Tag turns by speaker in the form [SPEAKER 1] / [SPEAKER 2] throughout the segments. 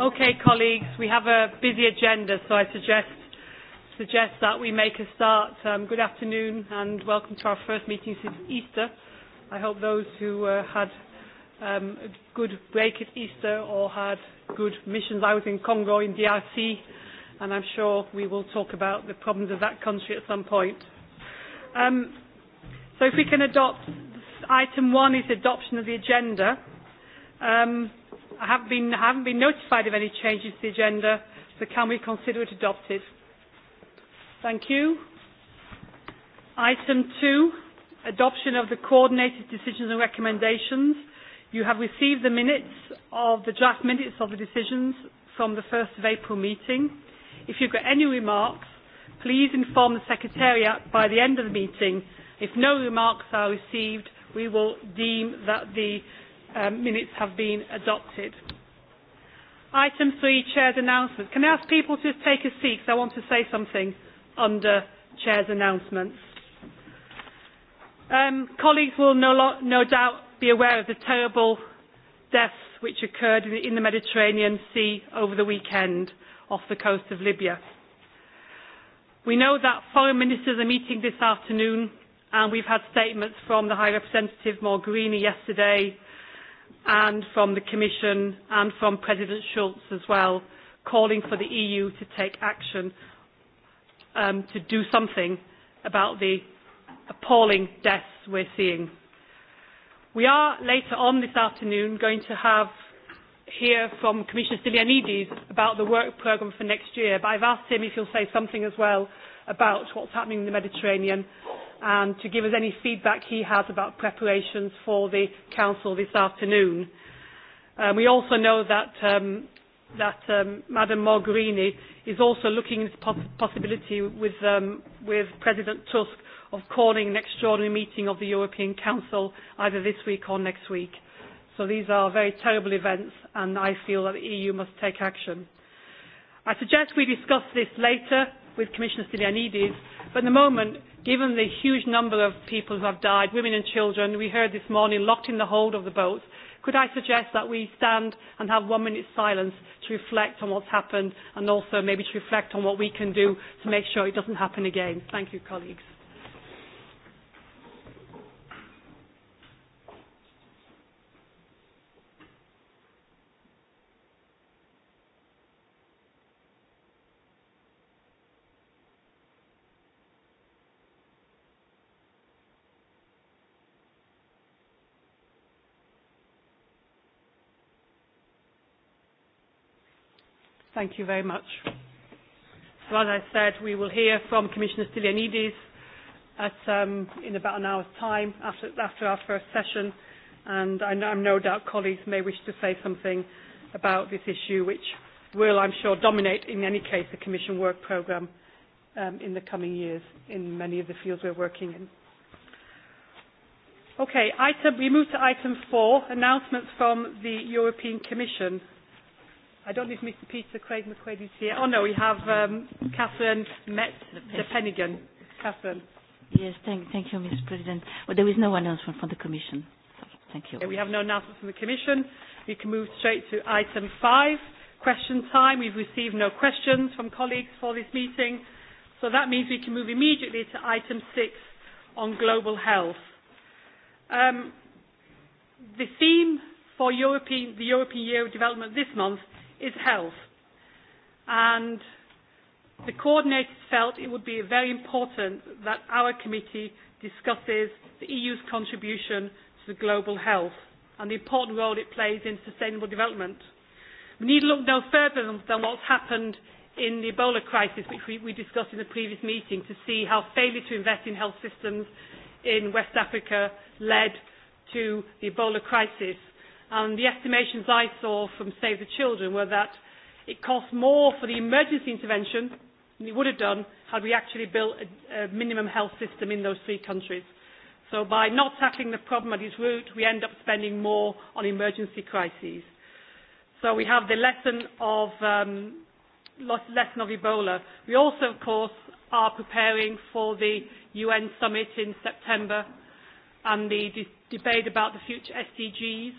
[SPEAKER 1] Okay, colleagues, we have a busy agenda, so I suggest suggest that we make a start. Um, good afternoon and welcome to our first meeting since Easter. I hope those who uh, had um, a good break at Easter or had good missions. I was in Congo, in DRC, and I'm sure we will talk about the problems of that country at some point. Um, so if we can adopt, item one is adoption of the agenda. Um, i haven't been, I haven't been notified of any changes to the agenda, so can we consider it adopted? Thank you. Item 2, adoption of the coordinated decisions and recommendations. You have received the minutes of the draft minutes of the decisions from the 1st of April meeting. If you've got any remarks, please inform the Secretariat by the end of the meeting. If no remarks are received, we will deem that the um, minutes have been adopted. Item three, Chair's announcements. Can I ask people to just take a seat because I want to say something under Chair's announcements. Um, colleagues will no, no doubt be aware of the terrible deaths which occurred in the Mediterranean Sea over the weekend off the coast of Libya. We know that foreign ministers are meeting this afternoon and we've had statements from the High Representative Mogherini yesterday and from the Commission and from President Schulz as well, calling for the EU to take action um, to do something about the appalling deaths we're seeing. We are later on this afternoon going to have hear from Commissioner Stylianides about the work programme for next year, but I've asked him if he'll say something as well about what's happening in the Mediterranean and to give us any feedback he has about preparations for the Council this afternoon. Um, we also know that, um, that um, Madame Mogherini is also looking at the possibility with, um, with President Tusk of calling an extraordinary meeting of the European Council either this week or next week. So these are very terrible events and I feel that the EU must take action. I suggest we discuss this later with Commissioner Stylianides, but at the moment Given the huge number of people who have died, women and children, we heard this morning, locked in the hold of the boat, could I suggest that we stand and have one minute silence to reflect on what's happened and also maybe to reflect on what we can do to make sure it doesn't happen again? Thank you, colleagues. Thank you very much. So as I said, we will hear from Commissioner Stylianides at, um, in about an hour's time after, after our first session, and I, know, I'm no doubt colleagues may wish to say something about this issue, which will, I'm sure, dominate in any case the Commission work programme um, in the coming years in many of the fields we're working in. Okay, item, we move to item four, announcements from the European Commission. I don't know if Mr. Peter Craig McQuaid is here. Oh no, we have um, Catherine Met the Penigan. Catherine. Yes,
[SPEAKER 2] thank, thank you, Mr. President. Well, there is no announcement from, the Commission. thank you. Okay, we
[SPEAKER 1] have no announcement from the Commission. We can move straight to item five, question time. We've received no questions from colleagues for this meeting, so that means we can move immediately to item six on global health. Um, the theme for European, the European Year of Development this month is health. And the coordinators felt it would be very important that our committee discusses the EU's contribution to the global health and the important role it plays in sustainable development. We need to look no further than what's happened in the Ebola crisis, which we, we discussed in the previous meeting, to see how failure to invest in health systems in West Africa led to the Ebola crisis And the estimations I saw from Save the Children were that it costs more for the emergency intervention than it would have done had we actually built a, a minimum health system in those three countries. So by not tackling the problem at its root, we end up spending more on emergency crises. So we have the lesson of, um, lesson of Ebola. We also, of course, are preparing for the UN summit in September and the de- debate about the future SDGs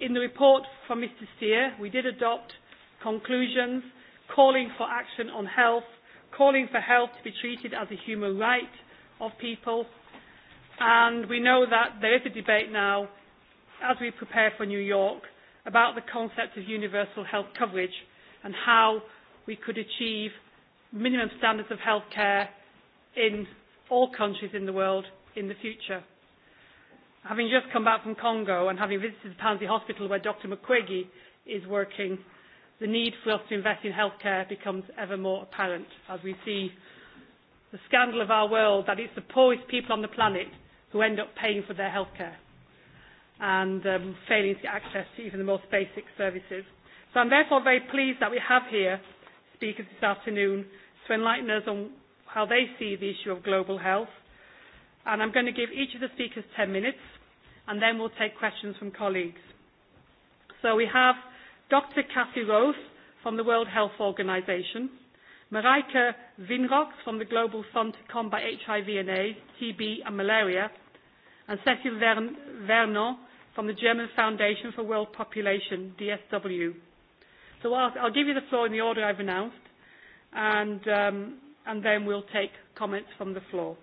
[SPEAKER 1] In the report from Mr. Steer, we did adopt conclusions calling for action on health, calling for health to be treated as a human right of people. And we know that there is a debate now, as we prepare for New York, about the concept of universal health coverage and how we could achieve minimum standards of health care in all countries in the world in the future having just come back from Congo and having visited the Pansy Hospital where Dr McQuiggy is working, the need for us to invest in healthcare becomes ever more apparent as we see the scandal of our world that it's the poorest people on the planet who end up paying for their healthcare and um, failing to get access to even the most basic services. So I'm therefore very pleased that we have here speakers this afternoon to enlighten us on how they see the issue of global health and I'm going to give each of the speakers 10 minutes, and then we'll take questions from colleagues. So we have Dr. Cathy Rose from the World Health Organization, Marijke Vinrox from the Global Fund to Combat HIV and AIDS, TB and Malaria, and Cecil Vernon from the German Foundation for World Population, DSW. So I'll, I'll give you the floor in the order I've announced, and, um, and then we'll take comments from the floor.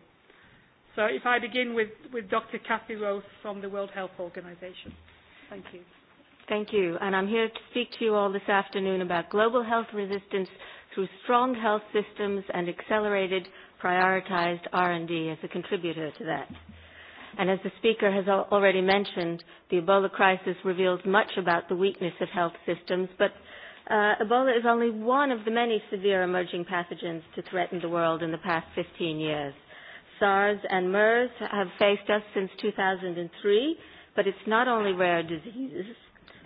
[SPEAKER 1] So if I begin with, with Dr. Kathy Rose from the World Health Organization. Thank you.
[SPEAKER 3] Thank you. And I'm here to speak to you all this afternoon about global health resistance through strong health systems and accelerated prioritized R&D as a contributor to that. And as the speaker has already mentioned, the Ebola crisis reveals much about the weakness of health systems, but uh, Ebola is only one of the many severe emerging pathogens to threaten the world in the past 15 years. SARS and MERS have faced us since 2003, but it's not only rare diseases.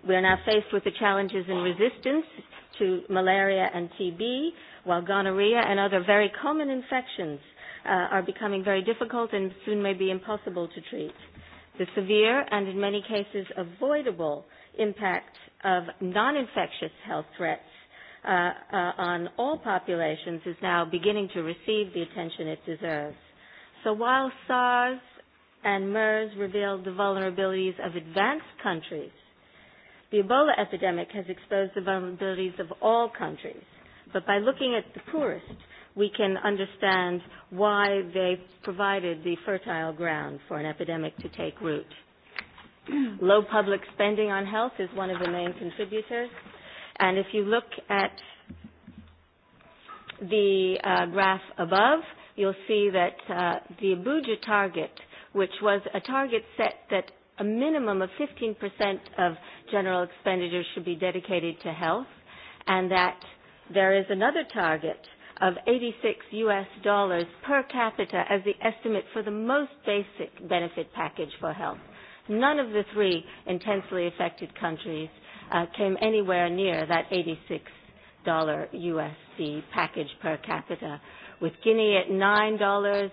[SPEAKER 3] We are now faced with the challenges in resistance to malaria and TB, while gonorrhea and other very common infections uh, are becoming very difficult and soon may be impossible to treat. The severe and in many cases avoidable impact of non-infectious health threats uh, uh, on all populations is now beginning to receive the attention it deserves. So while SARS and MERS revealed the vulnerabilities of advanced countries, the Ebola epidemic has exposed the vulnerabilities of all countries. But by looking at the poorest, we can understand why they provided the fertile ground for an epidemic to take root. Low public spending on health is one of the main contributors. And if you look at the uh, graph above, you'll see that uh, the Abuja target, which was a target set that a minimum of 15% of general expenditure should be dedicated to health, and that there is another target of 86 US dollars per capita as the estimate for the most basic benefit package for health. None of the three intensely affected countries uh, came anywhere near that 86 dollar USD package per capita with Guinea at $9,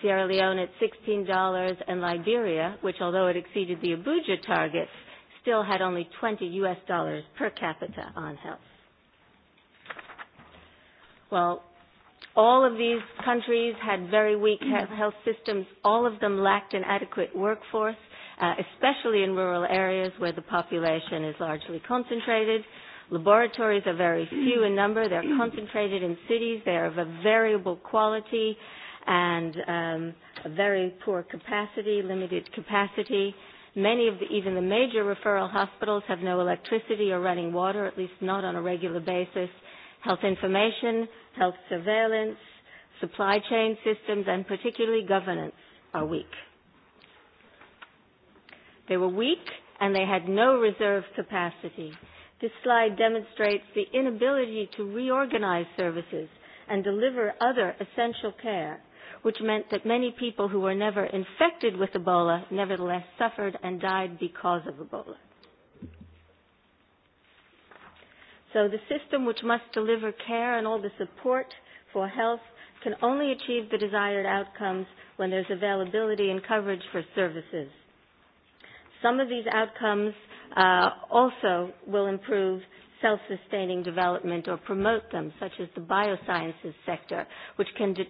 [SPEAKER 3] Sierra Leone at $16, and Liberia, which although it exceeded the Abuja target, still had only 20 US dollars per capita on health. Well, all of these countries had very weak mm-hmm. health systems. All of them lacked an adequate workforce, uh, especially in rural areas where the population is largely concentrated. Laboratories are very few in number. They're concentrated in cities. They are of a variable quality and um, a very poor capacity, limited capacity. Many of the, even the major referral hospitals have no electricity or running water, at least not on a regular basis. Health information, health surveillance, supply chain systems, and particularly governance are weak. They were weak and they had no reserve capacity. This slide demonstrates the inability to reorganize services and deliver other essential care, which meant that many people who were never infected with Ebola nevertheless suffered and died because of Ebola. So the system which must deliver care and all the support for health can only achieve the desired outcomes when there's availability and coverage for services. Some of these outcomes uh, also will improve self-sustaining development or promote them, such as the biosciences sector, which can de-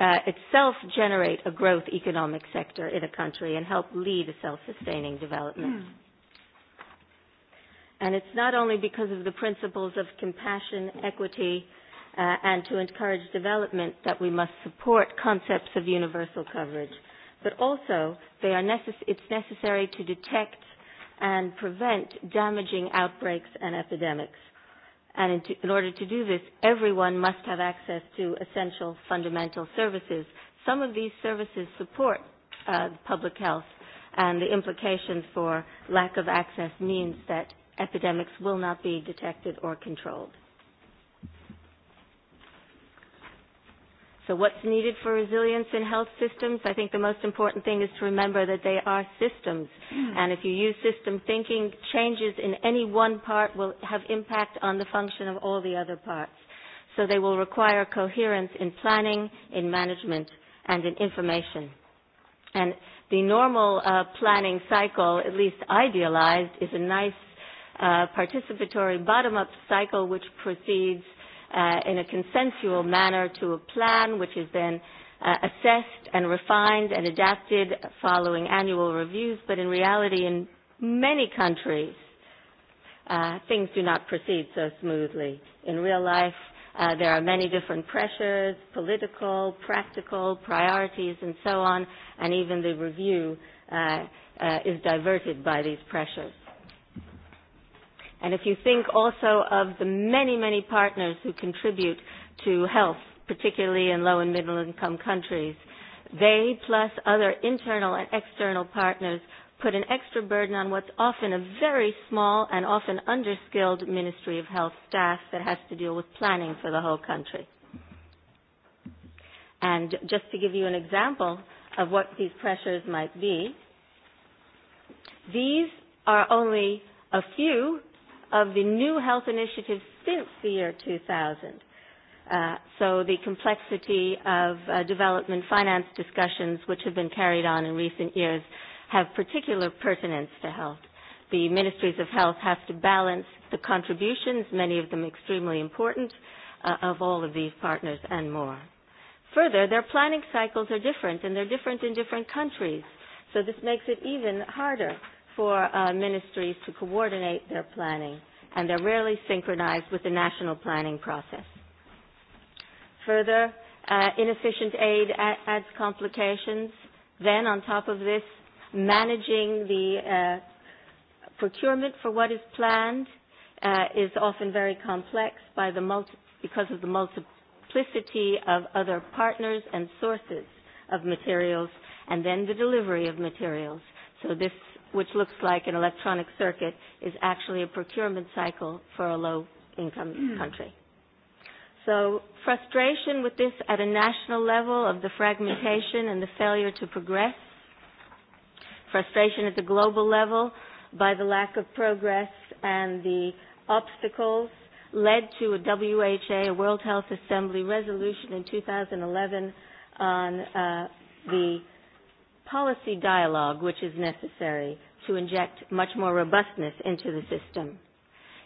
[SPEAKER 3] uh, itself generate a growth economic sector in a country and help lead a self-sustaining development. Mm. And it's not only because of the principles of compassion, equity, uh, and to encourage development that we must support concepts of universal coverage, but also they are necess- it's necessary to detect and prevent damaging outbreaks and epidemics. And in, to, in order to do this, everyone must have access to essential fundamental services. Some of these services support uh, public health, and the implications for lack of access means that epidemics will not be detected or controlled. So what's needed for resilience in health systems? I think the most important thing is to remember that they are systems. Mm. And if you use system thinking, changes in any one part will have impact on the function of all the other parts. So they will require coherence in planning, in management, and in information. And the normal uh, planning cycle, at least idealized, is a nice uh, participatory bottom-up cycle which proceeds – uh, in a consensual manner to a plan which is then uh, assessed and refined and adapted following annual reviews, but in reality in many countries uh, things do not proceed so smoothly. In real life, uh, there are many different pressures, political, practical, priorities, and so on, and even the review uh, uh, is diverted by these pressures. And if you think also of the many, many partners who contribute to health, particularly in low and middle income countries, they plus other internal and external partners put an extra burden on what's often a very small and often underskilled Ministry of Health staff that has to deal with planning for the whole country. And just to give you an example of what these pressures might be, these are only a few of the new health initiatives since the year 2000. Uh, so the complexity of uh, development finance discussions which have been carried on in recent years have particular pertinence to health. The ministries of health have to balance the contributions, many of them extremely important, uh, of all of these partners and more. Further, their planning cycles are different and they're different in different countries. So this makes it even harder for uh, ministries to coordinate their planning, and they're rarely synchronized with the national planning process. Further, uh, inefficient aid adds complications. Then, on top of this, managing the uh, procurement for what is planned uh, is often very complex by the multi- because of the multiplicity of other partners and sources of materials, and then the delivery of materials. So this which looks like an electronic circuit, is actually a procurement cycle for a low income hmm. country. So frustration with this at a national level of the fragmentation and the failure to progress, frustration at the global level by the lack of progress and the obstacles led to a WHA, a World Health Assembly resolution in 2011 on uh, the policy dialogue which is necessary to inject much more robustness into the system.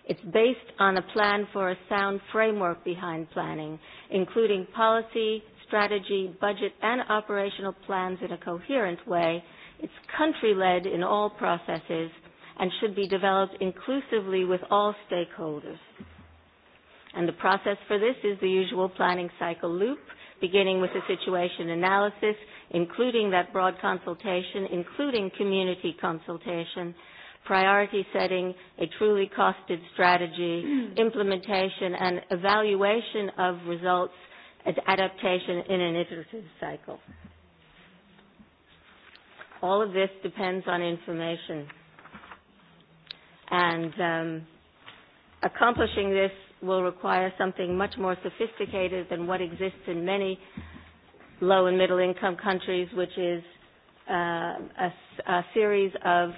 [SPEAKER 3] It's based on a plan for a sound framework behind planning, including policy, strategy, budget, and operational plans in a coherent way. It's country-led in all processes and should be developed inclusively with all stakeholders. And the process for this is the usual planning cycle loop, beginning with a situation analysis including that broad consultation, including community consultation, priority setting, a truly costed strategy, implementation and evaluation of results, adaptation in an iterative cycle. All of this depends on information. And um, accomplishing this will require something much more sophisticated than what exists in many low and middle income countries, which is uh, a, a series of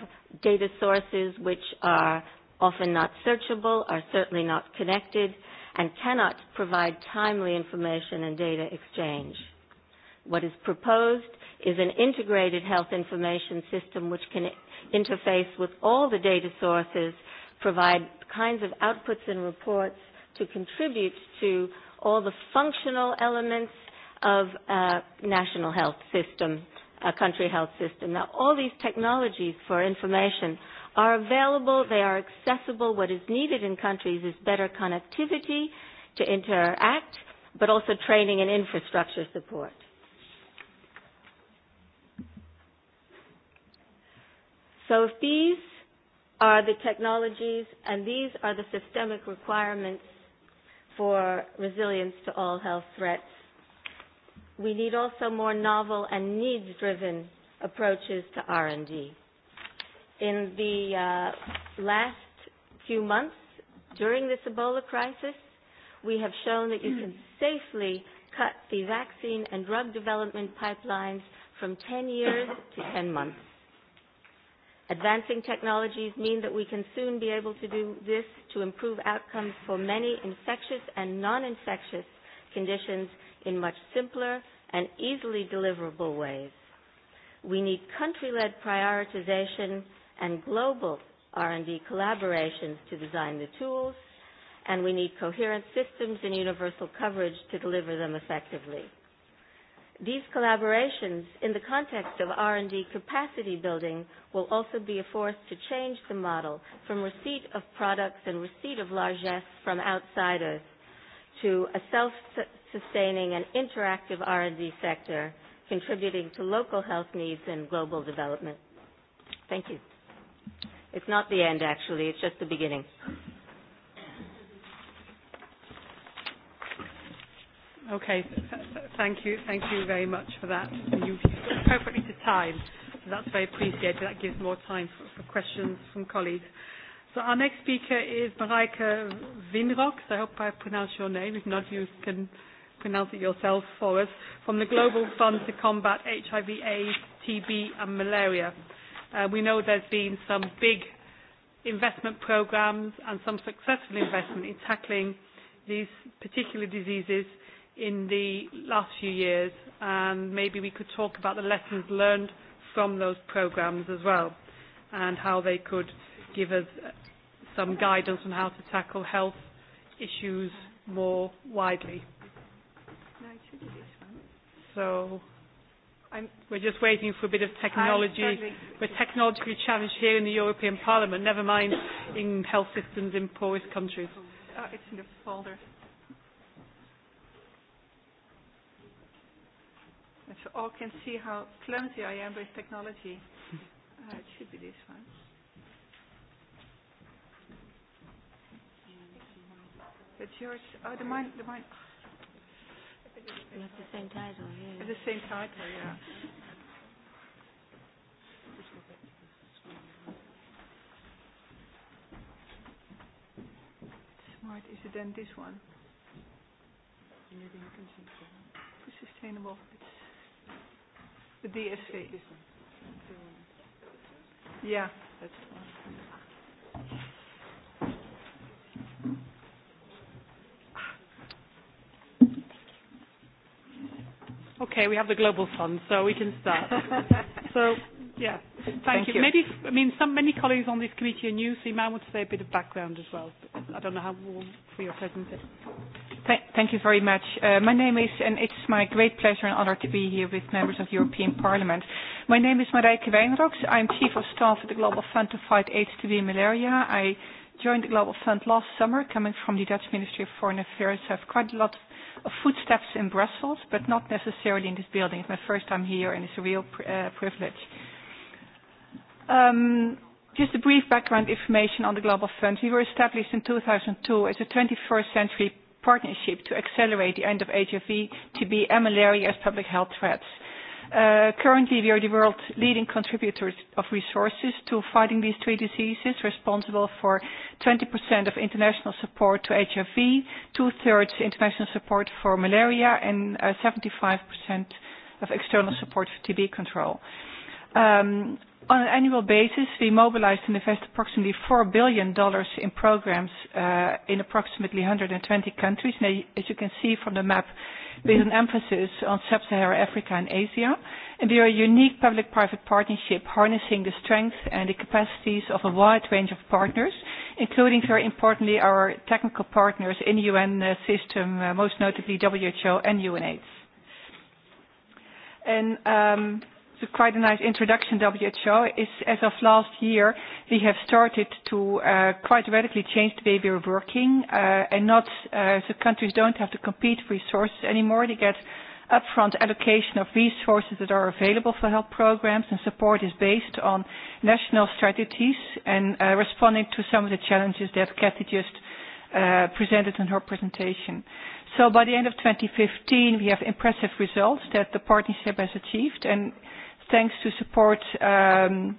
[SPEAKER 3] data sources which are often not searchable, are certainly not connected, and cannot provide timely information and data exchange. What is proposed is an integrated health information system which can interface with all the data sources, provide kinds of outputs and reports to contribute to all the functional elements of a national health system, a country health system. Now, all these technologies for information are available, they are accessible. What is needed in countries is better connectivity to interact, but also training and infrastructure support. So if these are the technologies and these are the systemic requirements for resilience to all health threats, we need also more novel and needs-driven approaches to R&D. In the uh, last few months, during this Ebola crisis, we have shown that you can safely cut the vaccine and drug development pipelines from 10 years to 10 months. Advancing technologies mean that we can soon be able to do this to improve outcomes for many infectious and non-infectious conditions in much simpler and easily deliverable ways. We need country-led prioritization and global R&D collaborations to design the tools, and we need coherent systems and universal coverage to deliver them effectively. These collaborations, in the context of R&D capacity building, will also be a force to change the model from receipt of products and receipt of largesse from outsiders to a self-sustaining and interactive R&D sector contributing to local health needs and global development. Thank you. It's not the end, actually. It's just the beginning.
[SPEAKER 1] Okay. Thank you. Thank you very much for that. You perfectly to time. that's very appreciated. That gives more time for questions from colleagues. So our next speaker is Marijke Winrok. I hope I pronounce your name. If not, you can pronounce it yourself for us. From the Global Fund to Combat HIV, AIDS, TB and Malaria. Uh, we know there's been some big investment programs and some successful investment in tackling these particular diseases in the last few years, and maybe we could talk about the lessons learned from those programs as well, and how they could give us some guidance on how to tackle health issues more widely. No, so I'm, we're just waiting for a bit of technology. We're technologically challenged here in the European Parliament, never mind in health systems in poorest countries.
[SPEAKER 4] Uh, it's in the folder. And so all can see how clumsy I am with technology. Uh, it should be this one. It's yours. Oh, the mine. The mine.
[SPEAKER 5] have the same title. Yeah. the same title. Yeah.
[SPEAKER 4] Smart. Is it then this one? For sustainable. It's the DSV. Yeah. That's the one.
[SPEAKER 1] Okay, we have the Global Fund, so we can start. so, yeah, thank, thank you. you. Maybe, I mean, some many colleagues on this committee are new, so you might want to say a bit of background as well. I don't know how for your presentation.
[SPEAKER 4] Thank, thank you very much. Uh, my name is, and it's my great pleasure and honor to be here with members of European Parliament. My name is Marijke Wijnroks. I'm Chief of Staff at the Global Fund to Fight AIDS, TB, and Malaria. I joined the Global Fund last summer, coming from the Dutch Ministry of Foreign Affairs. I have quite a lot of footsteps in Brussels, but not necessarily in this building. It's my first time here, and it's a real pr uh, privilege. Um, just a brief background information on the Global Fund. We were established in 2002 as a 21st century partnership to accelerate the end of HIV, TB, and malaria as public health threats Uh, currently, we are the world's leading contributors of resources to fighting these three diseases, responsible for 20% of international support to HIV, two-thirds international support for malaria, and uh, 75% of external support for TB control. Um, On an annual basis, we mobilized and invest approximately $4 billion in programs uh, in approximately 120 countries. Now, as you can see from the map, with an emphasis on sub-Saharan Africa and Asia. And we are a unique public-private partnership harnessing the strength and the capacities of a wide range of partners, including, very importantly, our technical partners in the UN uh, system, uh, most notably WHO and UNAIDS. And um, It's quite a nice introduction, WHO. Is, as of last year, we have started to uh, quite radically change the way we are working, uh, and not uh, the countries don't have to compete for resources anymore. They get upfront allocation of resources that are available for health programs, and support is based on national strategies and uh, responding to some of the challenges that Kathy just uh, presented in her presentation. So by the end of 2015, we have impressive results that the partnership has achieved, and thanks to support um,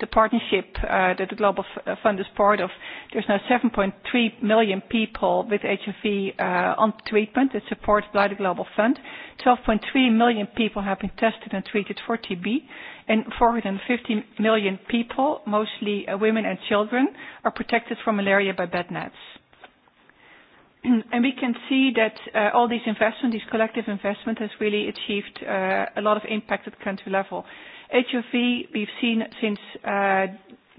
[SPEAKER 4] the partnership uh, that the Global uh, Fund is part of, there's now 7.3 million people with HIV uh, on treatment. that's supported by the Global Fund. 12.3 million people have been tested and treated for TB, and 450 million people, mostly uh, women and children, are protected from malaria by bed nets. we can see that uh, all these investment, these collective investment, has really achieved uh, a lot of impact at country level. HIV, we've seen since uh,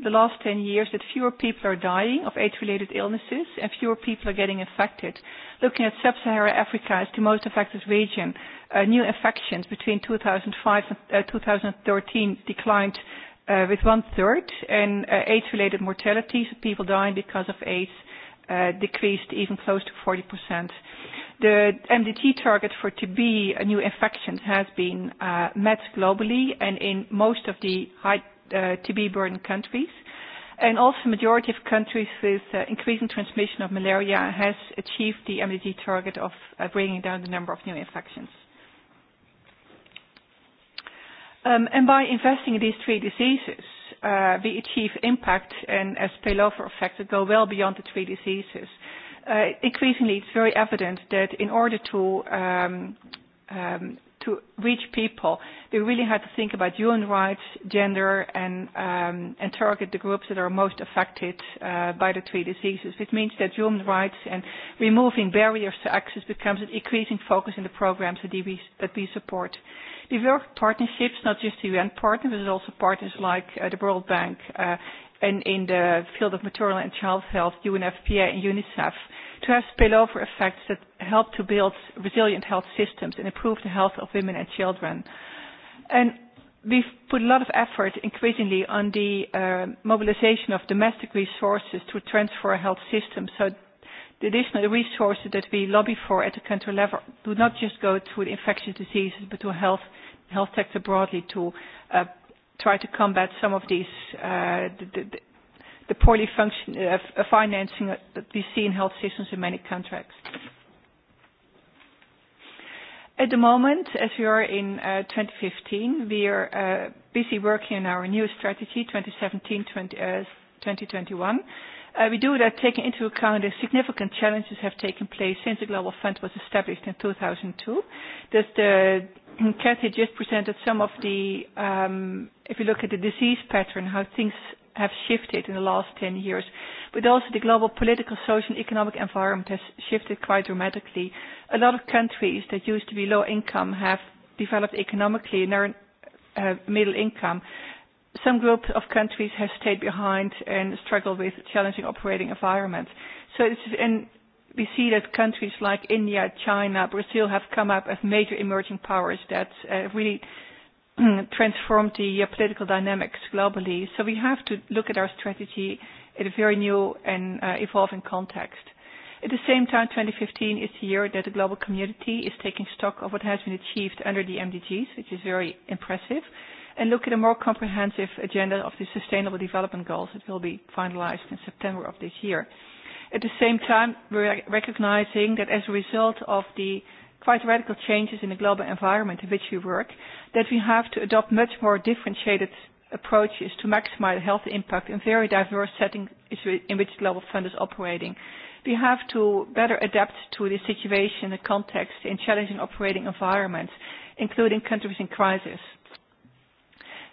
[SPEAKER 4] the last 10 years that fewer people are dying of AIDS-related illnesses and fewer people are getting infected. Looking at sub-Saharan Africa as the most affected region, new infections between 2005 and 2013 declined with one-third, and AIDS-related mortalities, people dying because of AIDS, uh, decreased even close to 40%. The MDT target for TB new infections has been uh, met globally and in most of the high uh, TB burden countries. And also majority of countries with uh, increasing transmission of malaria has achieved the MDT target of uh, bringing down the number of new infections. Um, and by investing in these three diseases, uh, we achieve impact and as spillover effect that go well beyond the three diseases. Uh, increasingly, it's very evident that in order to um, um, to reach people, they really had to think about human rights, gender, and, um, and target the groups that are most affected uh, by the three diseases, which means that human rights and removing barriers to access becomes an increasing focus in the programs that we, that we support. We work partnerships, not just the UN partners, but also partners like uh, the World Bank, uh, and in the field of maternal and child health, UNFPA and UNICEF to have spillover effects that help to build resilient health systems and improve the health of women and children. And we've put a lot of effort increasingly on the uh, mobilization of domestic resources to transfer health systems. So the additional resources that we lobby for at the country level do not just go to the infectious diseases, but to health, health sector broadly to uh, try to combat some of these uh, the, the, the poorly function, uh, uh financing that we see in health systems in many contracts. At the moment, as we are in uh, 2015, we are uh, busy working on our new strategy, 2017 uh, 2021. Uh, we do that taking into account the significant challenges have taken place since the Global Fund was established in 2002. the Kathy just presented some of the, um, if you look at the disease pattern, how things have shifted in the last 10 years, but also the global political, social, and economic environment has shifted quite dramatically. A lot of countries that used to be low income have developed economically and are uh, middle income. Some groups of countries have stayed behind and struggled with challenging operating environments. So it's, and we see that countries like India, China, Brazil have come up as major emerging powers that uh, really transformed the uh, political dynamics globally. So we have to look at our strategy in a very new and uh, evolving context. At the same time, 2015 is the year that the global community is taking stock of what has been achieved under the MDGs, which is very impressive, and look at a more comprehensive agenda of the Sustainable Development Goals that will be finalized in September of this year. At the same time, we're recognizing that as a result of the quite radical changes in the global environment in which we work, that we have to adopt much more differentiated approaches to maximize the health impact in very diverse settings in which Global Fund is operating. We have to better adapt to the situation, the context, and challenging operating environments, including countries in crisis.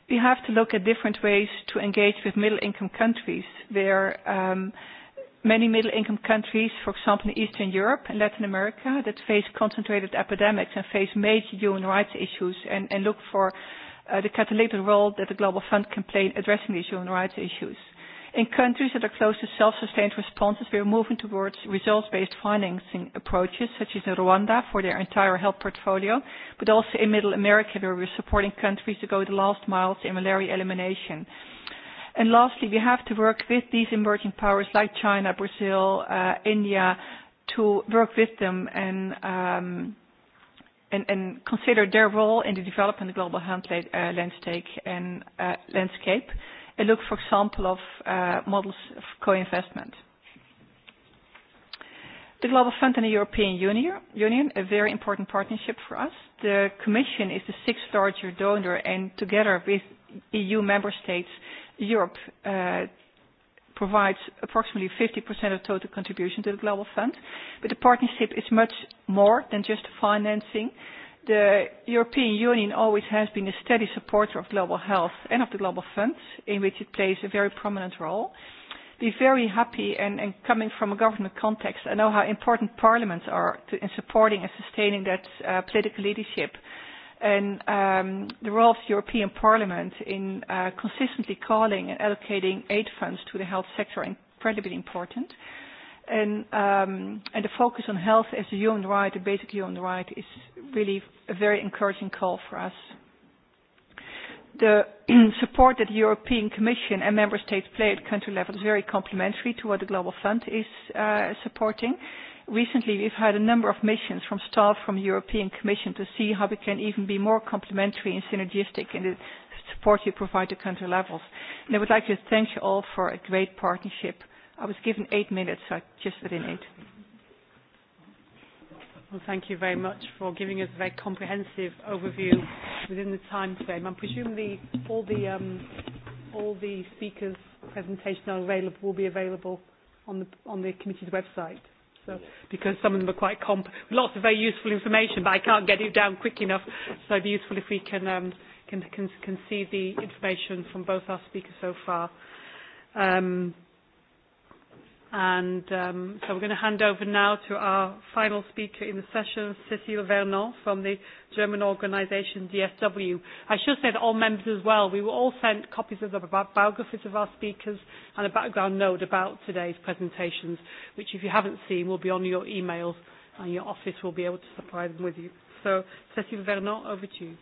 [SPEAKER 4] We have to look at different ways to engage with middle-income countries where um, many middle income countries, for example in Eastern Europe and Latin America, that face concentrated epidemics and face major human rights issues and, and look for uh, the catalytic role that the Global Fund can play in addressing these human rights issues. In countries that are close to self-sustained responses, we are moving towards results-based financing approaches, such as in Rwanda for their entire health portfolio, but also in Middle America, where we are supporting countries to go the last miles in malaria elimination lastly, we have to work with these emerging powers like China, Brazil, uh, India, to work with them um, and, consider their role in the development of the global health uh, uh, landscape and look, for example, of models of co-investment. The Global Fund and the European Union, a very important partnership for us. The Commission is the sixth largest donor, and together with EU member states, Europe uh, provides approximately 50% of total contribution to the Global Fund. But the partnership is much more than just financing. The European Union always has been a steady supporter of global health and of the Global Fund, in which it plays a very prominent role. Be very happy, and, and coming from a government context, I know how important parliaments are to, in supporting and sustaining that uh, political leadership and um, the role of the European Parliament in uh, consistently calling and allocating aid funds to the health sector is incredibly important. And, um, and the focus on health as a human right, a basic human right, is really a very encouraging call for us. The support that the European Commission and Member States play at country level is very complementary to what the Global Fund is uh, supporting. Uh, recently we've had a number of missions from staff from the European Commission to see how we can even be more complementary and synergistic in the support you provide to country levels. And I would like to thank you all for a great partnership. I was given eight minutes, so just within eight.
[SPEAKER 1] Well, thank you very much for giving us a very comprehensive overview within the time frame. I presume the, all, the, um, all the speakers' presentations are available, will be available on the, on the committee's website so, because some of them are quite comp. Lots of very useful information, but I can't get it down quick enough. So it'd be useful if we can, um, can, can, can see the information from both our speakers so far. Um, And um, so we're going to hand over now to our final speaker in the session, Cécile Vernon from the German organization DSW. I should say that all members as well, we were all sent copies of the biographies of our speakers and a background note about today's presentations, which if you haven't seen will be on your emails and your office will be able to supply them with you. So Cécile Vernon, over to you.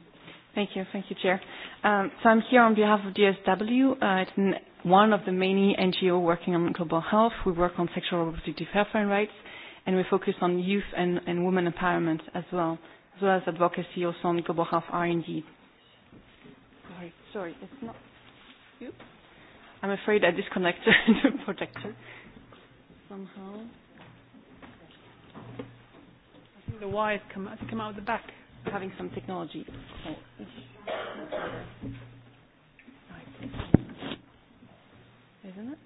[SPEAKER 1] Thank you. Thank you, Chair. Um, so
[SPEAKER 6] I'm here on behalf of DSW. Uh, it's an one of the many NGO working on global health. We work on sexual reproductive health and rights, and we focus on youth and, and women empowerment as well, as well as advocacy also on global health R&D. Sorry, sorry, it's not you. I'm afraid I disconnected the projector
[SPEAKER 1] somehow. I think the wires come, has come out the back. Having some technology. Oh
[SPEAKER 6] isn't it?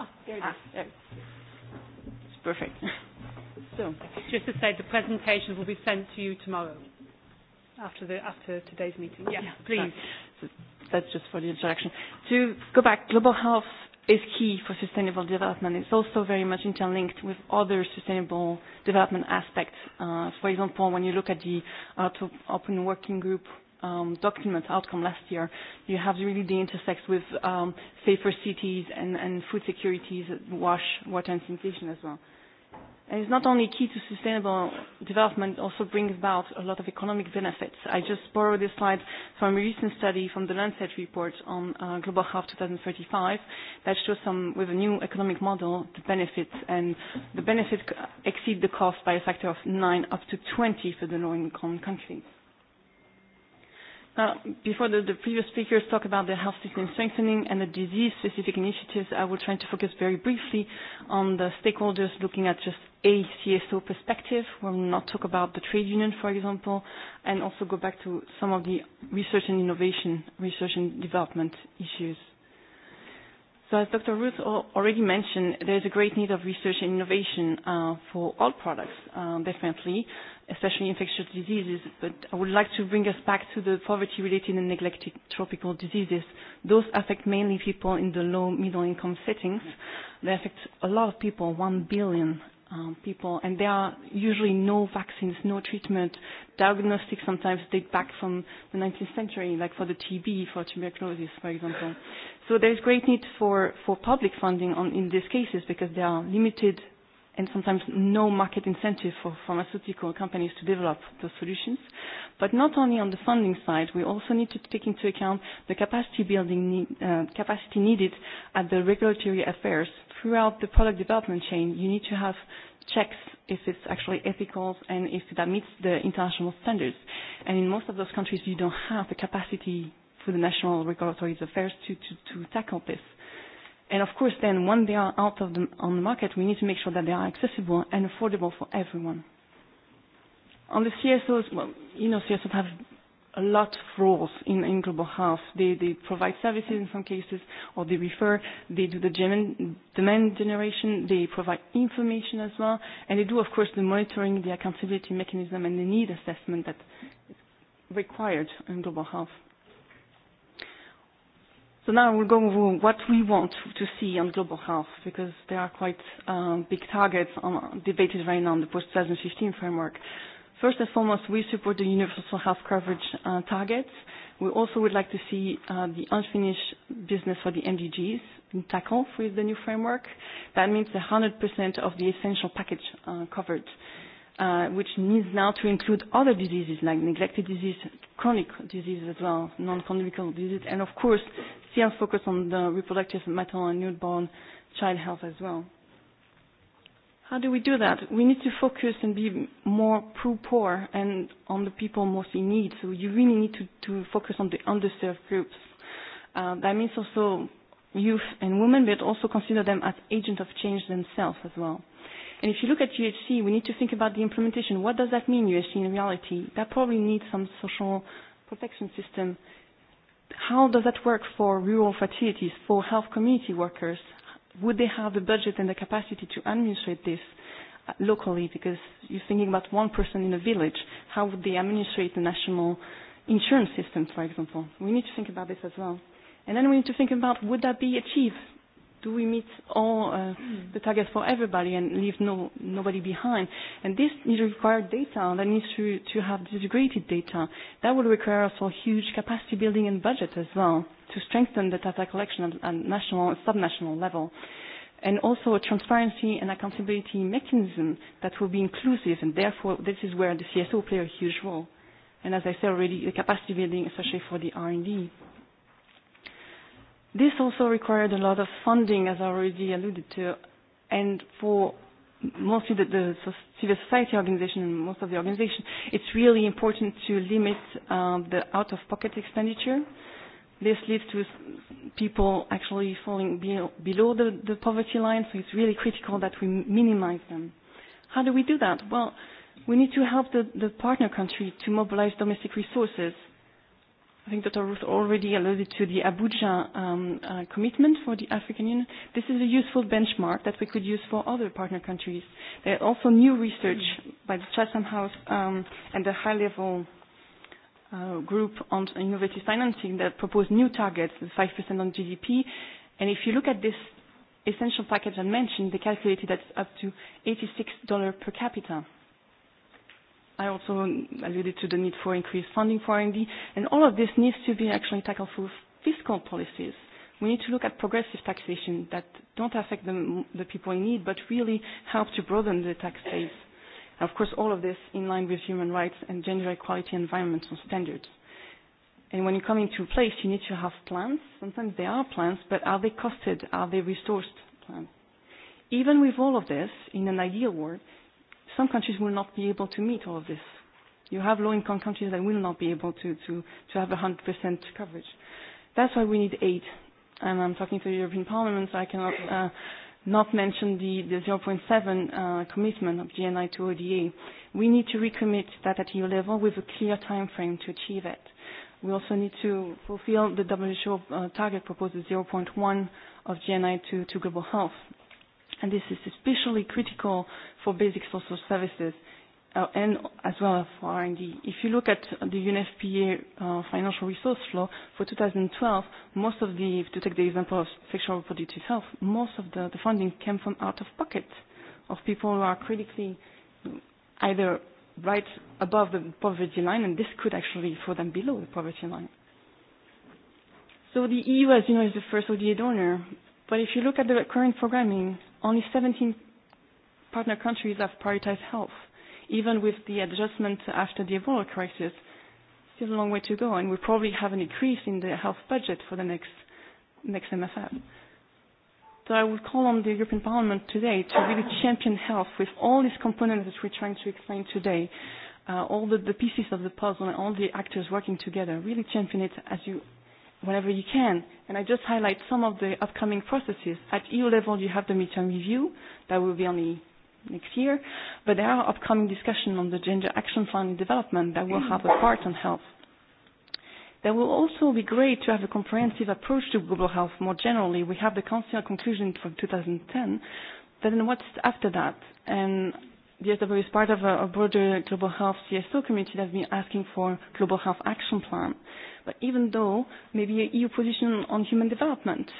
[SPEAKER 5] Oh, there it ah, is. There. It's
[SPEAKER 6] perfect.
[SPEAKER 1] so, just to say, the presentation will be sent to you tomorrow after the after today's meeting. Yeah, yeah please.
[SPEAKER 6] So that's just for the introduction. To go back, global health is key for sustainable development. It's also very much interlinked with other sustainable development aspects. Uh, for example, when you look at the uh, Open Working Group um, document outcome last year, you have really the intersects with um, safer cities and, and food securities, wash, water and sanitation as well. And it's not only key to sustainable development, it also brings about a lot of economic benefits. I just borrowed this slide from a recent study from the Lancet report on uh, Global Health 2035 that shows some, with a new economic model, the benefits, and the benefits exceed the cost by a factor of 9 up to 20 for the low-income countries. Now, uh, before the, the previous speakers talk about the health system strengthening and the disease-specific initiatives, I will try to focus very briefly on the stakeholders looking at just a CSO perspective. We'll not talk about the trade union, for example, and also go back to some of the research and innovation, research and development issues. So as Dr. Ruth already mentioned, there's a great need of research and innovation uh, for all products, um, definitely, especially infectious diseases. But I would like to bring us back to the poverty-related and neglected tropical diseases. Those affect mainly people in the low middle-income settings. They affect a lot of people, 1 billion um, people, and there are usually no vaccines, no treatment. Diagnostics sometimes date back from the 19th century, like for the TB, for tuberculosis, for example. So there is great need for, for public funding on, in these cases because there are limited and sometimes no market incentive for pharmaceutical companies to develop those solutions. But not only on the funding side, we also need to take into account the capacity building need, uh, capacity needed at the regulatory affairs throughout the product development chain, you need to have checks if it's actually ethical and if that meets the international standards. And in most of those countries, you don't have the capacity for the national regulatory affairs to, to, to tackle this. And of course, then when they are out of the, on the market, we need to make sure that they are accessible and affordable for everyone. On the CSOs, well, you know, CSOs have a lot of roles in, in Global Health. They, they provide services in some cases, or they refer, they do the demand generation, they provide information as well, and they do, of course, the monitoring, the accountability mechanism, and the need assessment that is required in Global Health. So now we'll go over what we want to see on global health, because there are quite um, big targets on, debated right now on the post-2015 framework. First and foremost, we support the universal health coverage uh, targets. We also would like to see uh, the unfinished business for the MDGs tackled with the new framework. That means 100% of the essential package uh, covered, uh, which needs now to include other diseases like neglected disease, chronic disease as well, non-communicable disease, and of course, still focus on the reproductive, maternal, and newborn child health as well. How do we do that? We need to focus and be more pro-poor and on the people most in need. So you really need to, to focus on the underserved groups. Uh, that means also youth and women, but also consider them as agents of change themselves as well. And if you look at UHC, we need to think about the implementation. What does that mean, UHC, in reality? That probably needs some social protection system. How does that work for rural facilities, for health community workers? would they have the budget and the capacity to administrate this uh, locally? Because you're thinking about one person in a village. How would they administrate the national insurance system, for example? We need to think about this as well. And then we need to think about would that be achieved? do we meet all uh, mm. the targets for everybody and leave no, nobody behind? And this needs to require data that needs to, to have disaggregated data. That will require also huge capacity building and budget as well to strengthen the data collection at, at national and subnational level. And also a transparency and accountability mechanism that will be inclusive and therefore this is where the CSO play a huge role. And as I said already, the capacity building, especially for the R&D. This also required a lot of funding, as I already alluded to, and for mostly the, the civil society organization and most of the organization, it's really important to limit um, the out-of-pocket expenditure. This leads to people actually falling be below the, the poverty line, so it's really critical that we minimize them. How do we do that? Well, we need to help the, the partner country to mobilize domestic resources i think Dr. Ruth already alluded to the Abuja um, uh, commitment for the African Union. This is a useful benchmark that we could use for other partner countries. There are also new research by the Chatham House um, and the high-level uh, group on innovative financing that propose new targets, 5% on GDP. And if you look at this essential package I mentioned, they calculated that it's up to $86 per capita. I also alluded to the need for increased funding for R&D, and all of this needs to be actually tackled through fiscal policies. We need to look at progressive taxation that don't affect the, the people in need, but really help to broaden the tax base. And of course, all of this in line with human rights and gender equality and environmental standards. And when you come into place, you need to have plans. Sometimes there are plans, but are they costed? Are they resourced plans? Even with all of this, in an ideal world, some countries will not be able to meet all of this. You have low-income countries that will not be able to, to, to have 100% coverage. That's why we need aid. And I'm talking to the European Parliament, so I cannot uh, not mention the, the 0.7 uh, commitment of GNI to ODA. We need to recommit that at EU level with a clear time frame to achieve it. We also need to fulfill the WHO uh, target proposed 0.1 of GNI to, to global health and this is especially critical for basic social services uh, and as well as for R&D. If you look at the UNFPA uh, financial resource flow for 2012, most of the, to take the example of sexual reproductive health, most of the, the funding came from out of pocket of people who are critically either right above the poverty line, and this could actually for them below the poverty line. So the EU, as you know, is the first ODA donor. But if you look at the current programming, only 17 partner countries have prioritized health. Even with the adjustment after the Ebola crisis, still a long way to go, and we probably have an increase in the health budget for the next next MFF. So I would call on the European Parliament today to really champion health with all these components that we're trying to explain today, uh, all the, the pieces of the puzzle and all the actors working together. Really champion it as you whenever you can. And I just highlight some of the upcoming processes. At EU level, you have the midterm review. That will be only next year. But there are upcoming discussions on the Gender Action Plan Development that will have a part on health. That will also be great to have a comprehensive approach to global health more generally. We have the Council conclusion from 2010. But then what's after that? And the SW is part of a, a broader global health CSO community that has been asking for global health action plan even though maybe an EU position on human development.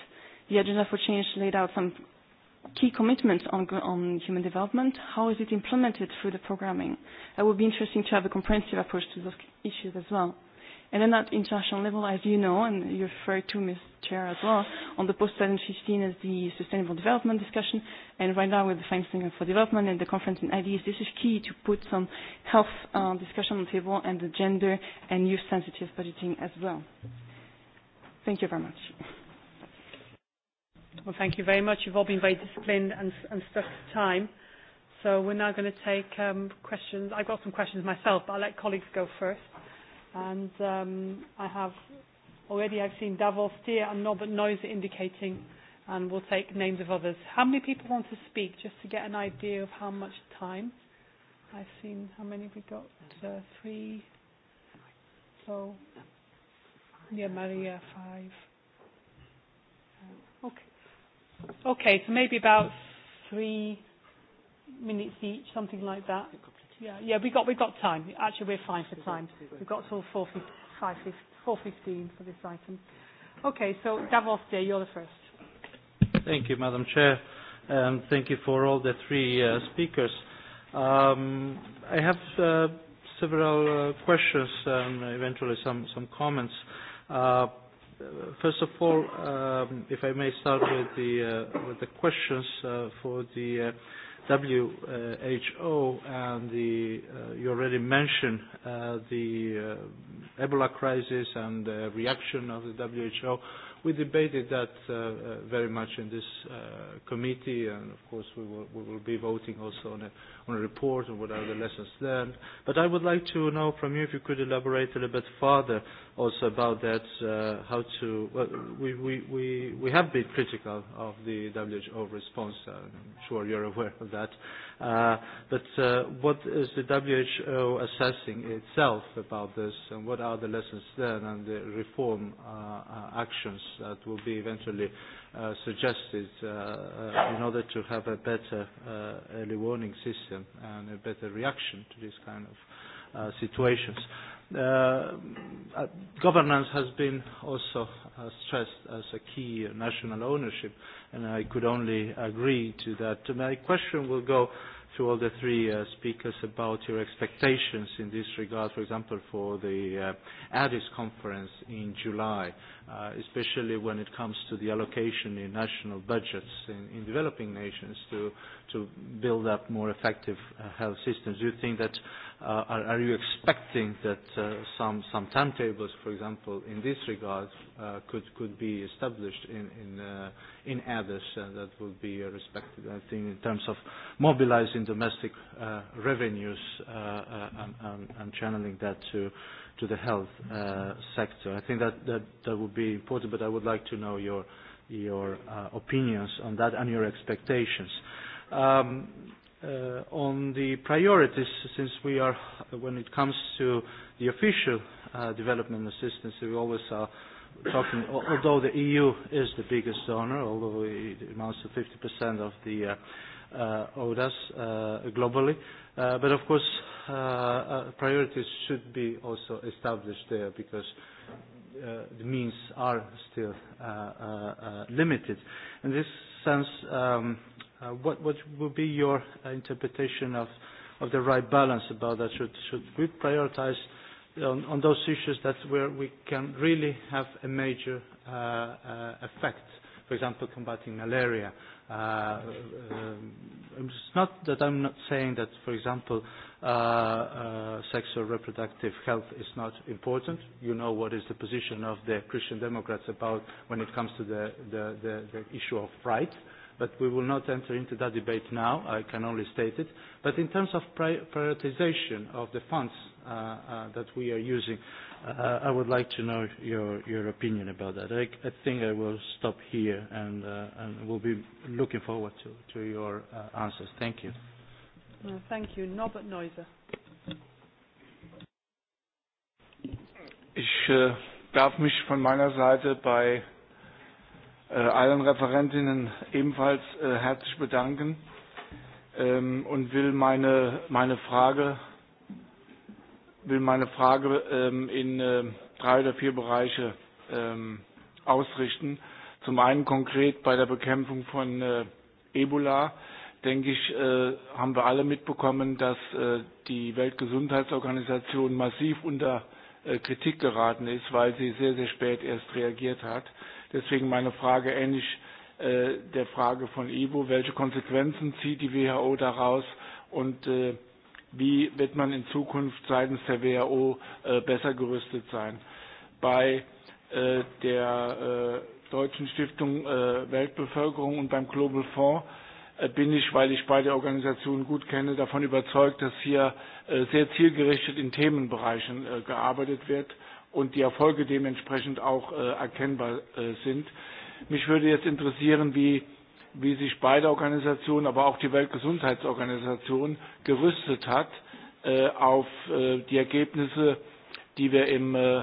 [SPEAKER 6] The Agenda for Change laid out some key commitments on, on human development. How is it implemented through the programming? It would be interesting to have a comprehensive approach to those issues as well. And then at international level, as you know, and you refer to Ms. Chair as well, on the post-2015 is the sustainable development discussion, and right now with the financing for development and the conference in IDs, this is key to put some health uh, discussion on the table and the gender and youth-sensitive
[SPEAKER 1] budgeting as well. Thank you very much. Well, thank you very much. You've all been very disciplined and, and stuck to time. So we're now going to take um, questions. I've got some questions myself, but I'll let colleagues go first. And um, I have already I've seen Davos, Tia and Norbert Noise indicating and we'll take names of others. How many people want to speak just to get an idea of how much time? I've seen how many we got? Uh, three. So, yeah, Maria, five. Uh, okay. Okay, so maybe about three minutes each, something like that. Yeah, yeah, we got we got time. Actually, we're fine for time. We've got till 4:15 for this item. Okay, so Davos Day, you're the first.
[SPEAKER 7] Thank you, Madam Chair, and thank you for all the three uh, speakers. Um, I have uh, several uh, questions and eventually some some comments. Uh, first of all, um, if I may start with the uh, with the questions uh, for the. Uh, WHO and the, uh, you already mentioned uh, the uh, Ebola crisis and the reaction of the WHO. We debated that uh, uh, very much in this uh, committee, and of course we will, we will be voting also on a, on a report on what are the lessons learned. But I would like to know from you if you could elaborate a little bit further also about that, uh, how to, well, we, we, we, we have been critical of the WHO response. Uh, I'm sure you're aware of that. Uh, but uh, what is the WHO assessing itself about this and what are the lessons then and the reform uh, uh, actions that will be eventually uh, suggested uh, uh, in order to have a better uh, early warning system and a better reaction to these kind of uh, situations? Uh, Uh, uh, governance has been also uh, stressed as a key national ownership, and I could only agree to that. My question will go to all the three uh, speakers about your expectations in this regard, for example, for the uh, Addis conference in July, uh, especially when it comes to the allocation in national budgets in, in developing nations to, to build up more effective uh, health systems. Do you think that Uh, are, are you expecting that uh, some, some timetables, for example, in this regard, uh, could, could be established in, in, in others that would be respected, I think, in terms of mobilizing domestic revenues and, and, and channeling that to to the health uh, sector. I think that, that that would be important, but I would like to know your your uh, opinions on that and your expectations. Um, Uh, on the priorities, since we are, when it comes to the official uh, development assistance, we always are talking, although the EU is the biggest donor, although it amounts to 50% of the uh, uh, ODAs uh, globally. Uh, but of course, uh, uh, priorities should be also established there because uh, the means are still uh, uh, uh, limited. In this sense, um, Uh, what, would be your uh, interpretation of, the right balance about that? Should, we prioritize on, those issues that where we can really have a major uh, effect? For example, combating malaria. Um, it's not that I'm not saying that, for example, sexual reproductive health is not important. You know what is the position of the Christian Democrats about when it comes to the, issue of rights but we will not enter into that debate now. I can only state it. But in terms of prioritization of the funds uh, uh, that we are using, uh, I would like to know your, your opinion about that. I, I think I will stop here and, uh, and we'll be looking forward to, to your uh, answers. Thank you.
[SPEAKER 1] thank you. Norbert Neuser.
[SPEAKER 8] Ich äh, darf mich von meiner Seite bei äh, allen Referentinnen ebenfalls äh, herzlich bedanken ähm, und will meine, meine Frage, will meine Frage ähm, in äh, drei oder vier Bereiche ähm, ausrichten. Zum einen konkret bei der Bekämpfung von äh, Ebola denke ich, äh, haben wir alle mitbekommen, dass äh, die Weltgesundheitsorganisation massiv unter äh, Kritik geraten ist, weil sie sehr, sehr spät erst reagiert hat. Deswegen meine Frage ähnlich äh, der Frage von Ivo, welche Konsequenzen zieht die WHO daraus und äh, wie wird man in Zukunft seitens der WHO äh, besser gerüstet sein? Bei äh, der äh, Deutschen Stiftung äh, Weltbevölkerung und beim Global Fonds äh, bin ich, weil ich beide Organisationen gut kenne, davon überzeugt, dass hier äh, sehr zielgerichtet in Themenbereichen äh, gearbeitet wird und die Erfolge dementsprechend auch äh, erkennbar äh, sind. Mich würde jetzt interessieren, wie, wie sich beide Organisationen, aber auch die Weltgesundheitsorganisation gerüstet hat äh, auf äh, die Ergebnisse, die wir im äh,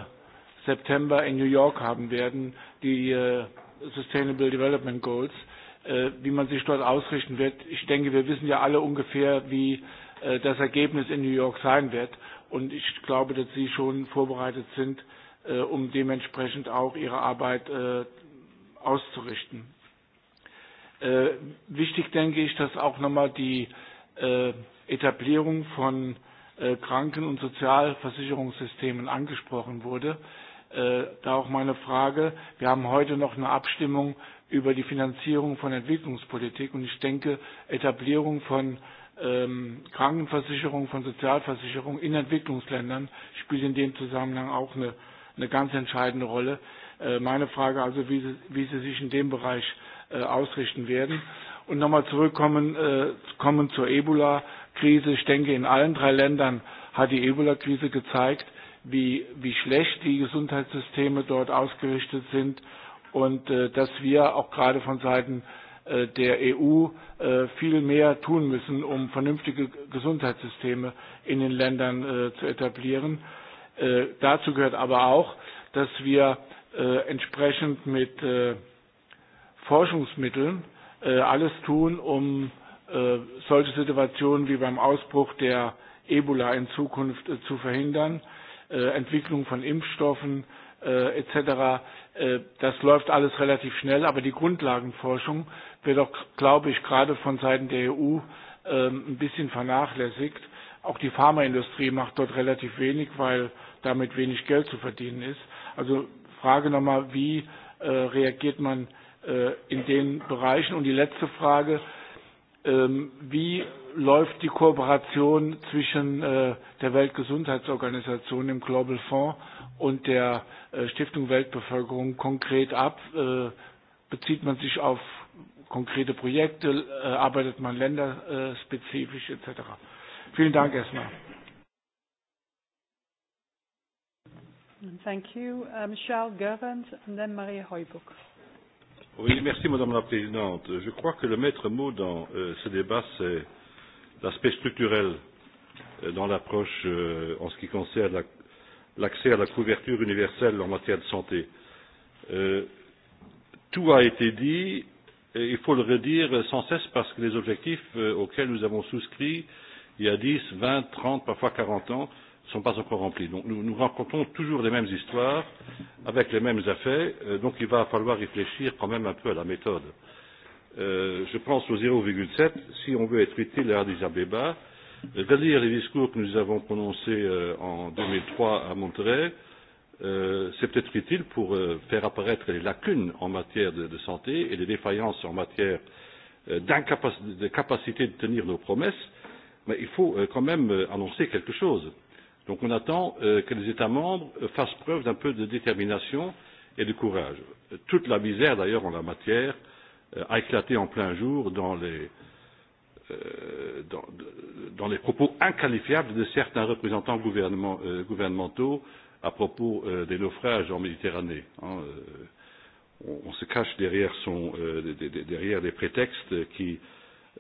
[SPEAKER 8] September in New York haben werden, die äh, Sustainable Development Goals, äh, wie man sich dort ausrichten wird. Ich denke, wir wissen ja alle ungefähr, wie äh, das Ergebnis in New York sein wird. Und ich glaube, dass Sie schon vorbereitet sind, äh, um dementsprechend auch Ihre Arbeit äh, auszurichten. Äh, wichtig denke ich, dass auch nochmal die äh, Etablierung von äh, Kranken- und Sozialversicherungssystemen angesprochen wurde. Äh, da auch meine Frage. Wir haben heute noch eine Abstimmung über die Finanzierung von Entwicklungspolitik und ich denke, Etablierung von äh, ähm, Krankenversicherung, von Sozialversicherung in Entwicklungsländern spielt in dem Zusammenhang auch eine, eine ganz entscheidende Rolle. Äh, meine Frage also, wie Sie, wie Sie sich in dem Bereich äh, ausrichten werden. Und nochmal zurückkommen äh, kommen zur Ebola-Krise. Ich denke, in allen drei Ländern hat die Ebola-Krise gezeigt, wie, wie schlecht die Gesundheitssysteme dort ausgerichtet sind und äh, dass wir auch gerade von Seiten äh, Äh, der EU äh, viel mehr tun müssen, um vernünftige Gesundheitssysteme in den Ländern äh, zu etablieren. Dazu gehört aber auch, dass wir entsprechend mit Forschungsmitteln alles tun, um solche Situationen wie beim Ausbruch der Ebola in Zukunft zu verhindern, Entwicklung von Impfstoffen, äh, etc. Äh, das läuft alles relativ schnell, aber die Grundlagenforschung wird auch, glaube ich, gerade von Seiten der EU äh, ein bisschen vernachlässigt. Auch die Pharmaindustrie macht dort relativ wenig, weil damit wenig Geld zu verdienen ist. Also Frage nochmal, wie äh, reagiert man äh, in den Bereichen? Und die letzte Frage, äh, Ähm, wie läuft die Kooperation zwischen äh, der Weltgesundheitsorganisation im Global Fund und der äh, Stiftung Weltbevölkerung konkret ab? Äh, bezieht man sich auf konkrete Projekte? Äh, arbeitet man länderspezifisch etc.? Vielen Dank erstmal.
[SPEAKER 1] Thank you. Um, uh, Charles Goerens and then Maria Heuburg.
[SPEAKER 9] Oui, merci Madame la
[SPEAKER 10] Présidente. Je crois que le maître mot dans euh, ce débat, c'est l'aspect structurel euh, dans l'approche euh, en ce qui concerne l'accès la, à la couverture universelle en matière de santé. Euh, tout a été dit et il faut le redire sans cesse parce que les objectifs euh, auxquels nous avons souscrit il y a 10, 20, 30, parfois 40 ans ne sont pas encore remplies. Donc nous, nous rencontrons toujours les mêmes histoires avec les mêmes effets, euh, donc il va falloir réfléchir quand même un peu à la méthode. Euh, je pense au 0,7, si on veut être utile à Addis Abeba, relire les discours que nous avons prononcés euh, en 2003 à Monterey, euh, c'est peut-être utile pour euh, faire apparaître les lacunes en matière de, de santé et les défaillances en matière euh, de capacité de tenir nos promesses, mais il faut euh, quand même euh, annoncer quelque chose Donc on attend euh, que les États membres fassent preuve d'un peu de détermination et de courage. Toute la misère d'ailleurs en la matière euh, a éclaté en plein jour dans les, euh, dans, dans les propos inqualifiables de certains représentants gouvernement, euh, gouvernementaux à propos euh, des naufrages en Méditerranée. Hein, euh, on, on se cache derrière, son, euh, derrière des prétextes qui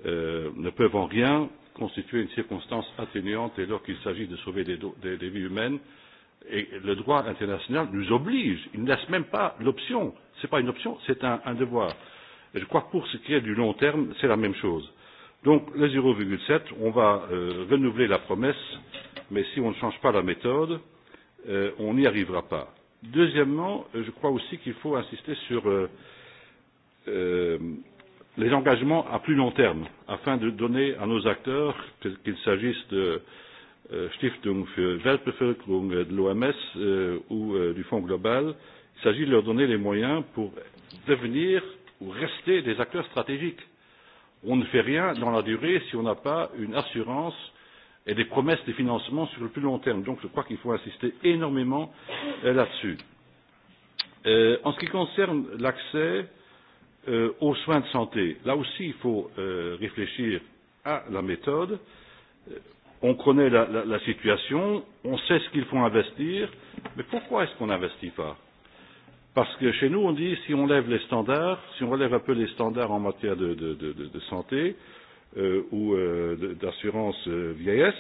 [SPEAKER 10] euh, ne peuvent en rien euh, constituer une circonstance atténuante dès lors qu'il s'agit de sauver des, des, des vies humaines. Et le droit international nous oblige, il ne laisse même pas l'option. Ce n'est pas une option, c'est un, un devoir. Et je crois que pour ce qui est du long terme, c'est la même chose. Donc le 0,7, on va euh, renouveler la promesse, mais si on ne change pas la méthode, euh, on n'y arrivera pas. Deuxièmement, euh, je crois aussi qu'il faut insister sur euh, euh, les engagements à plus long terme afin de donner à nos acteurs, qu'il s'agisse de euh, Stiftung für Weltbevölkerung, de l'OMS euh, ou euh, du Fonds global, il s'agit de leur donner les moyens pour devenir ou rester des acteurs stratégiques. On ne fait rien dans la durée si on n'a pas une assurance et des promesses de financement sur le plus long terme. Donc je crois qu'il faut insister énormément là-dessus. Euh, en ce qui concerne l'accès euh, euh, aux soins de santé. Là aussi, il faut euh, réfléchir à la méthode. Euh, on connaît la, la, la situation, on sait ce qu'il faut investir, mais pourquoi est-ce qu'on n'investit pas Parce que chez nous, on dit si on lève les standards, si on relève un peu les standards en matière de, de, de, de, santé euh, ou euh, d'assurance euh, vieillesse,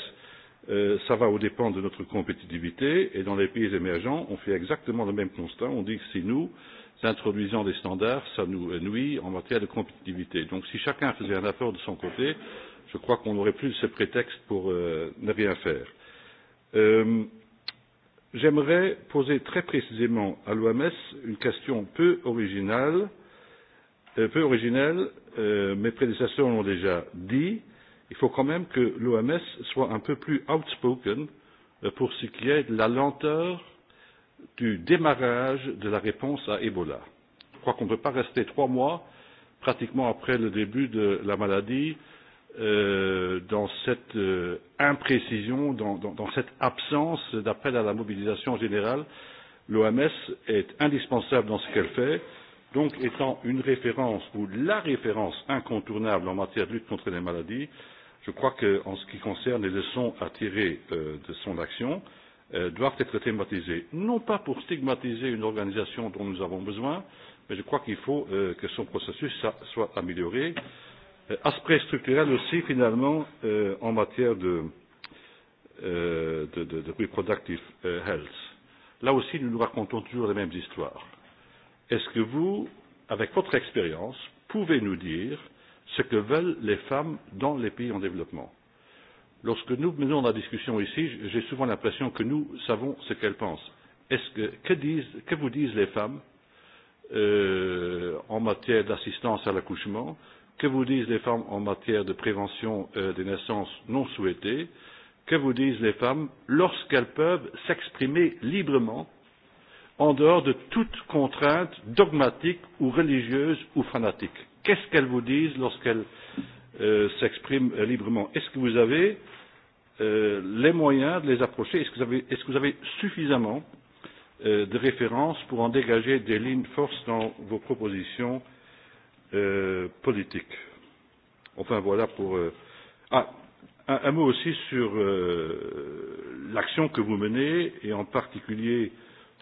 [SPEAKER 10] euh, ça va au dépend de notre compétitivité. Et dans les pays émergents, on fait exactement le même constat. On dit que si nous, euh, d'introduisant des standards, ça nous nuit en matière de compétitivité. Donc si chacun faisait un effort de son côté, je crois qu'on n'aurait plus ce prétexte pour euh, ne rien faire. Euh, J'aimerais poser très précisément à l'OMS une question peu originale, euh, peu originelle, euh, mes prédécesseurs l'ont déjà dit, il faut quand même que l'OMS soit un peu plus outspoken euh, pour ce qui est de la lenteur du démarrage de la réponse à Ebola. Je crois qu'on ne peut pas rester trois mois, pratiquement après le début de la maladie, euh, dans cette euh, imprécision, dans, dans, dans cette absence d'appel à la mobilisation générale. L'OMS est indispensable dans ce qu'elle fait, donc étant une référence ou la référence incontournable en matière de lutte contre les maladies, je crois qu'en ce qui concerne les leçons à tirer euh, de son action, euh, Euh, doivent être thématisées, non pas pour stigmatiser une organisation dont nous avons besoin, mais je crois qu'il faut euh, que son processus soit amélioré. Euh, aspect structurel aussi, finalement, en matière de, de, de, de reproductive health. Là aussi, nous nous racontons toujours les mêmes histoires. Est-ce que vous, avec votre expérience, pouvez nous dire ce que veulent les femmes dans les pays en développement lorsque nous menons la discussion ici, j'ai souvent l'impression que nous savons ce qu'elles pensent. Est-ce que, que, disent, que vous disent les femmes euh, en matière d'assistance à l'accouchement Que vous disent les femmes en matière de prévention euh, des naissances non souhaitées Que vous disent les femmes lorsqu'elles peuvent s'exprimer librement en dehors de toute contrainte dogmatique ou religieuse ou fanatique Qu'est-ce qu'elles vous disent lorsqu'elles euh, s'expriment librement. Est-ce que vous avez euh, les moyens de les approcher Est-ce que, est que vous avez suffisamment euh, de références pour en dégager des lignes forces dans vos propositions euh, politiques Enfin voilà pour. Euh, ah, un, un mot aussi sur euh, l'action que vous menez et en particulier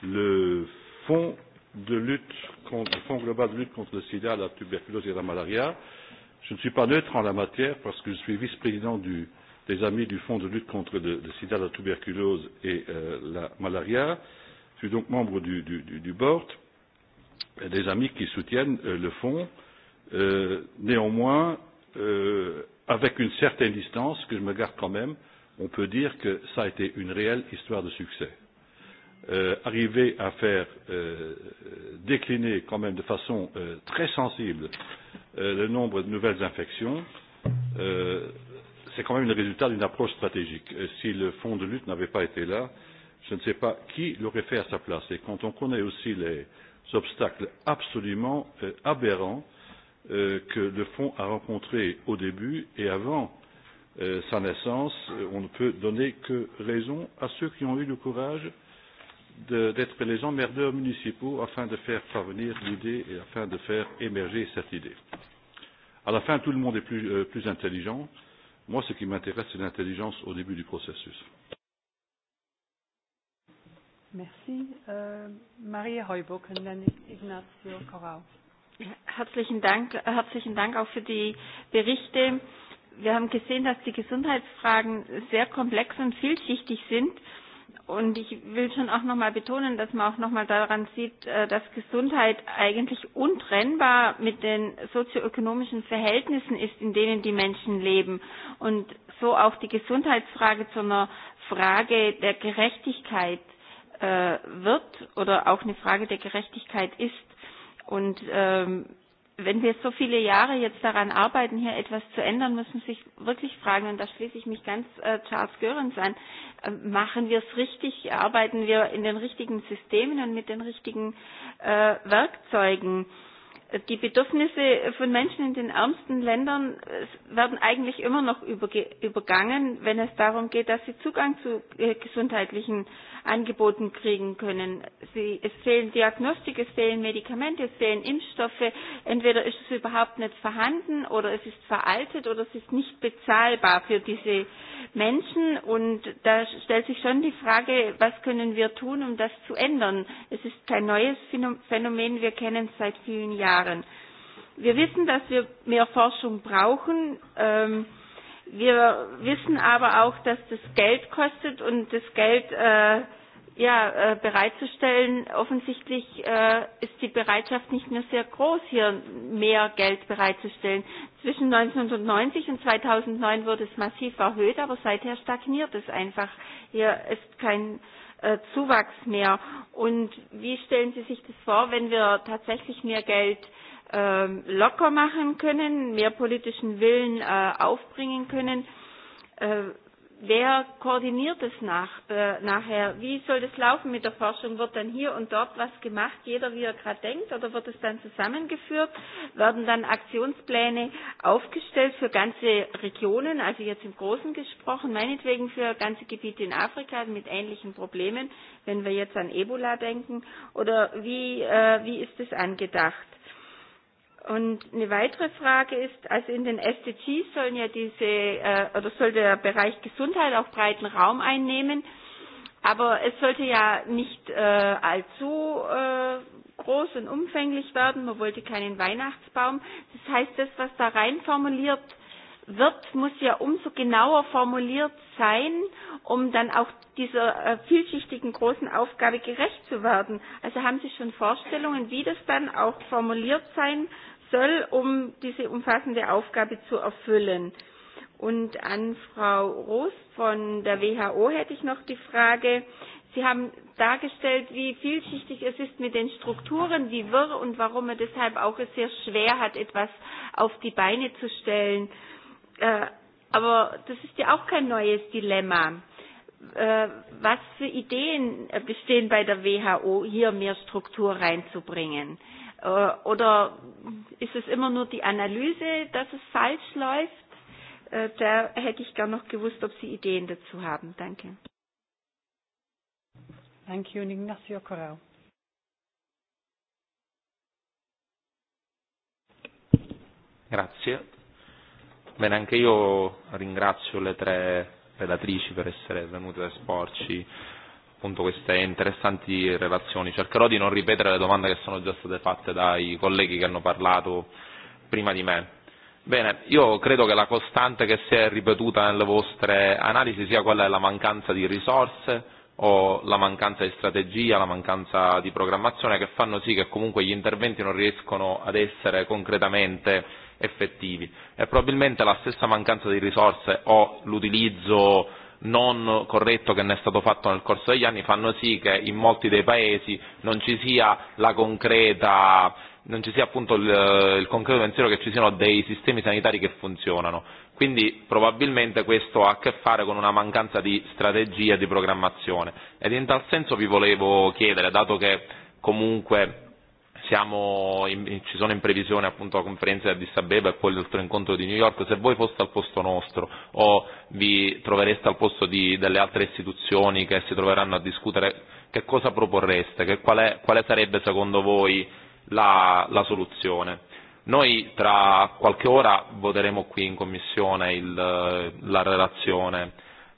[SPEAKER 10] le fonds de lutte contre, le fonds global de lutte contre le sida, la tuberculose et la malaria. Euh, je ne suis pas neutre en la matière parce que je suis vice président du, des amis du fonds de lutte contre le, le sida la tuberculose et euh, la malaria je suis donc membre du, du, du board des amis qui soutiennent euh, le fonds euh, néanmoins euh, avec une certaine distance que je me garde quand même on peut dire que ça a été une réelle histoire de succès euh, arriver à faire euh, décliner quand même de façon euh, très sensible euh, le nombre de nouvelles infections, euh, c'est quand même le résultat d'une approche stratégique. Et si le fonds de lutte n'avait pas été là, je ne sais pas qui l'aurait fait à sa place. Et quand on connaît aussi les obstacles absolument euh, aberrants euh, que le fonds a rencontrés au début et avant euh, sa naissance, euh, on ne peut donner que raison à ceux qui ont eu le courage d'être les emmerdeurs municipaux afin de faire parvenir l'idée et afin de faire émerger cette idée. À la fin, tout le monde est plus, euh, plus intelligent. Moi, ce qui m'intéresse, c'est l'intelligence au début du processus.
[SPEAKER 1] Merci. Euh,
[SPEAKER 2] Maria Heuburg Ignacio Corral. Herzlichen Dank, herzlichen Dank auch für die Berichte. Wir haben gesehen, dass die Gesundheitsfragen sehr komplex und vielschichtig sind. Und ich will schon auch nochmal betonen, dass man auch nochmal daran sieht, äh, dass Gesundheit eigentlich untrennbar mit den sozioökonomischen Verhältnissen ist, in denen die Menschen leben. Und so auch die Gesundheitsfrage zu einer Frage der Gerechtigkeit äh, wird oder auch eine Frage der Gerechtigkeit ist. Und ähm, wenn wir so viele Jahre jetzt daran arbeiten, hier etwas zu ändern, müssen Sie sich wirklich fragen, und da schließe ich mich ganz äh, Charles Görens an, äh, machen wir es richtig, arbeiten wir in den richtigen Systemen und mit den richtigen äh, Werkzeugen? Äh, Die Bedürfnisse von Menschen in den ärmsten Ländern äh, werden eigentlich immer noch übergangen, wenn es darum geht, dass sie Zugang zu äh, gesundheitlichen Angeboten kriegen können. Sie, es fehlen Diagnostik, es fehlen Medikamente, es fehlen Impfstoffe. Entweder ist es überhaupt nicht vorhanden oder es ist veraltet oder es ist nicht bezahlbar für diese Menschen. Und da stellt sich schon die Frage, was können wir tun, um das zu ändern? Es ist kein neues Phänomen, wir kennen es seit vielen Jahren. Jahren. Wir wissen, dass wir mehr Forschung brauchen. Ähm, wir wissen aber auch, dass das Geld kostet und das Geld äh, ja, äh, bereitzustellen, offensichtlich äh, ist die Bereitschaft nicht mehr sehr groß, hier mehr Geld bereitzustellen. Zwischen 1990 und 2009 wurde es massiv erhöht, aber seither stagniert es einfach. Hier ist kein äh, Äh, Zuwachs mehr. Und wie stellen Sie sich das vor, wenn wir tatsächlich mehr Geld äh, locker machen können, mehr politischen Willen äh, aufbringen können? Äh, wer koordiniert es nach, äh, nachher? Wie soll das laufen mit der Forschung? Wird dann hier und dort was gemacht, jeder wie er gerade denkt, oder wird es dann zusammengeführt? Werden dann Aktionspläne aufgestellt für ganze Regionen, also jetzt im Großen gesprochen, meinetwegen für ganze Gebiete in Afrika mit ähnlichen Problemen, wenn wir jetzt an Ebola denken? Oder wie, äh, wie ist das angedacht? Und eine weitere Frage ist, also in den SDGs sollen ja diese, äh, oder soll der Bereich Gesundheit auch breiten Raum einnehmen, aber es sollte ja nicht äh, allzu äh, groß und umfänglich werden. Man wollte keinen Weihnachtsbaum. Das heißt, das, was da rein formuliert wird, muss ja umso genauer formuliert sein, um dann auch dieser äh, vielschichtigen großen Aufgabe gerecht zu werden. Also haben Sie schon Vorstellungen, wie das dann auch formuliert sein soll, um diese umfassende Aufgabe zu erfüllen. Und an Frau Roos von der WHO hätte ich noch die Frage. Sie haben dargestellt, wie vielschichtig es ist mit den Strukturen, wie wirr und warum er deshalb auch es sehr schwer hat, etwas auf die Beine zu stellen. Äh, aber das ist ja auch kein neues Dilemma. Äh, was für Ideen bestehen bei der WHO, hier mehr Struktur reinzubringen? Äh, oder ist es immer nur die Analyse, dass es falsch läuft? Äh, da hätte ich gern noch gewusst, ob Sie Ideen dazu haben. Danke. Thank you, Ignacio Corral.
[SPEAKER 11] Grazie. Bene, anche io ringrazio le tre relatrici per essere venute a esporci appunto queste interessanti relazioni. Cercherò di non ripetere le domande che sono già state fatte dai colleghi che hanno parlato prima di me. Bene, io credo che la costante che si è ripetuta nelle vostre analisi sia quella della mancanza di risorse o la mancanza di strategia, la mancanza di programmazione che fanno sì che comunque gli interventi non riescono ad essere concretamente effettivi e probabilmente la stessa mancanza di risorse o l'utilizzo non corretto che ne è stato fatto nel corso degli anni fanno sì che in molti dei paesi non ci sia la concreta non ci sia appunto il, il concreto pensiero che ci siano dei sistemi sanitari che funzionano. Quindi probabilmente questo ha a che fare con una mancanza di strategia e di programmazione. Ed in tal senso vi volevo chiedere, dato che comunque siamo in, ci sono in previsione appunto la conferenza di Addis Abeba e poi l'altro incontro di New York, se voi foste al posto nostro o vi trovereste al posto di, delle altre istituzioni che si troveranno a discutere, che cosa proporreste? Che, qual è, quale sarebbe secondo voi la, la soluzione? Noi tra qualche ora voteremo qui in Commissione il, la relazione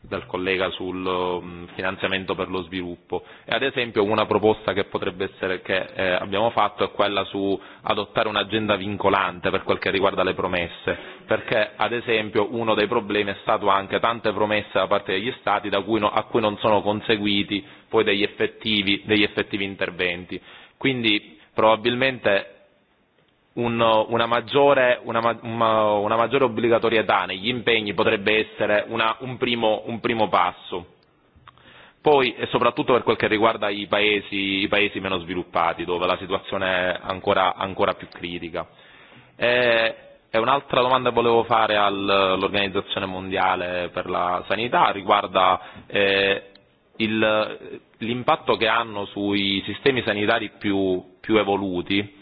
[SPEAKER 11] dal collega sul mm, finanziamento per lo sviluppo e ad esempio una proposta che potrebbe essere che eh, abbiamo fatto è quella su adottare un'agenda vincolante per quel che riguarda le promesse perché ad esempio uno dei problemi è stato anche tante promesse da parte degli stati da cui no, a cui non sono conseguiti poi degli effettivi, degli effettivi interventi quindi probabilmente un, una, maggiore, una, una maggiore obbligatorietà negli impegni potrebbe essere una, un, primo, un primo passo. Poi, e soprattutto per quel che riguarda i paesi, i paesi meno sviluppati, dove la situazione è ancora, ancora più critica. E, e un'altra domanda che volevo fare all'Organizzazione Mondiale per la Sanità riguarda eh, il, l'impatto che hanno sui sistemi sanitari più, più evoluti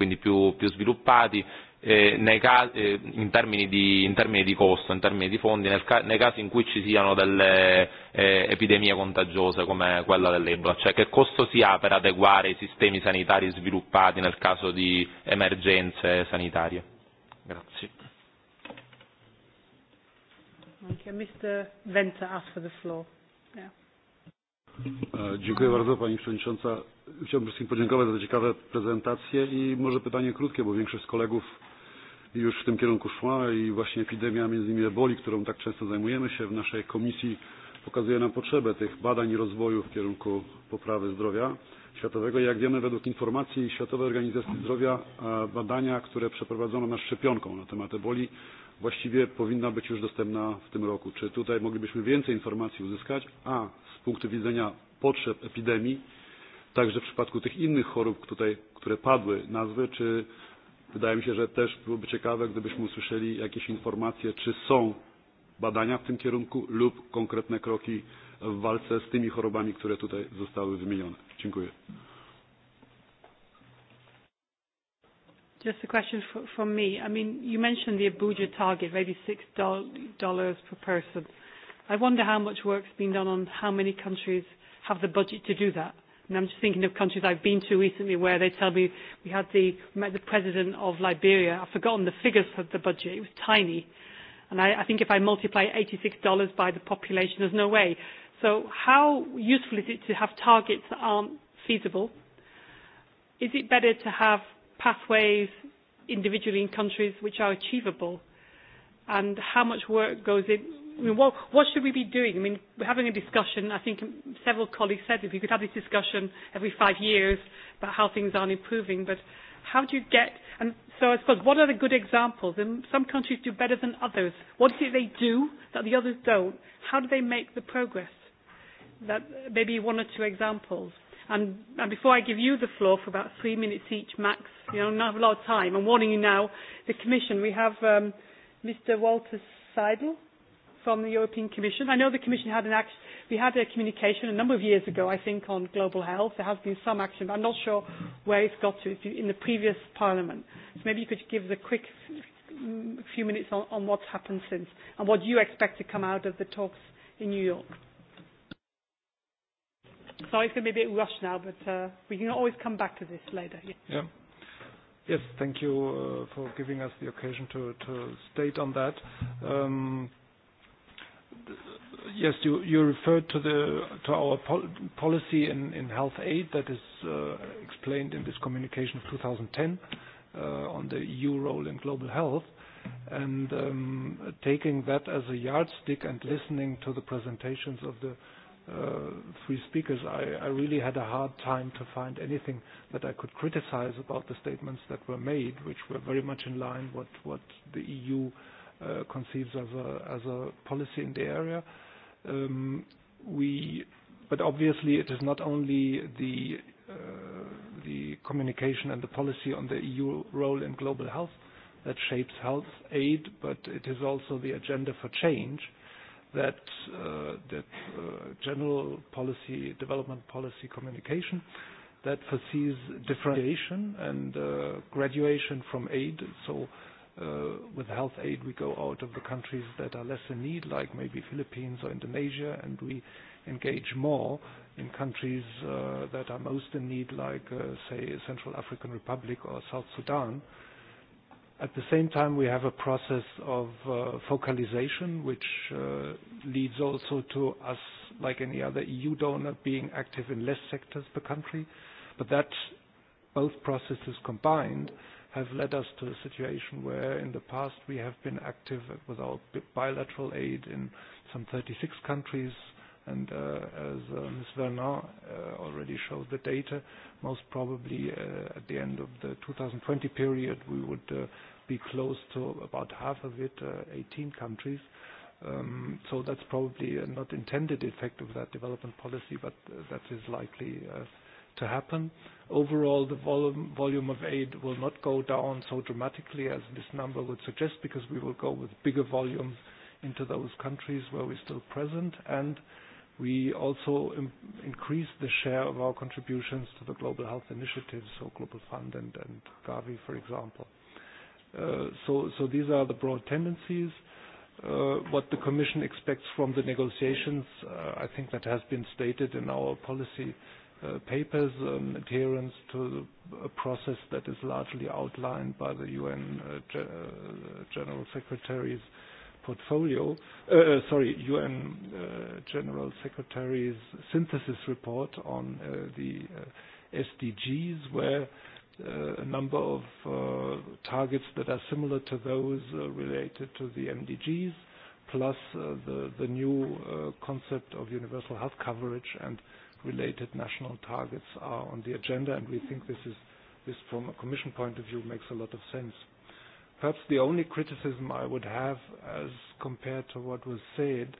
[SPEAKER 11] quindi più, più sviluppati, eh, nei casi, eh, in, termini di, in termini di costo, in termini di fondi, nel ca- nei casi in cui ci siano delle eh, epidemie contagiose come quella dell'Ebola, cioè che costo si ha per adeguare i sistemi sanitari sviluppati nel caso di emergenze sanitarie. Grazie.
[SPEAKER 1] Okay, Mr. Venter asked for the floor. Yeah.
[SPEAKER 12] Eh, dziękuję bardzo Pani Przewodnicząca. Chciałbym wszystkim podziękować za ciekawe prezentacje i może pytanie krótkie, bo większość z kolegów już w tym kierunku szła i właśnie epidemia między innymi eboli, którą tak często zajmujemy się w naszej komisji, pokazuje nam potrzebę tych badań i rozwoju w kierunku poprawy zdrowia światowego. Jak wiemy, według informacji Światowej Organizacji Zdrowia e, badania, które przeprowadzono nad szczepionką na temat eboli, właściwie powinna być już dostępna w tym roku. Czy tutaj moglibyśmy więcej informacji uzyskać? A z punktu widzenia potrzeb epidemii, także w przypadku tych innych chorób, tutaj, które padły nazwy, czy wydaje mi się, że też byłoby ciekawe, gdybyśmy usłyszeli jakieś informacje, czy są badania w tym kierunku lub konkretne kroki w walce z tymi chorobami, które tutaj zostały wymienione. Dziękuję.
[SPEAKER 1] Just a question from me. I mean, you mentioned the Abuja target, maybe $6 per person. I wonder how much work's been done on how many countries have the budget to do that. And I'm just thinking of countries I've been to recently where they tell me we had the, we met the president of Liberia. I've forgotten the figures for the budget. It was tiny. And I, I think if I multiply $86 by the population, there's no way. So how useful is it to have targets that aren't feasible? Is it better to have pathways individually in countries which are achievable? And how much work goes in i mean, what, what should we be doing? I mean, we're having a discussion. I think several colleagues said if we could have this discussion every five years about how things aren't improving, but how do you get? And so I suppose what are the good examples? And some countries do better than others. What is it they do that the others don't? How do they make the progress? That maybe one or two examples. And, and before I give you the floor for about three minutes each max, you know, not have a lot of time. I'm warning you now. The Commission, we have um, Mr. Walter Seidel from the European Commission? I know the Commission had an action, we had a communication a number of years ago, I think, on global health. There has been some action, but I'm not sure where it's got to. It's in the previous Parliament. So maybe you could give us a quick mm, few minutes on, on what's happened since and what you expect to come out of the talks in New York. Sorry, it's going to be a bit rushed now, but uh, we can always come back to this later. Yeah.
[SPEAKER 13] yeah. Yes, thank you uh, for giving us the occasion to, to state on that. Um, Yes, you, you referred to the to our pol policy in, in health aid that is uh, explained in this communication of 2010 uh, on the EU role in global health. and um, Taking that as a yardstick and listening to the presentations of the uh, three speakers, I, I really had a hard time to find anything that I could criticize about the statements that were made, which were very much in line with what the EU uh, conceives as a, as a policy in the area. Um, we, but obviously it is not only the, uh, the communication and the policy on the EU role in global health that shapes health aid, but it is also the agenda for change that, uh, that uh, general policy, development policy communication that foresees differentiation and uh, graduation from aid. So uh, with health aid, we go out of the countries that are less in need, like maybe Philippines or Indonesia, and we engage more in countries uh, that are most in need, like, uh, say, Central African Republic or South Sudan. At the same time, we have a process of uh, focalization, which uh, leads also to us, like any other EU donor, being active in less sectors per country. But that, both processes combined, uh, have led us to a situation where in the past we have been active with our bilateral aid in some 36 countries. and uh, As uh, Ms. Vernon uh, already showed the data, most probably uh, at the end of the 2020 period, we would uh, be close to about half of it, 18 uh, countries. Um, so That's probably not intended effect of that development policy, but that is likely to happen. Overall, the volume, of aid will not go down so dramatically as this number would suggest, because we will go with bigger volumes into those countries where we're still present. And we also increase the share of our contributions to the global health initiatives, so Global Fund and, Gavi, for example. Uh, these are the broad tendencies. Uh, what the Commission expects from the negotiations, uh, I think that has been stated in our policy Uh, papers um, adherence to a process that is largely outlined by the UN uh, uh, General Secretary's portfolio, uh, uh sorry, UN uh, General Secretary's synthesis report on uh, the uh, SDGs, where uh, a number of uh, targets that are similar to those uh, related to the MDGs, plus uh, the, the new uh, concept of universal health coverage and uh, related national targets are on the agenda, and we think this is this from a commission point of view makes a lot of sense. Perhaps the only criticism I would have as compared to what was said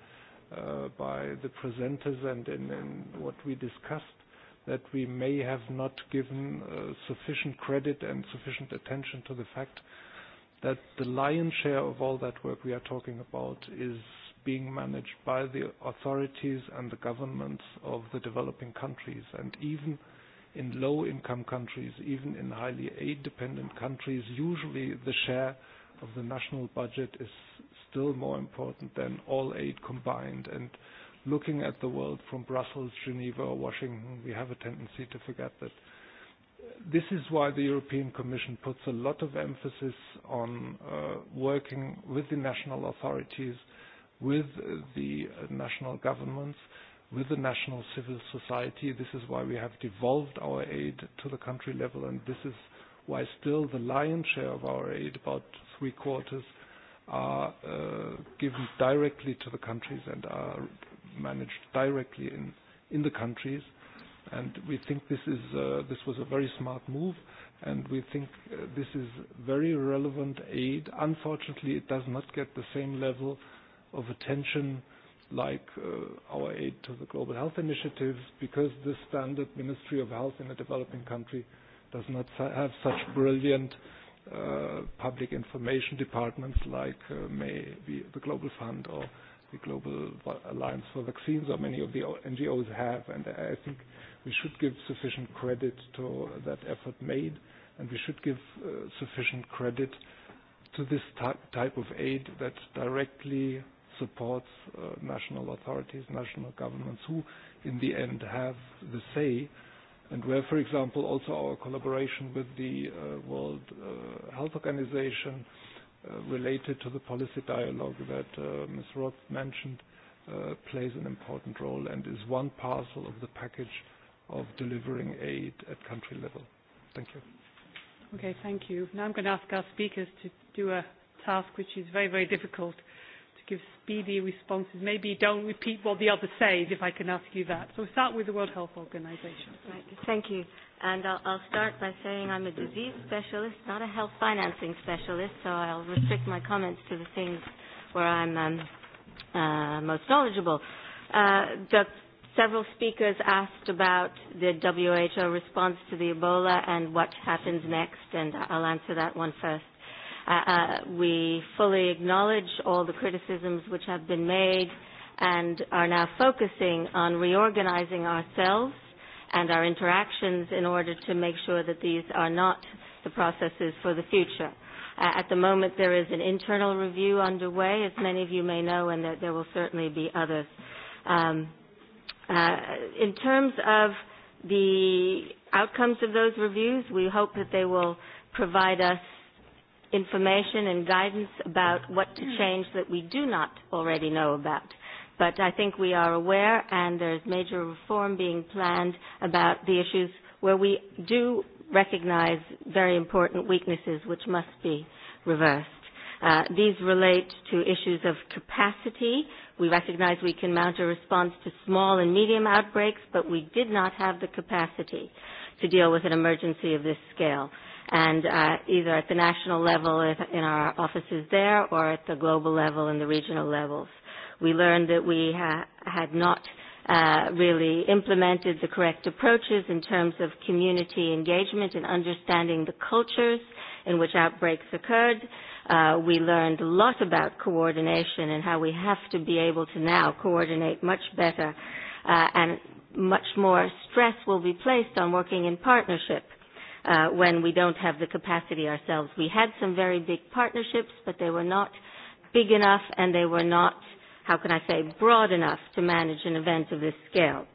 [SPEAKER 13] uh, by the presenters and, in what we discussed, that we may have not given uh, sufficient credit and sufficient attention to the fact that the lion's share of all that work we are talking about is being managed by the authorities and the governments of the developing countries. And even in low-income countries, even in highly aid-dependent countries, usually the share of the national budget is still more important than all aid combined. And looking at the world from Brussels, Geneva, or Washington, we have a tendency to forget that. This is why the European Commission puts a lot of emphasis on uh, working with the national authorities uh, with the national governments, with the national civil society. This is why we have devolved our aid to the country level, and this is why still the lion's share of our aid, about three quarters, are uh, given directly to the countries and are managed directly in, in the countries. And we think this is uh, this was a very smart move, and we think uh, this is very relevant aid. Unfortunately, it does not get the same level uh, of attention like uh, our aid to the Global Health Initiative because the standard Ministry of Health in a developing country does not have such brilliant uh, public information departments like uh, maybe the Global Fund or the Global Alliance for Vaccines or many of the NGOs have. And I think we should give sufficient credit to that effort made and we should give uh, sufficient credit to this type of aid that directly supports uh, national authorities, national governments, who in the end have the say. And where, for example, also our collaboration with the uh, World uh, Health Organization uh, related to the policy dialogue that uh, Ms. Roth mentioned uh, plays an important role and is one parcel of the package of delivering aid at country level. Thank you.
[SPEAKER 1] Okay, thank you. Now I'm going to ask our speakers to do a task which is very, very difficult give speedy responses. Maybe don't repeat what the other
[SPEAKER 3] says, if I can ask you that. So we'll start with the World Health Organization. Right. Thank you. And I'll, I'll start by saying I'm a disease specialist, not a health financing specialist, so I'll restrict my comments to the things where I'm um, uh, most knowledgeable. Uh, the several speakers asked about the WHO response to the Ebola and what happens next, and I'll answer that one first. Uh, uh, we fully acknowledge all the criticisms which have been made and are now focusing on reorganizing ourselves and our interactions in order to make sure that these are not the processes for the future. Uh, at the moment, there is an internal review underway, as many of you may know, and there, there will certainly be others. Um, uh, in terms of the outcomes of those reviews, we hope that they will provide us information and guidance about what to change that we do not already know about. But I think we are aware, and there's major reform being planned about the issues where we do recognize very important weaknesses which must be reversed. Uh, these relate to issues of capacity. We recognize we can mount a response to small and medium outbreaks, but we did not have the capacity to deal with an emergency of this scale and uh, either at the national level in our offices there or at the global level and the regional levels. We learned that we ha- had not uh, really implemented the correct approaches in terms of community engagement and understanding the cultures in which outbreaks occurred. Uh, we learned a lot about coordination and how we have to be able to now coordinate much better uh, and much more stress will be placed on working in partnership uh, when we don't have the capacity ourselves. We had some very big partnerships, but they were not big enough and they were not, how can I say, broad enough to manage an event of this scale.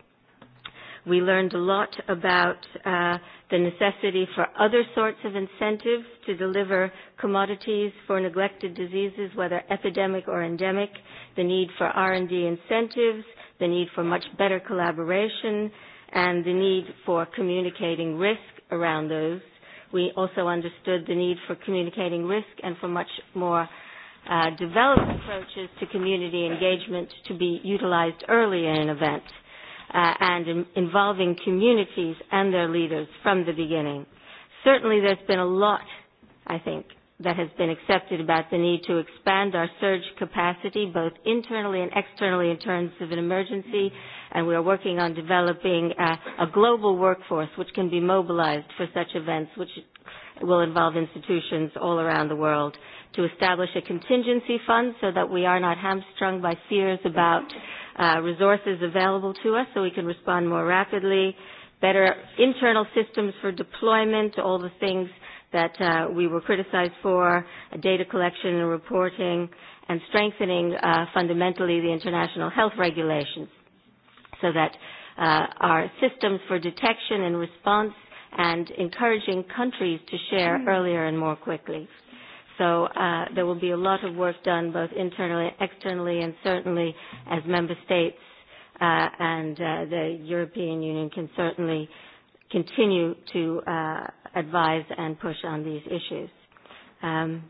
[SPEAKER 3] We learned a lot about uh, the necessity for other sorts of incentives to deliver commodities for neglected diseases, whether epidemic or endemic, the need for R&D incentives, the need for much better collaboration, and the need for communicating risk around those. We also understood the need for communicating risk and for much more uh, developed approaches to community engagement to be utilized early in an event uh, and in involving communities and their leaders from the beginning. Certainly there's been a lot, I think, that has been accepted about the need to expand our surge capacity both internally and externally in terms of an emergency, and we are working on developing a, uh, a global workforce which can be mobilized for such events, which will involve institutions all around the world, to establish a contingency fund so that we are not hamstrung by fears about uh, resources available to us so we can respond more rapidly, better internal systems for deployment, all the things – that uh, we were criticized for, uh, data collection and reporting, and strengthening uh, fundamentally the international health regulations so that uh, our systems for detection and response and encouraging countries to share mm. earlier and more quickly. So uh, there will be a lot of work done both internally, externally, and certainly as member states uh, and uh, the European Union can certainly continue to uh, advise and push on these issues. Um,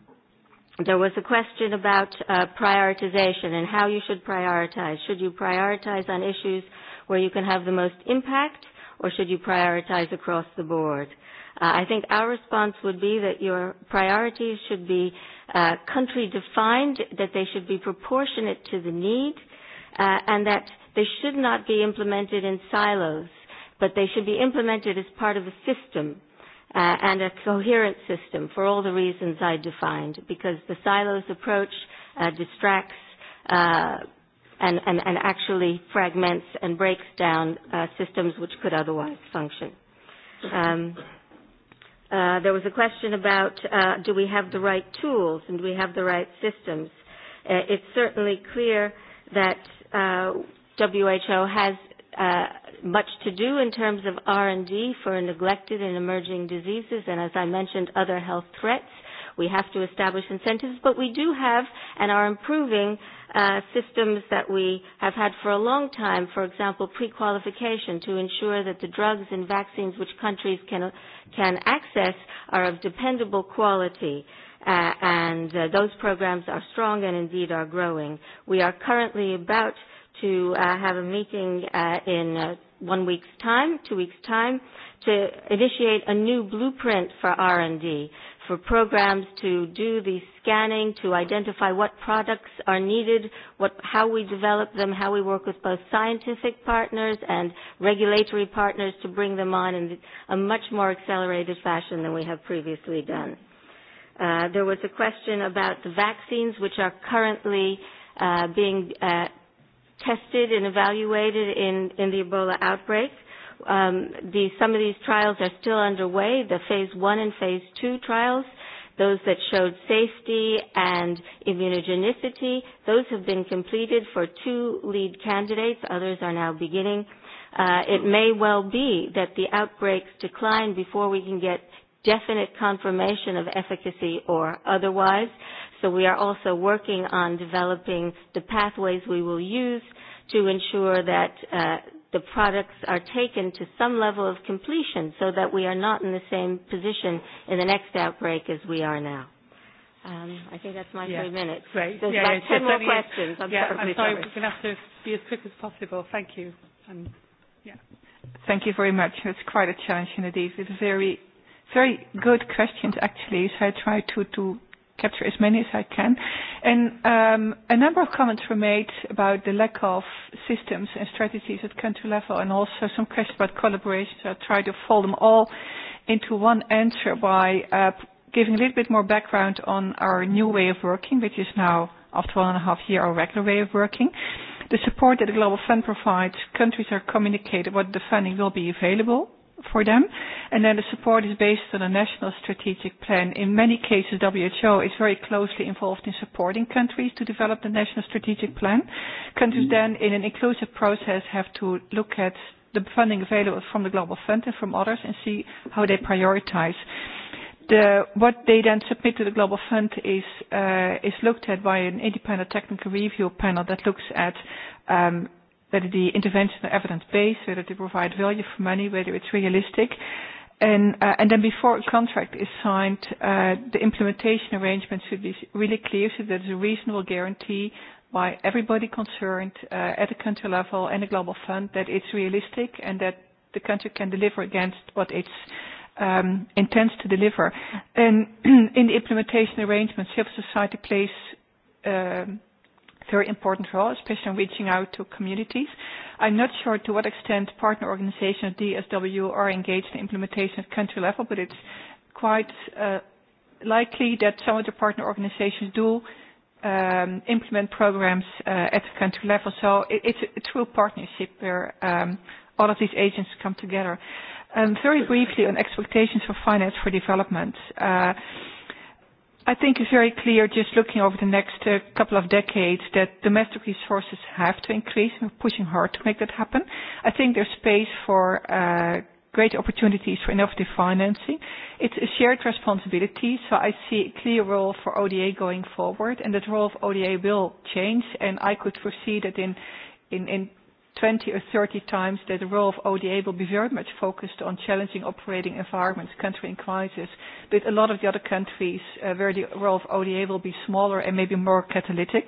[SPEAKER 3] there was a question about uh, prioritization and how you should prioritize. Should you prioritize on issues where you can have the most impact, or should you prioritize across the board? Uh, I think our response would be that your priorities should be uh, country defined, that they should be proportionate to the need, uh, and that they should not be implemented in silos, but they should be implemented as part of a system uh, and a coherent system for all the reasons I defined, because the silos approach uh, distracts uh, and, and, and actually fragments and breaks down uh, systems which could otherwise function. Um, uh, there was a question about uh, do we have the right tools and do we have the right systems. Uh, it's certainly clear that uh, WHO has uh, much to do in terms of R&D for neglected and emerging diseases, and as I mentioned, other health threats. We have to establish incentives, but we do have and are improving uh, systems that we have had for a long time, for example, pre-qualification to ensure that the drugs and vaccines which countries can, can access are of dependable quality. Uh, and uh, those programs are strong and indeed are growing. We are currently about to uh, have a meeting uh, in uh, one week's time, two weeks' time, to initiate a new blueprint for R&D, for programs to do the scanning, to identify what products are needed, what, how we develop them, how we work with both scientific partners and regulatory partners to bring them on in a much more accelerated fashion than we have previously done. Uh, there was a question about the vaccines, which are currently uh, being uh, tested and evaluated in, in the Ebola outbreak. Um, the, some of these trials are still underway, the phase one and phase two trials. Those that showed safety and immunogenicity, those have been completed for two lead candidates. Others are now beginning. Uh, it may well be that the outbreaks decline before we can get definite confirmation of efficacy or otherwise. So we are also working on developing the pathways we will use to ensure that uh, the products are taken to some level of completion so that we are not in the same position in the next outbreak as we are now. Um, I think that's my yeah. three minutes. Great. There's yeah, about yeah, 10 more questions. I'm, yeah, I'm sorry, we're going
[SPEAKER 1] to have to be as quick as possible. Thank you. Um, yeah.
[SPEAKER 4] Thank you very much. It's quite a challenge indeed. It's very, very good questions actually. So I try to, to capture as many as I can. And um, a number of comments were made about the lack of systems and strategies at country level, and also some questions about collaboration. So I'll try to fold them all into one answer by uh, giving a little bit more background on our new way of working, which is now, after one and a half year, our regular way of working. The support that the Global Fund provides, countries are communicated what the funding will be available for them. And then the support is based on a national strategic plan. In many cases, WHO is very closely involved in supporting countries to develop the national strategic plan. Countries then, in an inclusive process, have to look at the funding available from the Global Fund and from others and see how they prioritize. The, what they then submit to the Global Fund is, uh, is looked at by an independent technical review panel that looks at um, whether the intervention are evidence-based, whether they provide value for money, whether it's realistic. And, uh, and then before a contract is signed, uh, the implementation arrangement should be really clear so that there's a reasonable guarantee by everybody concerned uh, at the country level and the Global Fund that it's realistic and that the country can deliver against what it's um, intends to deliver. And in the implementation arrangement, civil society plays uh, um, very important role, especially in reaching out to communities. I'm not sure to what extent partner organizations, DSW, are engaged in implementation at country level, but it's quite uh, likely that some of the partner organizations do um, implement programs uh, at the country level. So it, it's a, a true partnership where um, all of these agents come together. Um, very briefly on expectations for finance for development. Uh, i think it's very clear, just looking over the next uh, couple of decades, that domestic resources have to increase, and we're pushing hard to make that happen. I think there's space for uh, great opportunities for innovative financing. It's a shared responsibility, so I see a clear role for ODA going forward, and that role of ODA will change, and I could foresee that in in, in 20 or 30 times that the role of ODA will be very much focused on challenging operating environments, country in crisis. a lot of the other countries uh, where the role of ODA will be smaller and maybe more catalytic.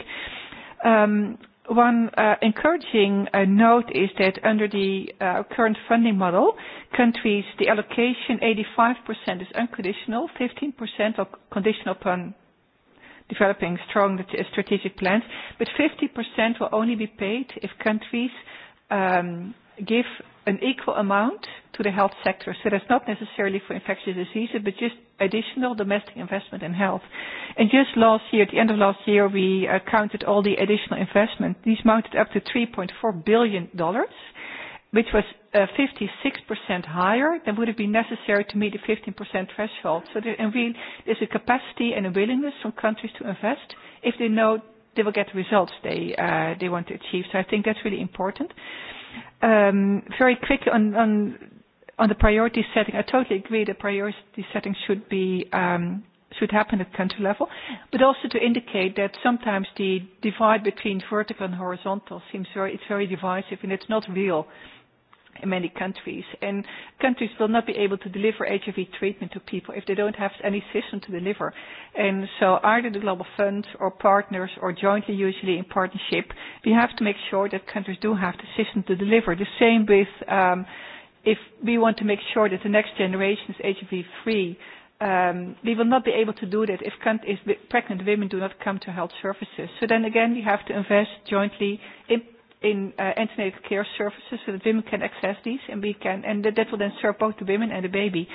[SPEAKER 4] Um, one uh, encouraging uh, note is that under the current funding model, countries, the allocation 85% is unconditional, 15% are conditional upon developing strong uh, strategic plans, but 50% will only be paid if countries um, give an equal amount to the health sector. So that's not necessarily for infectious diseases, but just additional domestic investment in health. And just last year, at the end of last year, we uh, counted all the additional investment. These mounted up to $3.4 billion. dollars which was 56% uh, higher than would have been necessary to meet the 15% threshold. So there, there's a capacity and a willingness from countries to invest if they know they will get the results they, uh, want to achieve. So I think that's really important. Um, very quick on, the priority setting, I totally agree that priority setting um, should happen at country level, but also to indicate that sometimes the divide between vertical and horizontal seems very, divisive and it's not real in many countries. And countries will not be able to deliver HIV treatment to people if they don't have any system to deliver. And so either the Global Fund or partners or jointly usually in partnership, we have to make sure that countries do have the system to deliver. The same with um, if we want to make sure that the next generation is HIV free, um, we will not be able to do that if, if pregnant women do not come to health services. So then again, we have to invest jointly in in uh, antenatal care services so that women can access these and we can and that, that will then serve both the women and the baby.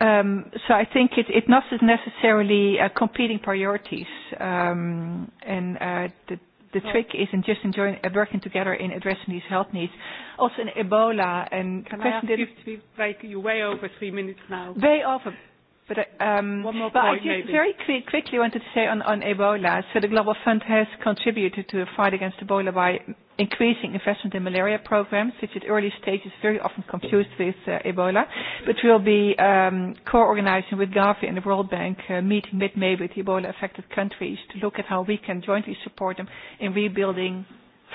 [SPEAKER 4] Um, so I think it, it not necessarily uh, competing priorities, um, and uh, the, the oh. trick is in just enjoying, uh, working together in addressing these health needs. Also in Ebola and can question I ask you
[SPEAKER 1] to be like you way over three minutes now? Way
[SPEAKER 4] over. But um, One more but point, I just maybe. very quick, quickly wanted to say on, on Ebola. So the Global Fund has contributed to the fight against Ebola by increasing investment in malaria programs, which at early stages is very often confused with uh, Ebola. But we'll be um, co-organizing with Gavi and the World Bank uh, meeting mid-May with Ebola-affected countries to look at how we can jointly support them in rebuilding,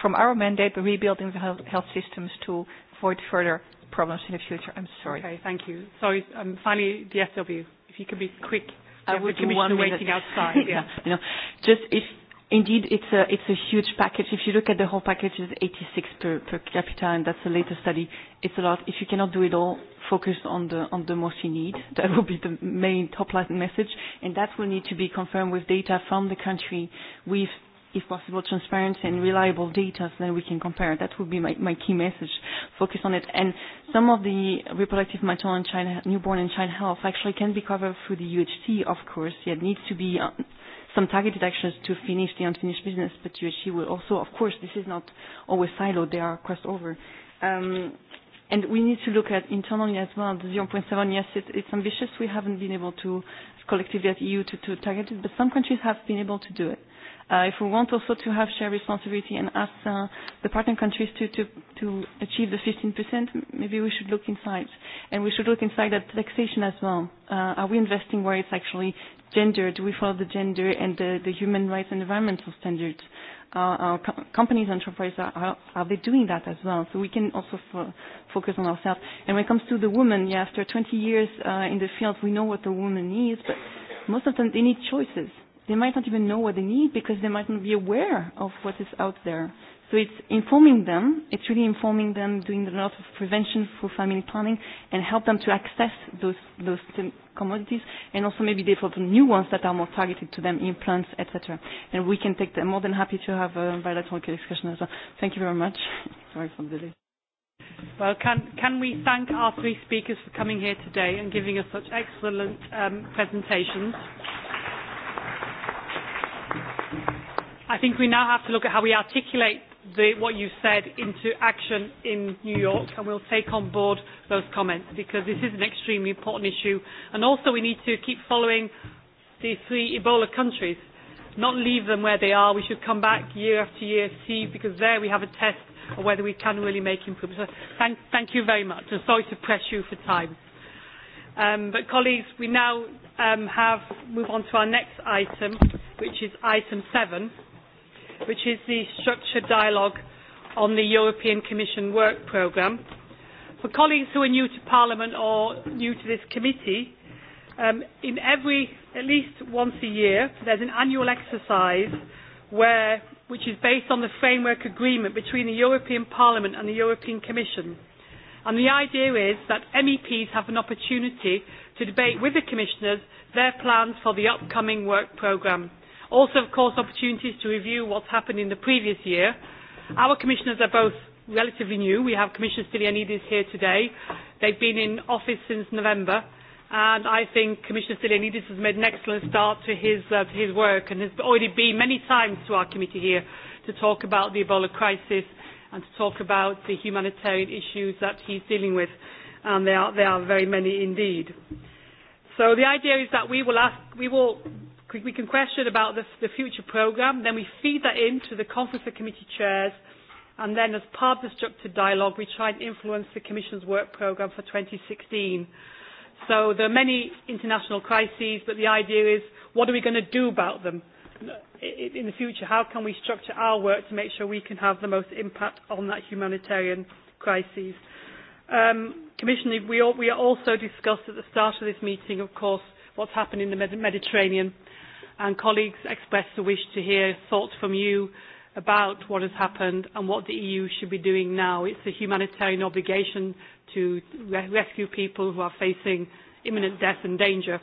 [SPEAKER 4] from our mandate, but rebuilding the health, health systems to avoid further problems in the future. I'm sorry. Okay, thank you.
[SPEAKER 1] Sorry, um, finally, the SW, if you could be quick. I would do one minute. waiting outside. yeah. yeah.
[SPEAKER 6] You know, no. just if Indeed, it's a, it's a huge package. If you look at the whole package, it's 86 per, per capita, and that's the latest study. It's a lot. If you cannot do it all, focus on the, on the most you need. That will be the main top-line message, and that will need to be confirmed with data from the country, with, if possible, transparent and reliable data, so then we can compare. That would be my, my key message. Focus on it. And some of the reproductive maternal and child, newborn and child health actually can be covered through the UHC, of course. it needs to be uh, some targeted actions to finish the unfinished business, but UHC will also, of course, this is not always siloed, they are crossed over. Um, and we need to look at internally as well, the 0.7, yes, it, it's ambitious, we haven't been able to collectively at EU to, to target it, but some countries have been able to do it. Uh, if we want also to have shared responsibility and ask uh, the partner countries to, to, to achieve the 15%, maybe we should look inside. And we should look inside at taxation as well. Uh, are we investing where it's actually gendered. We follow the gender and the, the human rights and environmental standards. Uh, our co- companies, enterprises, are, are, are they doing that as well? So we can also fo- focus on ourselves. And when it comes to the woman, yeah, after 20 years uh, in the field, we know what the woman needs, but most of them, they need choices. They might not even know what they need because they might not be aware of what is out there. So it's informing them, it's really informing them, doing a lot of prevention for family planning and help them to access those, those commodities and also maybe develop new ones that are more targeted to them, implants, etc. And we can take them. More than happy to have a bilateral discussion as well. Thank you very much. Sorry for the delay.
[SPEAKER 1] Well, can, can we thank our three speakers for coming here today and giving us such excellent um, presentations? I think we now have to look at how we articulate the, what you said into action in New York, and we'll take on board those comments because this is an extremely important issue. And also, we need to keep following the three Ebola countries, not leave them where they are. We should come back year after year, see, because there we have a test of whether we can really make improvements. So thank, thank you very much, and sorry to press you for time. Um, but colleagues, we now um, have move on to our next item, which is item seven which is the structured dialogue on the European Commission work programme. For colleagues who are new to Parliament or new to this committee, um, in every, at least once a year, there's an annual exercise where, which is based on the framework agreement between the European Parliament and the European Commission. And the idea is that MEPs have an opportunity to debate with the commissioners their plans for the upcoming work programme. Also, of course, opportunities to review what's happened in the previous year. Our commissioners are both relatively new. We have Commissioner Stylianides here today. They've been in office since November, and I think Commissioner Stylianides has made an excellent start to his, uh, to his work and has already been many times to our committee here to talk about the Ebola crisis and to talk about the humanitarian issues that he's dealing with, and there are, there are very many indeed. So the idea is that we will ask, we will we can question about the, the future programme, then we feed that into the conference of committee chairs, and then as part of the structured dialogue, we try and influence the Commission's work programme for 2016. So there are many international crises, but the idea is what are we going to do about them in the future? How can we structure our work to make sure we can have the most impact on that humanitarian crisis? Um, Commissioner, we, all, we also discussed at the start of this meeting, of course, what's happened in the Mediterranean and colleagues expressed the wish to hear thoughts from you about what has happened and what the EU should be doing now. It's a humanitarian obligation to re- rescue people who are facing imminent death and danger.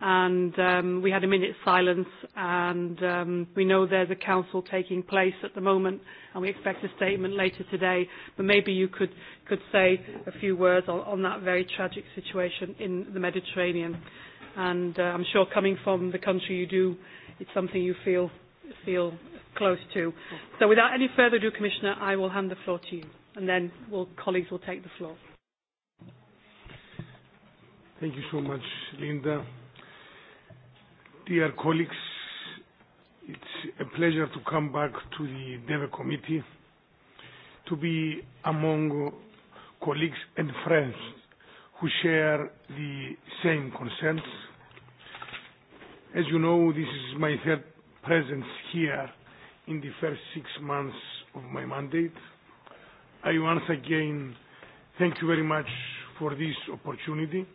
[SPEAKER 1] And um, we had a minute's silence, and um, we know there's a council taking place at the moment, and we expect a statement later today. But maybe you could, could say a few words on, on that very tragic situation in the Mediterranean and uh, I'm sure coming from the country you do, it's something you feel feel close to. So without any further ado, Commissioner, I will hand the floor to you, and then
[SPEAKER 14] we'll, colleagues
[SPEAKER 1] will take the floor.
[SPEAKER 14] Thank you so much, Linda. Dear colleagues, it's a pleasure to come back to the DEVE committee, to be among colleagues and friends who share the same concerns. As you know, this is my third presence here in the first six months of my mandate. I once again thank you very much for this opportunity.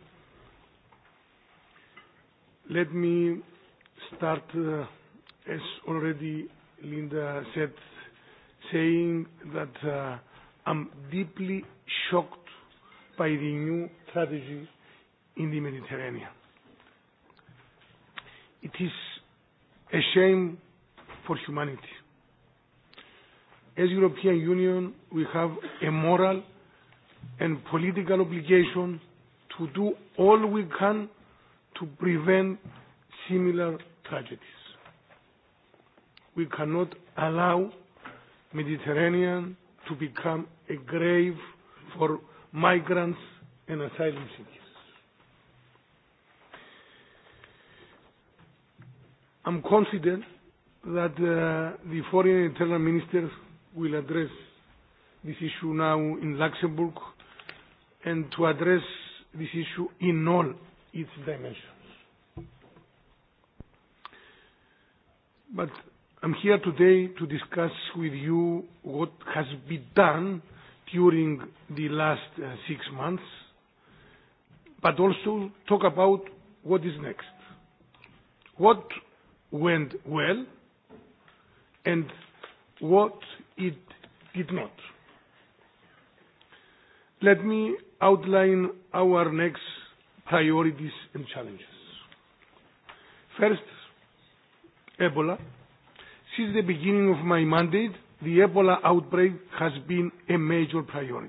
[SPEAKER 14] Let me start, uh, as already Linda said, saying that uh, I'm deeply shocked by the new strategy in the Mediterranean. It is a shame for humanity. As European Union, we have a moral and political obligation to do all we can to prevent similar tragedies. We cannot allow Mediterranean to become a grave for migrants and asylum seekers. I'm confident that uh, the foreign and internal ministers will address this issue now in Luxembourg and to address this issue in all its dimensions. But I'm here today to discuss with you what has been done during the last uh, six months but also talk about what is next. What went well and what it did not. Let me outline our next priorities and challenges. First, Ebola. Since the beginning of my mandate, the Ebola outbreak has been a major priority.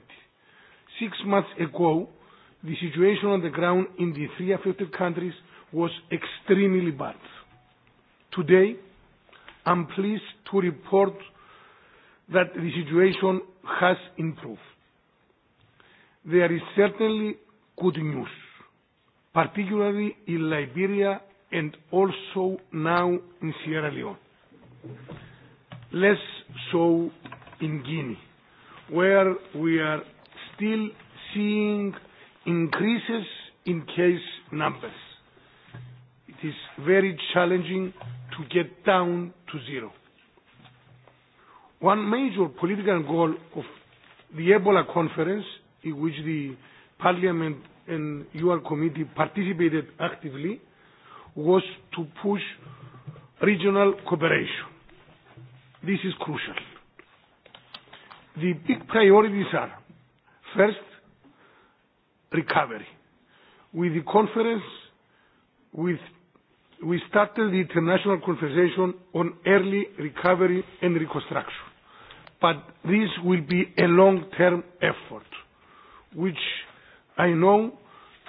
[SPEAKER 14] Six months ago, the situation on the ground in the three affected countries was extremely bad. Today, I'm pleased to report that the situation has improved. There is certainly good news, particularly in Liberia and also now in Sierra Leone. Less so in Guinea, where we are still seeing increases in case numbers. It is very challenging to get down to zero. One major political goal of the Ebola conference, in which the Parliament and UR committee participated actively, was to push regional cooperation. This is crucial. The big priorities are, first, recovery. With the conference, with, we started the international conversation on early recovery and reconstruction. But this will be a long-term effort, which I know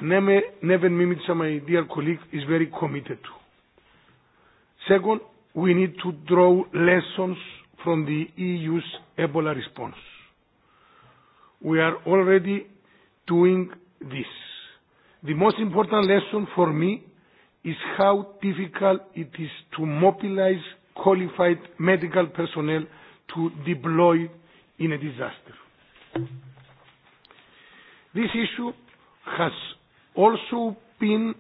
[SPEAKER 14] Neven Mimica, my dear colleague, is very committed to. Second, we need to draw lessons from the EU's Ebola response. We are already doing this. The most important lesson for me is how difficult it is to mobilize qualified medical personnel to deploy in a disaster. This issue has also been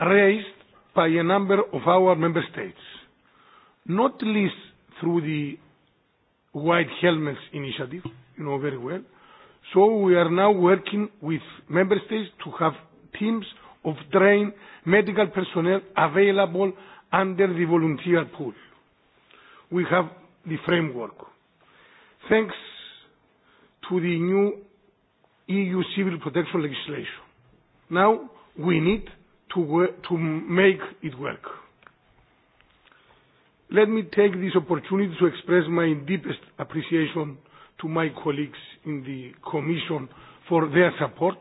[SPEAKER 14] raised by a number of our member states, not least through the White Helmets initiative, you know very well, So we are now working with member states to have teams of trained medical personnel available under the volunteer pool. We have the framework. Thanks to the new EU civil protection legislation. Now we need to, work, to make it work. Let me take this opportunity to express my deepest appreciation to my colleagues in the Commission for their support,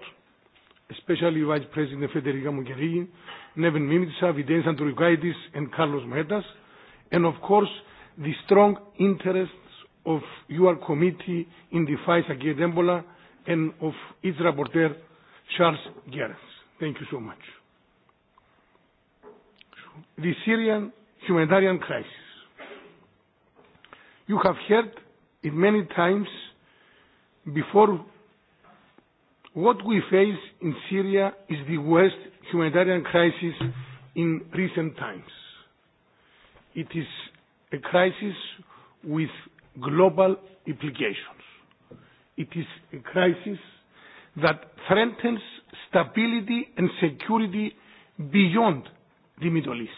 [SPEAKER 14] especially Vice President Federica Mogherini, Nevin Mimitsa, Videns Andriukaitis, and Carlos Metas, and of course the strong interests of your committee in the fight against Ebola and of its rapporteur, Charles Gerens. Thank you so much. The Syrian humanitarian crisis. You have heard in many times before what we face in Syria is the worst humanitarian crisis in recent times. It is a crisis with global implications. It is a crisis that threatens stability and security beyond the Middle East.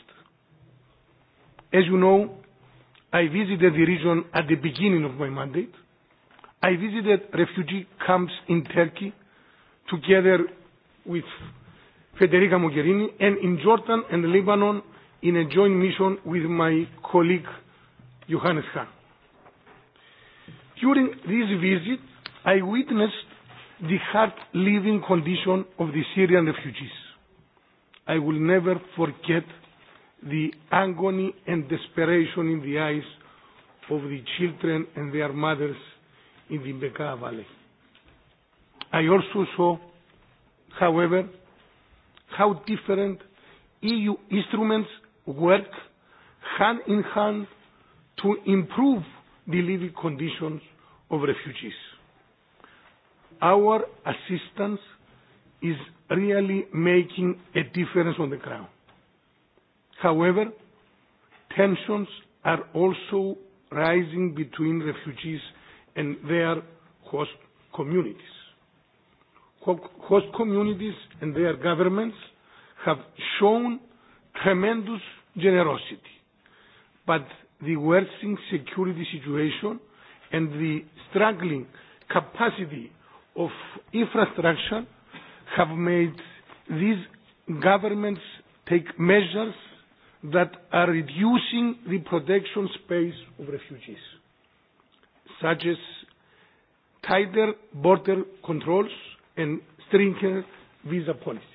[SPEAKER 14] As you know, i visited the region at the beginning of my mandate. I visited refugee camps in Turkey together with Federica Mogherini and in Jordan and Lebanon in a joint mission with my colleague Johannes Hahn. During this visit, I witnessed the hard living condition of the Syrian refugees. I will never forget the agony and desperation in the eyes of the children and their mothers in the Bekaa Valley. I also saw, however, how different EU instruments work hand in hand to improve the living conditions of refugees. Our assistance is really making a difference on the ground. However, tensions are also rising between refugees and their host communities. Host communities and their governments have shown tremendous generosity, but the worsening security situation and the struggling capacity of infrastructure have made these governments take measures that are reducing the protection space of refugees, such as tighter border controls and stringent visa policies.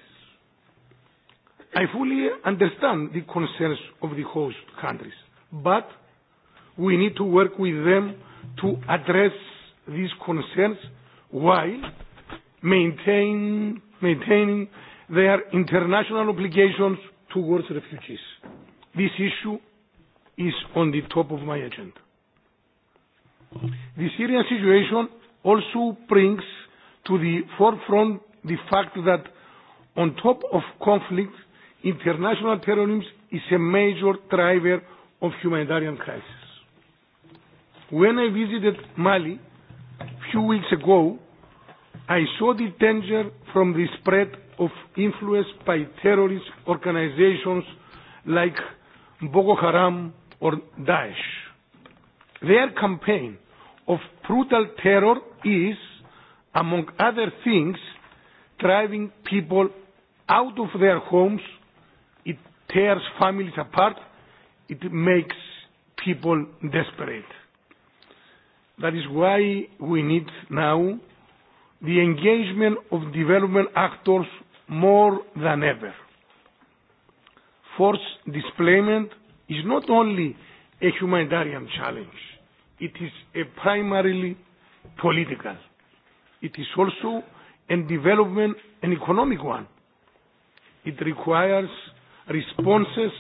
[SPEAKER 14] I fully understand the concerns of the host countries, but we need to work with them to address these concerns while maintain, maintaining their international obligations towards refugees. This issue is on the top of my agenda. The Syrian situation also brings to the forefront the fact that on top of conflict, international terrorism is a major driver of humanitarian crisis. When I visited Mali a few weeks ago, I saw the danger from the spread of influence by terrorist organizations like Boko Haram or Daesh. Their campaign of brutal terror is, among other things, driving people out of their homes. It tears families apart. It makes people desperate. That is why we need now the engagement of development actors more than ever. Forced displacement is not only a humanitarian challenge, it is a primarily political. It is also a development and economic one. It requires responses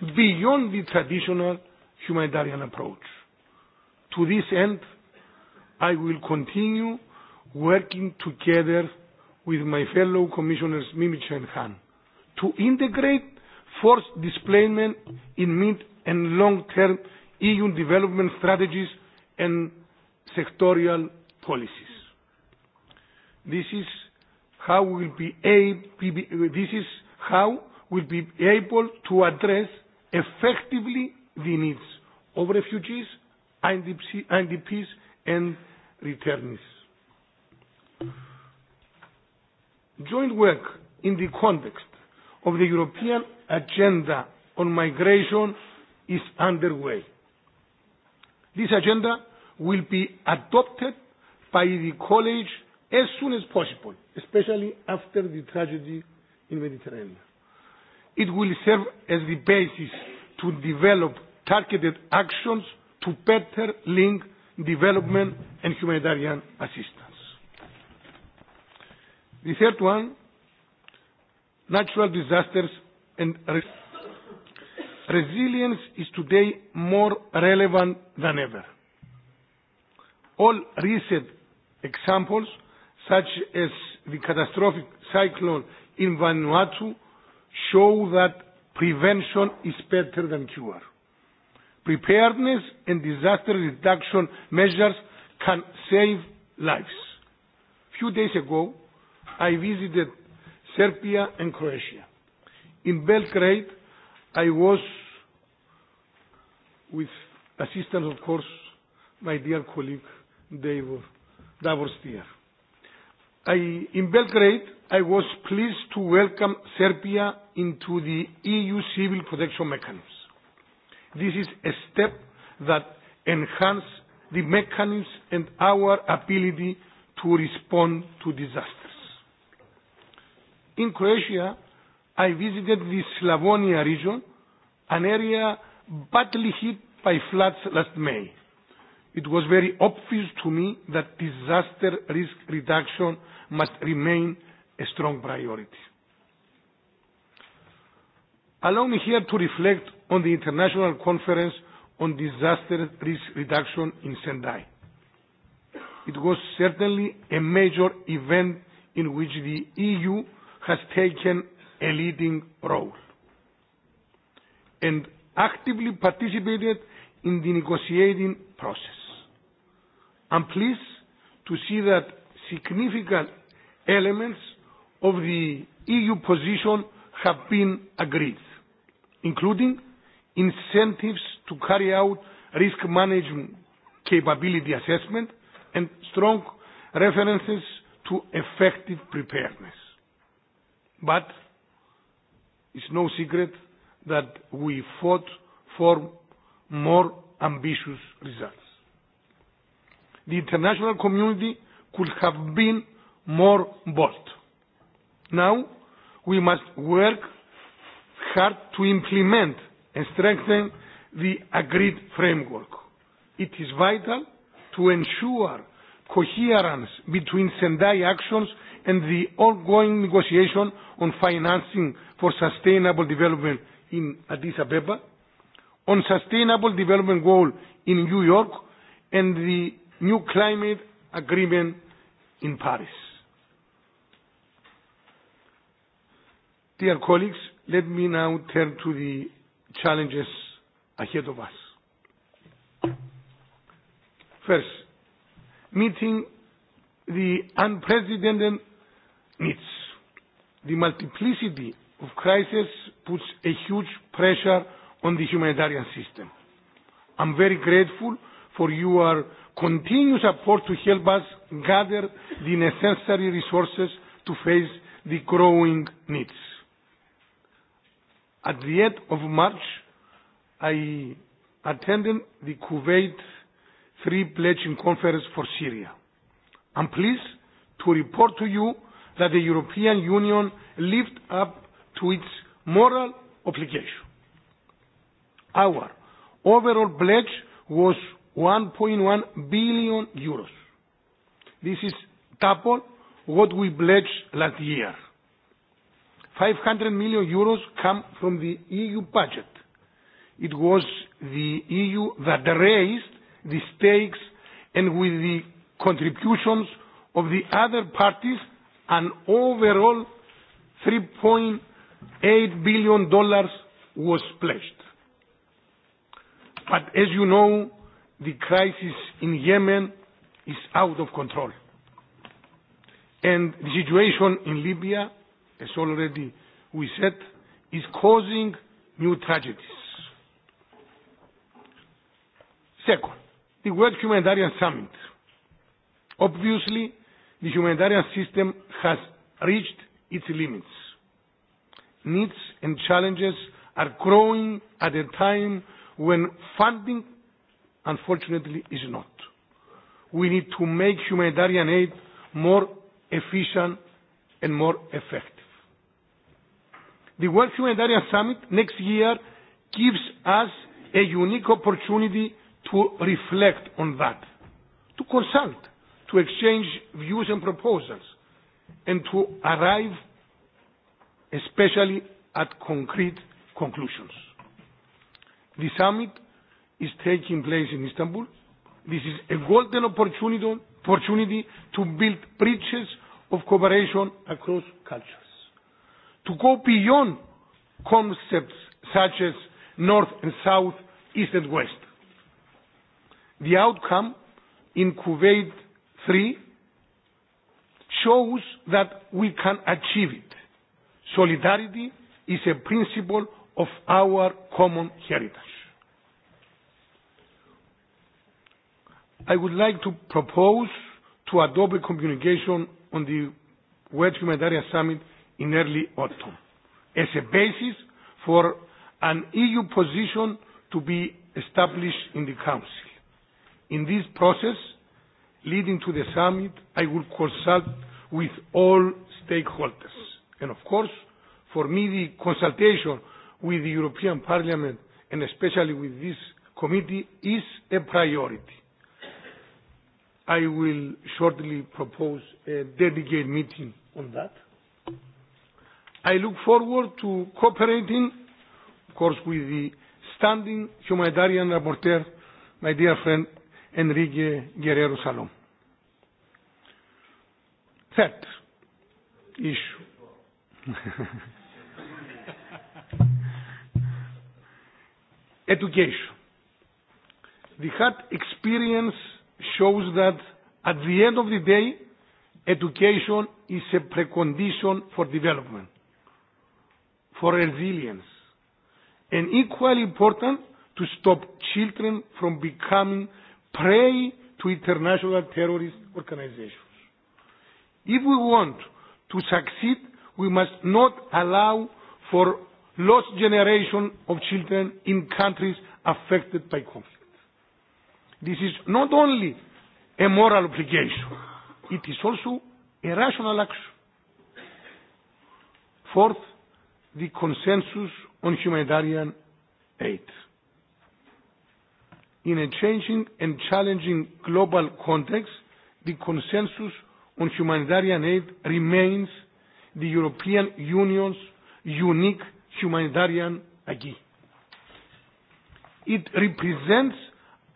[SPEAKER 14] beyond the traditional humanitarian approach. To this end, I will continue working together with my fellow commissioners Mimica and Han to integrate forced displacement in mid and long-term EU development strategies and sectorial policies. This is how will be able, this is how we'll be able to address effectively the needs of refugees, IDPs and returnees joint work in the context of the European agenda on migration is underway. This agenda will be adopted by the college as soon as possible, especially after the tragedy in Mediterranean. It will serve as the basis to develop targeted actions to better link development and humanitarian assistance. The third one, natural disasters and re resilience is today more relevant than ever. All recent examples, such as the catastrophic cyclone in Vanuatu, show that prevention is better than cure. Preparedness and disaster reduction measures can save lives. A few days ago, i visited Serbia and Croatia. In Belgrade, I was with assistance, of course, my dear colleague Davor, Davor Stier. I, in Belgrade, I was pleased to welcome Serbia into the EU civil protection mechanism. This is a step that enhances the mechanism and our ability to respond to disasters. In Croatia, I visited the Slavonia region, an area badly hit by floods last May. It was very obvious to me that disaster risk reduction must remain a strong priority. Allow me here to reflect on the International Conference on Disaster Risk Reduction in Sendai. It was certainly a major event in which the EU has taken a leading role and actively participated in the negotiating process. I'm pleased to see that significant elements of the EU position have been agreed, including incentives to carry out risk management capability assessment and strong references to effective preparedness. But it's no secret that we fought for more ambitious results. The international community could have been more bold. Now, we must work hard to implement and strengthen the agreed framework. It is vital to ensure coherence between Sendai actions and the ongoing negotiation on financing for sustainable development in Addis Ababa, on sustainable development goal in New York, and the new climate agreement in Paris. Dear colleagues, let me now turn to the challenges ahead of us. First, meeting the unprecedented needs. The multiplicity of crises puts a huge pressure on the humanitarian system. I'm very grateful for your continued support to help us gather the necessary resources to face the growing needs. At the end of March, I attended the Kuwait three pledging conference for Syria. I'm pleased to report to you that the European Union lived up to its moral obligation. Our overall pledge was 1.1 billion euros. This is double what we pledged last year. 500 million euros come from the EU budget. It was the EU that raised the stakes and with the contributions of the other parties, an overall $3.8 billion was pledged. But as you know, the crisis in Yemen is out of control. And the situation in Libya, as already we said, is causing new tragedies. Second, the World Humanitarian Summit. Obviously, the humanitarian system has reached its limits. Needs and challenges are growing at a time when funding, unfortunately, is not. We need to make humanitarian aid more efficient and more effective. The World Humanitarian Summit next year gives us a unique opportunity to reflect on that, to consult, to exchange views and proposals, and to arrive especially at concrete conclusions. The summit is taking place in Istanbul. This is a golden opportunity, opportunity to build bridges of cooperation across cultures, to go beyond concepts such as north and south, east and west The outcome in Kuwait 3 shows that we can achieve it. Solidarity is a principle of our common heritage. I would like to propose to adopt a communication on the World Humanitarian Summit in early autumn as a basis for an EU position to be established in the Council. In this process, leading to the summit, I will consult with all stakeholders. And of course, for me, the consultation with the European Parliament and especially with this committee is a priority. I will shortly propose a dedicated meeting on that. I look forward to cooperating, of course, with the standing humanitarian rapporteur, my dear friend Enrique Guerrero Salom. Third issue. Education. The hard experience shows that at the end of the day, education is a precondition for development, for resilience, and equally important to stop children from becoming Pray to international terrorist organizations. If we want to succeed, we must not allow for lost generation of children in countries affected by conflict. This is not only a moral obligation, it is also a rational action. Fourth, the consensus on humanitarian aid in a changing and challenging global context, the consensus on humanitarian aid remains the European Union's unique humanitarian acquis. It represents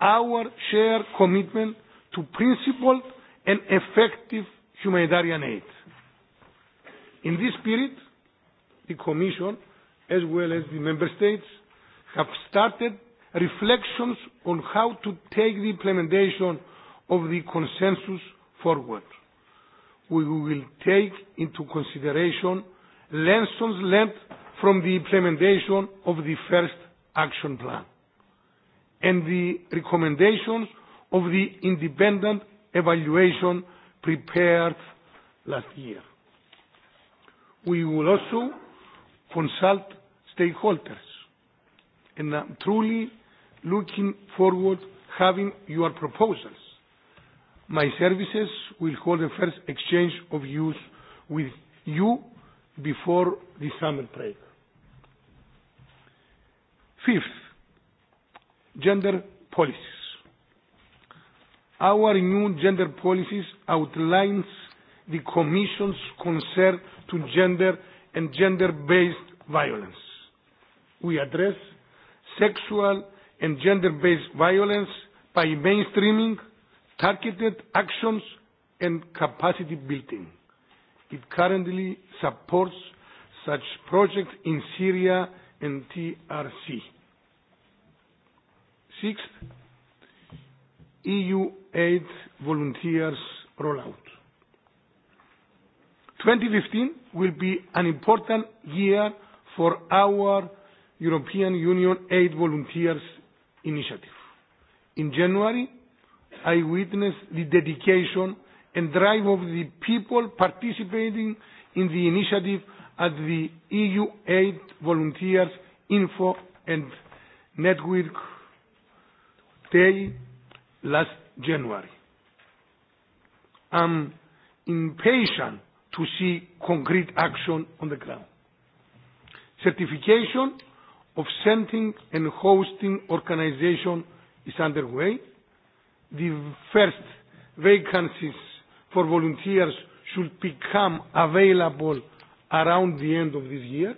[SPEAKER 14] our shared commitment to principled and effective humanitarian aid. In this spirit, the Commission, as well as the Member States, have started reflections on how to take the implementation of the consensus forward. We will take into consideration lessons learned from the implementation of the first action plan and the recommendations of the independent evaluation prepared last year. We will also consult stakeholders, and I'm truly looking forward having your proposals. My services will hold the first exchange of views with you before the summer break. Fifth, gender policies. Our new gender policies outlines the Commission's concern to gender and gender-based violence. We address sexual and gender-based violence by mainstreaming targeted actions and capacity building. It currently supports such projects in Syria and TRC. Sixth, EU aid volunteers rollout. 2015 will be an important year for our European Union aid volunteers initiative. In January, I witnessed the dedication and drive of the people participating in the initiative at the EU Aid Volunteers Info and Network Day last January. I'm impatient to see concrete action on the ground. Certification of sending and hosting organization is underway. The first vacancies for volunteers should become available around the end of this year.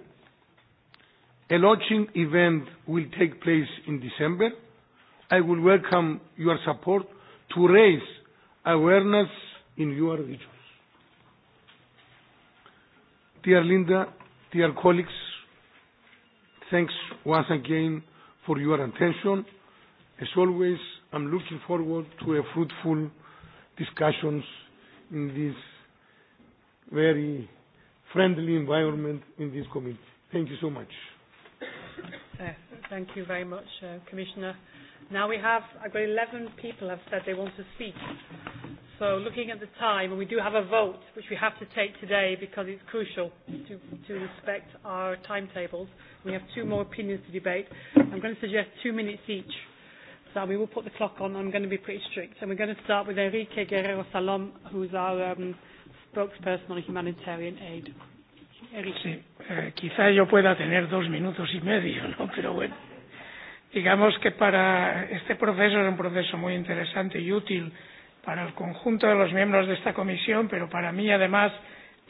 [SPEAKER 14] A launching event will take place in December. I will welcome your support to raise awareness in your regions. Dear Linda, dear colleagues, Thanks once again for your attention. As always, I'm looking forward to a fruitful discussions in this very friendly environment in this committee. Thank you so much.
[SPEAKER 1] Uh, thank you very much, uh, Commissioner. Now we have, I've got 11 people have said they want to speak. So looking at the time, and we do have a vote, which we have to take today because it's crucial to, to respect our timetables. We have two more opinions to debate. I'm going to suggest two minutes each. So we will put the clock on. I'm going to be pretty strict. And we're going to start with Enrique Guerrero Salom, who's our um, spokesperson on humanitarian aid.
[SPEAKER 15] Enrique. Eh, quizá yo pueda tener dos minutos y medio, ¿no? Pero bueno, digamos que para este proceso es un proceso muy interesante y útil para el conjunto de los miembros de esta comisión, pero para mí además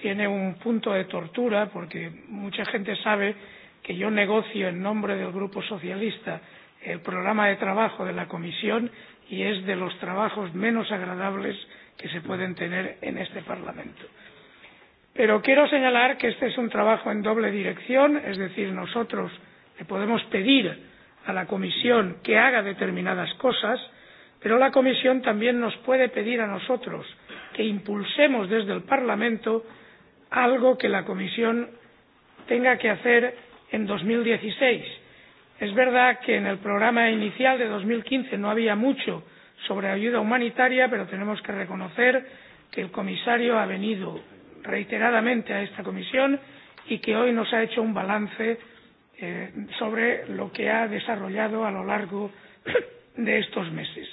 [SPEAKER 15] tiene un punto de tortura porque mucha gente sabe que yo negocio en nombre del Grupo Socialista el programa de trabajo de la comisión y es de los trabajos menos agradables que se pueden tener en este Parlamento. Pero quiero señalar que este es un trabajo en doble dirección, es decir, nosotros le podemos pedir a la Comisión que haga determinadas cosas, pero la comisión también nos puede pedir a nosotros que impulsemos desde el parlamento algo que la comisión tenga que hacer en dos mil dieciseis es verdad que en el programa inicial de dos mil quince no había mucho sobre ayuda humanitaria pero tenemos que reconocer que el comisario ha venido reiteradamente a esta comisión y que hoy nos ha hecho un balance eh, sobre lo que ha desarrollado a lo largo de estos meses.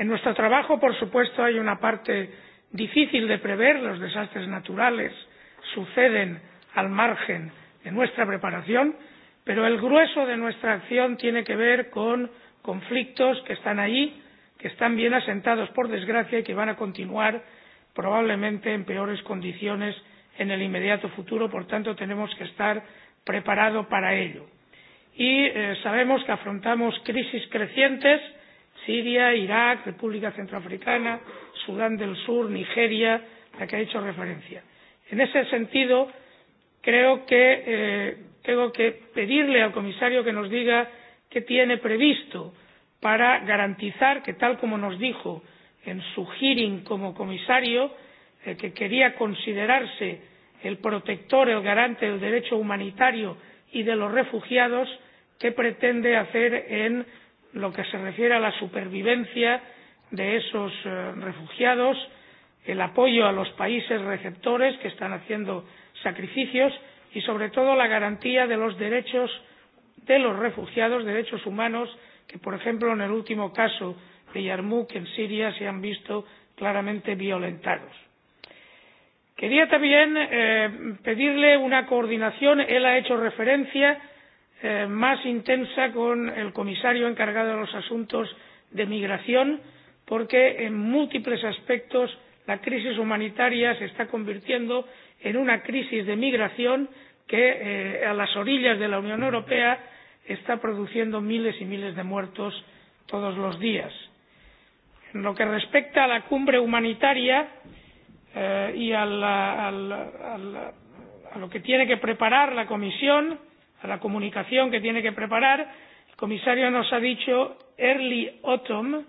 [SPEAKER 15] En nuestro trabajo, por supuesto, hay una parte difícil de prever. Los desastres naturales suceden al margen de nuestra preparación, pero el grueso de nuestra acción tiene que ver con conflictos que están allí, que están bien asentados, por desgracia, y que van a continuar probablemente en peores condiciones en el inmediato futuro. Por tanto, tenemos que estar preparados para ello. Y eh, sabemos que afrontamos crisis crecientes Siria, Irak, República Centroafricana, Sudán del Sur, Nigeria, a la que ha hecho referencia. En ese sentido, creo que eh, tengo que pedirle al comisario que nos diga qué tiene previsto para garantizar que, tal como nos dijo en su hearing como comisario, eh, que quería considerarse el protector, el garante del derecho humanitario y de los refugiados, qué pretende hacer en lo que se refiere a la supervivencia de esos eh, refugiados, el apoyo a los países receptores que están haciendo sacrificios y, sobre todo, la garantía de los derechos de los refugiados, derechos humanos, que, por ejemplo, en el último caso de Yarmouk en Siria se han visto claramente violentados. Quería también eh, pedirle una coordinación. Él ha hecho referencia Eh, más intensa con el comisario encargado de los asuntos de migración porque en múltiples aspectos la crisis humanitaria se está convirtiendo en una crisis de migración que eh, a las orillas de la Unión Europea está produciendo miles y miles de muertos todos los días. En lo que respecta a la cumbre humanitaria eh, y a, la, a, la, a, la, a lo que tiene que preparar la Comisión, eh, a la comunicación que tiene que preparar. El comisario nos ha dicho early autumn.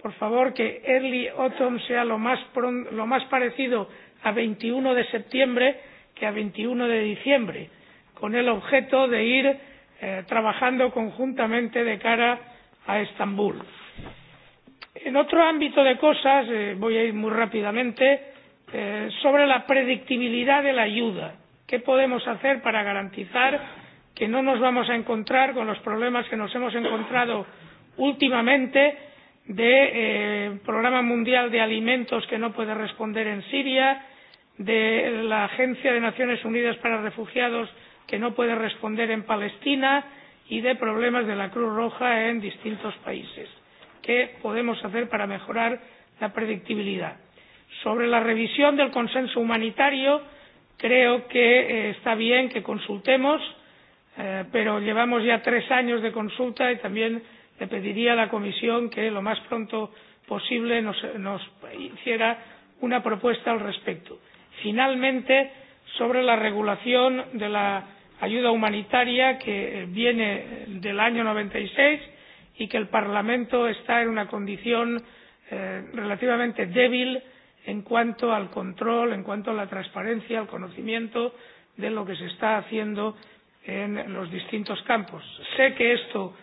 [SPEAKER 15] Por favor, que early autumn sea lo más, lo más parecido a 21 de septiembre que a 21 de diciembre, con el objeto de ir eh, trabajando conjuntamente de cara a Estambul. En otro ámbito de cosas, eh, voy a ir muy rápidamente, eh, sobre la predictibilidad de la ayuda. ¿Qué podemos hacer para garantizar que no nos vamos a encontrar con los problemas que nos hemos encontrado últimamente de eh, programa mundial de alimentos que no puede responder en Siria, de la Agencia de Naciones Unidas para Refugiados que no puede responder en Palestina y de problemas de la Cruz Roja en distintos países. ¿Qué podemos hacer para mejorar la predictibilidad? Sobre la revisión del consenso humanitario, creo que eh, está bien que consultemos Eh, pero llevamos ya tres años de consulta y también le pediría a la Comisión que lo más pronto posible nos, nos hiciera una propuesta al respecto. Finalmente, sobre la regulación de la ayuda humanitaria que viene del año 96 y que el Parlamento está en una condición eh, relativamente débil en cuanto al control, en cuanto a la transparencia, al conocimiento de lo que se está haciendo en los distintos campos. Sé que esto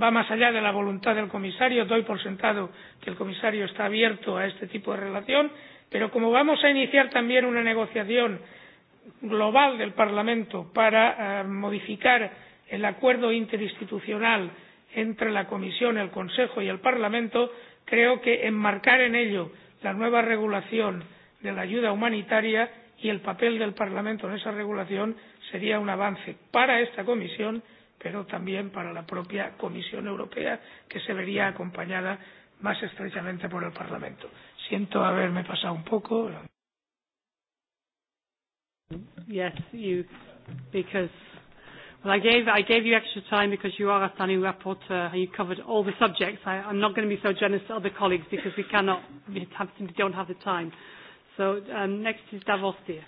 [SPEAKER 15] va más allá de la voluntad del comisario, doy por sentado que el comisario está abierto a este tipo de relación, pero como vamos a iniciar también una negociación global del Parlamento para eh, modificar el acuerdo interinstitucional entre la Comisión, el Consejo y el Parlamento, creo que enmarcar en ello la nueva regulación de la ayuda humanitaria y el papel del Parlamento en esa regulación sería un avance para esta comisión pero también para la propia Comisión Europea, que se vería acompañada más estrechamente por el Parlamento. Siento haberme pasado un poco. Yes, you, because well, I gave
[SPEAKER 1] I gave you extra time because you are a standing reporter and you covered all the subjects. I, I'm not going to be so generous to other colleagues because we cannot we, have, we don't have the time. So um, next is Davos, dear.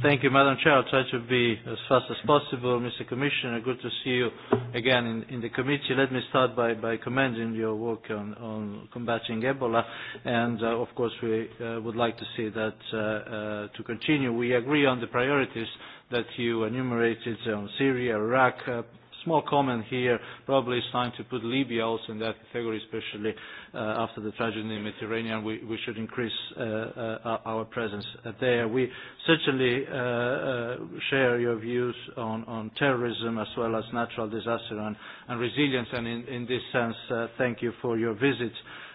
[SPEAKER 7] Thank you, Madam Chair. I'll try to be as fast as possible. Mr. Commissioner, good to see you again in, in the committee. Let me start by, by commending your work on, on combating Ebola. And uh, of course, we uh, would like to see that uh, uh, to continue. We agree on the priorities that you enumerated on Syria, Iraq, uh, small comment here. Probably it's time to put Libya also in that category, especially uh, after the tragedy in the Mediterranean. We, we should increase uh, uh, our presence there. We certainly uh, uh, share your views on, on terrorism as well as natural disaster and, and resilience. And in, in this sense, uh, thank you for your visit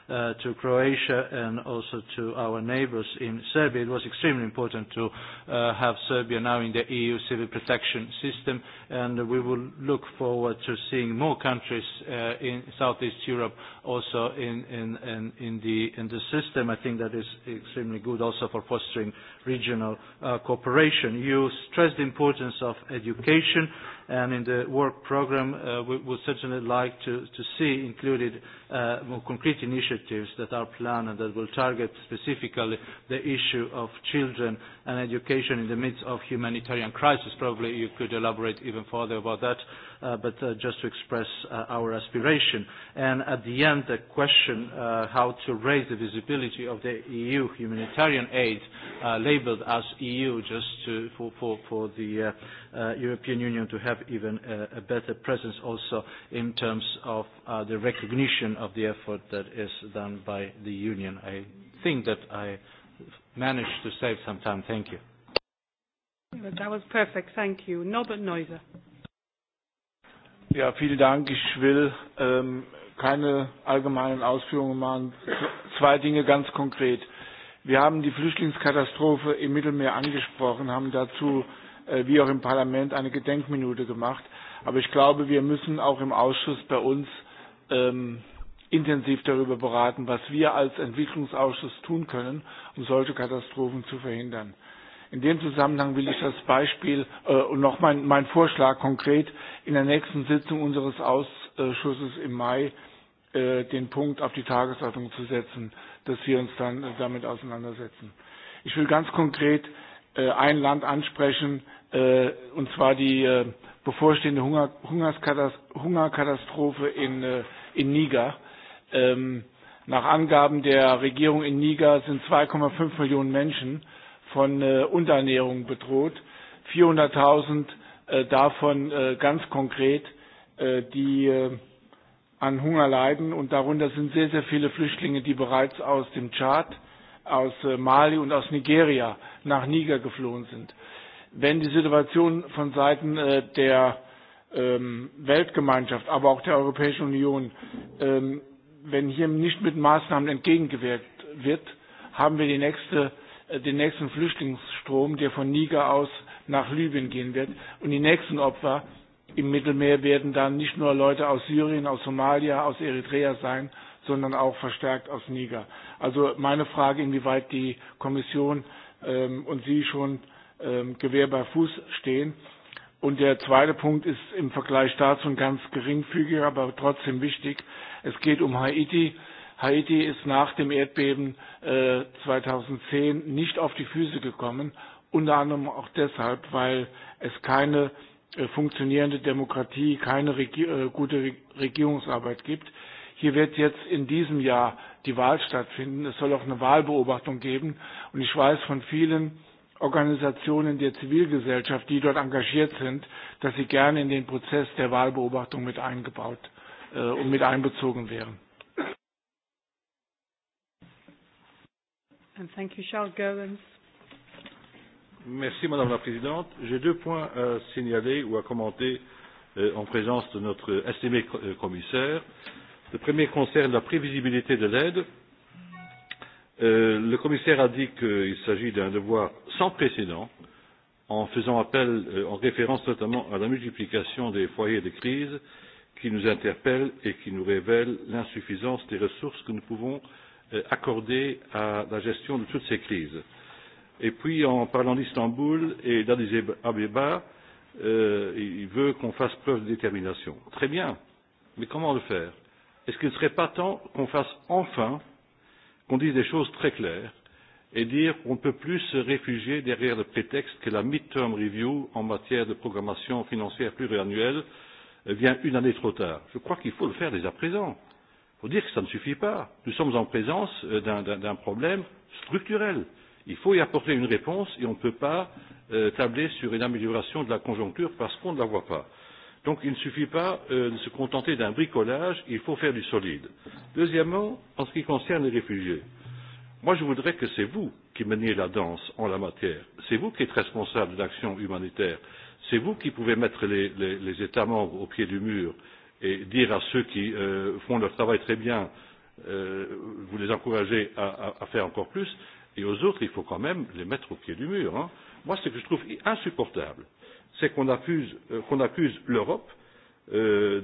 [SPEAKER 7] uh, to Croatia and also to our neighbors in Serbia, it was extremely important to uh, have Serbia now in the EU civil protection system, and we will look forward to seeing more countries uh, in Southeast Europe also in, in, in, in, the, in the system. I think that is extremely good also for fostering regional uh, cooperation. You stressed the importance of education and in the work program, uh, we would certainly like to, to see included uh, more concrete initiatives that are planned and that will target specifically the issue of children and education in the midst of humanitarian crisis. Probably you could elaborate even further about that uh, but uh, just to express uh, our aspiration. And at the end, the question uh, how to raise the visibility of the EU humanitarian aid uh, labeled as EU just to, for, for, for the uh, uh, European Union to have even a, a better presence also in terms of uh, the recognition of the effort that is done by the Union. I think that I managed to save some time. Thank you.
[SPEAKER 15] That was
[SPEAKER 1] perfect. Thank you. Norbert Neuser.
[SPEAKER 8] Ja, vielen Dank. Ich will ähm, keine allgemeinen Ausführungen machen. Zwei Dinge ganz konkret. Wir haben die Flüchtlingskatastrophe im Mittelmeer angesprochen, haben dazu äh, wie auch im Parlament eine Gedenkminute gemacht. Aber ich glaube, wir müssen auch im Ausschuss bei uns ähm, intensiv darüber beraten, was wir als Entwicklungsausschuss tun können, um solche Katastrophen zu verhindern. In dem Zusammenhang will ich das Beispiel äh, und noch mein, mein Vorschlag konkret in der nächsten Sitzung unseres Ausschusses im Mai äh, den Punkt auf die Tagesordnung zu setzen, dass wir uns dann äh, damit auseinandersetzen. Ich will ganz konkret äh, ein Land ansprechen, äh, und zwar die äh, bevorstehende Hunger, Hungerskatastrophe, Hungerkatastrophe in, äh, in Niger. Ähm, nach Angaben der Regierung in Niger sind 2,5 Millionen Menschen von äh, Unterernährung bedroht. 400.000 äh, davon äh, ganz konkret, äh, die äh, an Hunger leiden. Und darunter sind sehr, sehr viele Flüchtlinge, die bereits aus dem Tschad, aus äh, Mali und aus Nigeria nach Niger geflohen sind. Wenn die Situation von Seiten äh, der ähm, Weltgemeinschaft, aber auch der Europäischen Union, ähm, wenn hier nicht mit Maßnahmen entgegengewirkt wird, haben wir die nächste Äh, den nächsten Flüchtlingsstrom, der von Niger aus nach Libyen gehen wird. Und die nächsten Opfer im Mittelmeer werden dann nicht nur Leute aus Syrien, aus Somalia, aus Eritrea sein, sondern auch verstärkt aus Niger. Also meine Frage, inwieweit die Kommission ähm, und Sie schon ähm, Gewehr bei Fuß stehen. Und der zweite Punkt ist im Vergleich dazu ein ganz geringfügiger, aber trotzdem wichtig. Es geht um Haiti. Haiti ist nach dem Erdbeben äh, 2010 nicht auf die Füße gekommen, unter anderem auch deshalb, weil es keine äh, funktionierende Demokratie, keine Regi äh, gute Re Regierungsarbeit gibt. Hier wird jetzt in diesem Jahr die Wahl stattfinden. Es soll auch eine Wahlbeobachtung geben. Und ich weiß von vielen Organisationen der Zivilgesellschaft, die dort engagiert sind, dass sie gerne in den Prozess der Wahlbeobachtung mit eingebaut äh, und mit einbezogen wären.
[SPEAKER 1] And thank you, Charles Goerens.
[SPEAKER 10] Merci, Madame la Présidente. J'ai deux points à signaler ou à commenter euh, en présence de notre estimé euh, commissaire. Le premier concerne la prévisibilité de l'aide. Euh, le commissaire a dit qu'il s'agit d'un devoir sans précédent en faisant appel, euh, en référence notamment à la multiplication des foyers de crise qui nous interpellent et qui nous révèlent l'insuffisance des ressources que nous pouvons euh, Euh, accordée à la gestion de toutes ces crises. Et puis, en parlant d'Istanbul et d'Addis Abeba, euh, il veut qu'on fasse preuve de détermination. Très bien, mais comment le faire Est-ce qu'il ne serait pas temps qu'on fasse enfin, qu'on dise des choses très claires et dire qu'on ne peut plus se réfugier derrière le prétexte que la mid-term review en matière de programmation financière pluriannuelle euh, vient une année trop tard. Je crois qu'il faut le faire dès à présent faut dire que ça ne suffit pas. Nous sommes en présence euh, d'un problème structurel. Il faut y apporter une réponse et on ne peut pas euh, tabler sur une amélioration de la conjoncture parce qu'on ne la voit pas. Donc il ne suffit pas euh, de se contenter d'un bricolage, il faut faire du solide. Deuxièmement, en ce qui concerne les réfugiés, moi je voudrais que c'est vous qui meniez la danse en la matière. C'est vous qui êtes responsable de l'action humanitaire. C'est vous qui pouvez mettre les, les, les États membres au pied du mur. Euh, et dire à ceux qui euh, font leur travail très bien, euh, vous les encouragez à, à, à faire encore plus, et aux autres, il faut quand même les mettre au pied du mur. Hein. Moi, ce que je trouve insupportable, c'est qu'on accuse, euh, qu accuse l'Europe euh,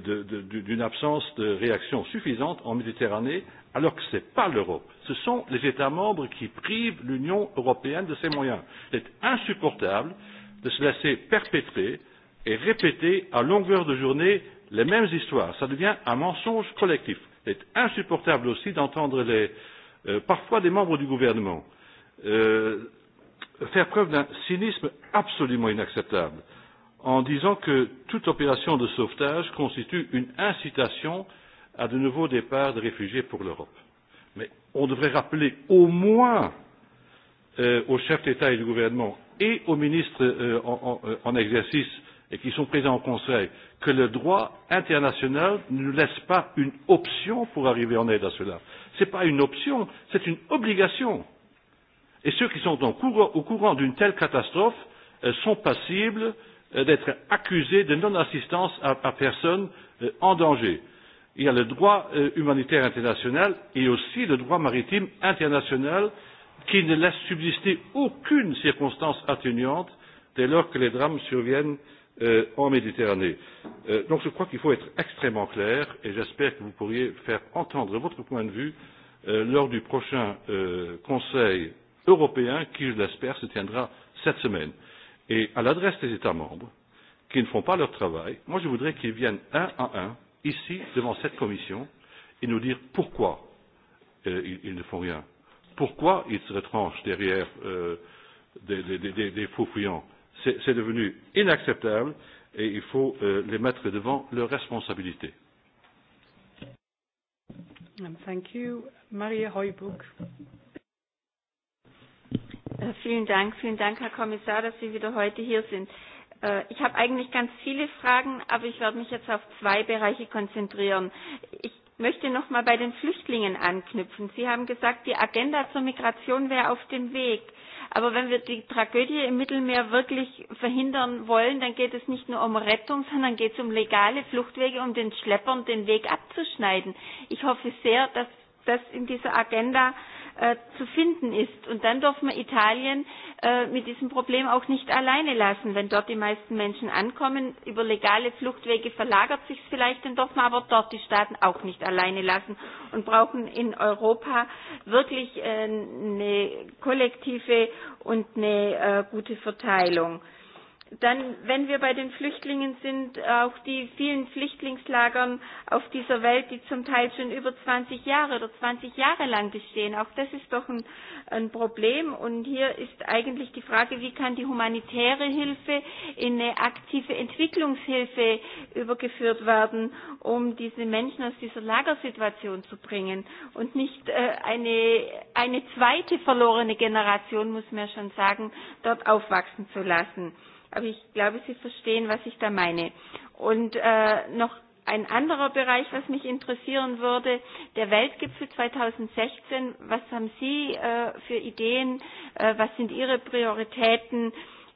[SPEAKER 10] d'une absence de réaction suffisante en Méditerranée, alors que ce n'est pas l'Europe. Ce sont les États membres qui privent l'Union européenne de ses moyens. C'est insupportable de se laisser perpétrer et répéter à longueur de journée les mêmes histoires. Ça devient un mensonge collectif. il est insupportable aussi d'entendre euh, parfois des membres du gouvernement euh, faire preuve d'un cynisme absolument inacceptable en disant que toute opération de sauvetage constitue une incitation à de nouveaux départs de réfugiés pour l'Europe. Mais on devrait rappeler au moins euh, aux chefs d'État et de gouvernement et aux ministres euh, en, en, en exercice et qui sont présents au Conseil, que le droit international ne nous laisse pas une option pour arriver en aide à cela. Ce n'est pas une option, c'est une obligation. Et ceux qui sont au courant, au courant d'une telle catastrophe euh, sont passibles euh, d'être accusés de non-assistance à, à personne euh, en danger. Il y a le droit euh, humanitaire international et aussi le droit maritime international qui ne laisse subsister aucune circonstance atténuante dès lors que les drames surviennent Euh, en Méditerranée. Euh, donc je crois qu'il faut être extrêmement clair et j'espère que vous pourriez faire entendre votre point de vue euh, lors du prochain Conseil européen qui, je l'espère, se tiendra cette semaine. Et à l'adresse des États membres qui ne font pas leur travail, moi je voudrais qu'ils viennent un à un ici devant cette commission et nous dire pourquoi euh, ils, ils ne font rien, pourquoi ils se retranchent derrière euh, des, des, des, des faux fuyants, C'est devenu inacceptable et il faut euh, les mettre devant leurs responsabilités.
[SPEAKER 2] Um, thank you. Maria Heubuck. Äh, vielen Dank, vielen Dank, Herr Kommissar, dass Sie wieder heute hier sind. Äh, ich habe eigentlich ganz viele Fragen, aber ich werde mich jetzt auf zwei Bereiche konzentrieren. Ich möchte noch mal bei den Flüchtlingen anknüpfen. Sie haben gesagt, die Agenda zur Migration wäre auf dem Weg. Äh, Aber wenn wir die Tragödie im Mittelmeer wirklich verhindern wollen, dann geht es nicht nur um Rettung, sondern geht es um legale Fluchtwege, um den Schleppern den Weg abzuschneiden. Ich hoffe sehr, dass das in dieser Agenda Äh, zu finden ist. Und dann darf man Italien äh, mit diesem Problem auch nicht alleine lassen. Wenn dort die meisten Menschen ankommen, über legale Fluchtwege verlagert sich es vielleicht, dann dürfen wir aber dort die Staaten auch nicht alleine lassen und brauchen in Europa wirklich äh, eine kollektive und eine äh, gute Verteilung. Dann, wenn wir bei den Flüchtlingen sind, auch die vielen Flüchtlingslagern auf dieser Welt, die zum Teil schon über 20 Jahre oder 20 Jahre lang bestehen, auch das ist doch ein, ein Problem. Und hier ist eigentlich die Frage, wie kann die humanitäre Hilfe in eine aktive Entwicklungshilfe übergeführt werden, um diese Menschen aus dieser Lagersituation zu bringen. Und nicht äh, eine, eine zweite verlorene Generation, muss man ja schon sagen, dort aufwachsen zu lassen. Aber ich glaube, Sie verstehen, was ich da meine. Und äh, noch ein anderer Bereich, was mich interessieren würde, der Weltgipfel 2016. Was haben Sie äh, für Ideen? Äh, was sind Ihre Prioritäten?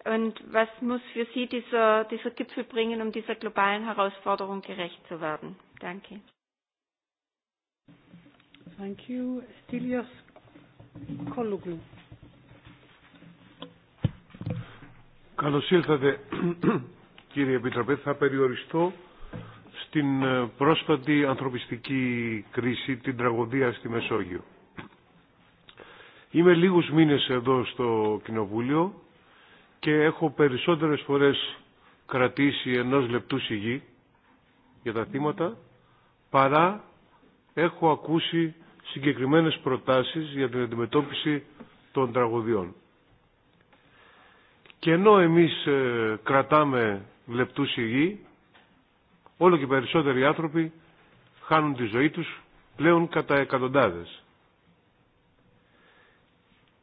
[SPEAKER 2] Und was muss für Sie dieser, dieser Gipfel bringen, um dieser globalen Herausforderung gerecht zu werden? Danke.
[SPEAKER 1] Thank you. Stilios Kologlu.
[SPEAKER 9] Καλώ ήρθατε κύριε Επιτροπέ. Θα περιοριστώ στην πρόσφατη ανθρωπιστική κρίση, την τραγωδία στη Μεσόγειο. Είμαι λίγους μήνες εδώ στο Κοινοβούλιο και έχω περισσότερες φορές κρατήσει ενός λεπτού σιγή για τα θύματα παρά έχω ακούσει συγκεκριμένες προτάσεις για την αντιμετώπιση των τραγωδιών. Και ενώ εμείς ε, κρατάμε λεπτούς υγιή, όλο και περισσότεροι άνθρωποι χάνουν τη ζωή τους πλέον κατά εκατοντάδες.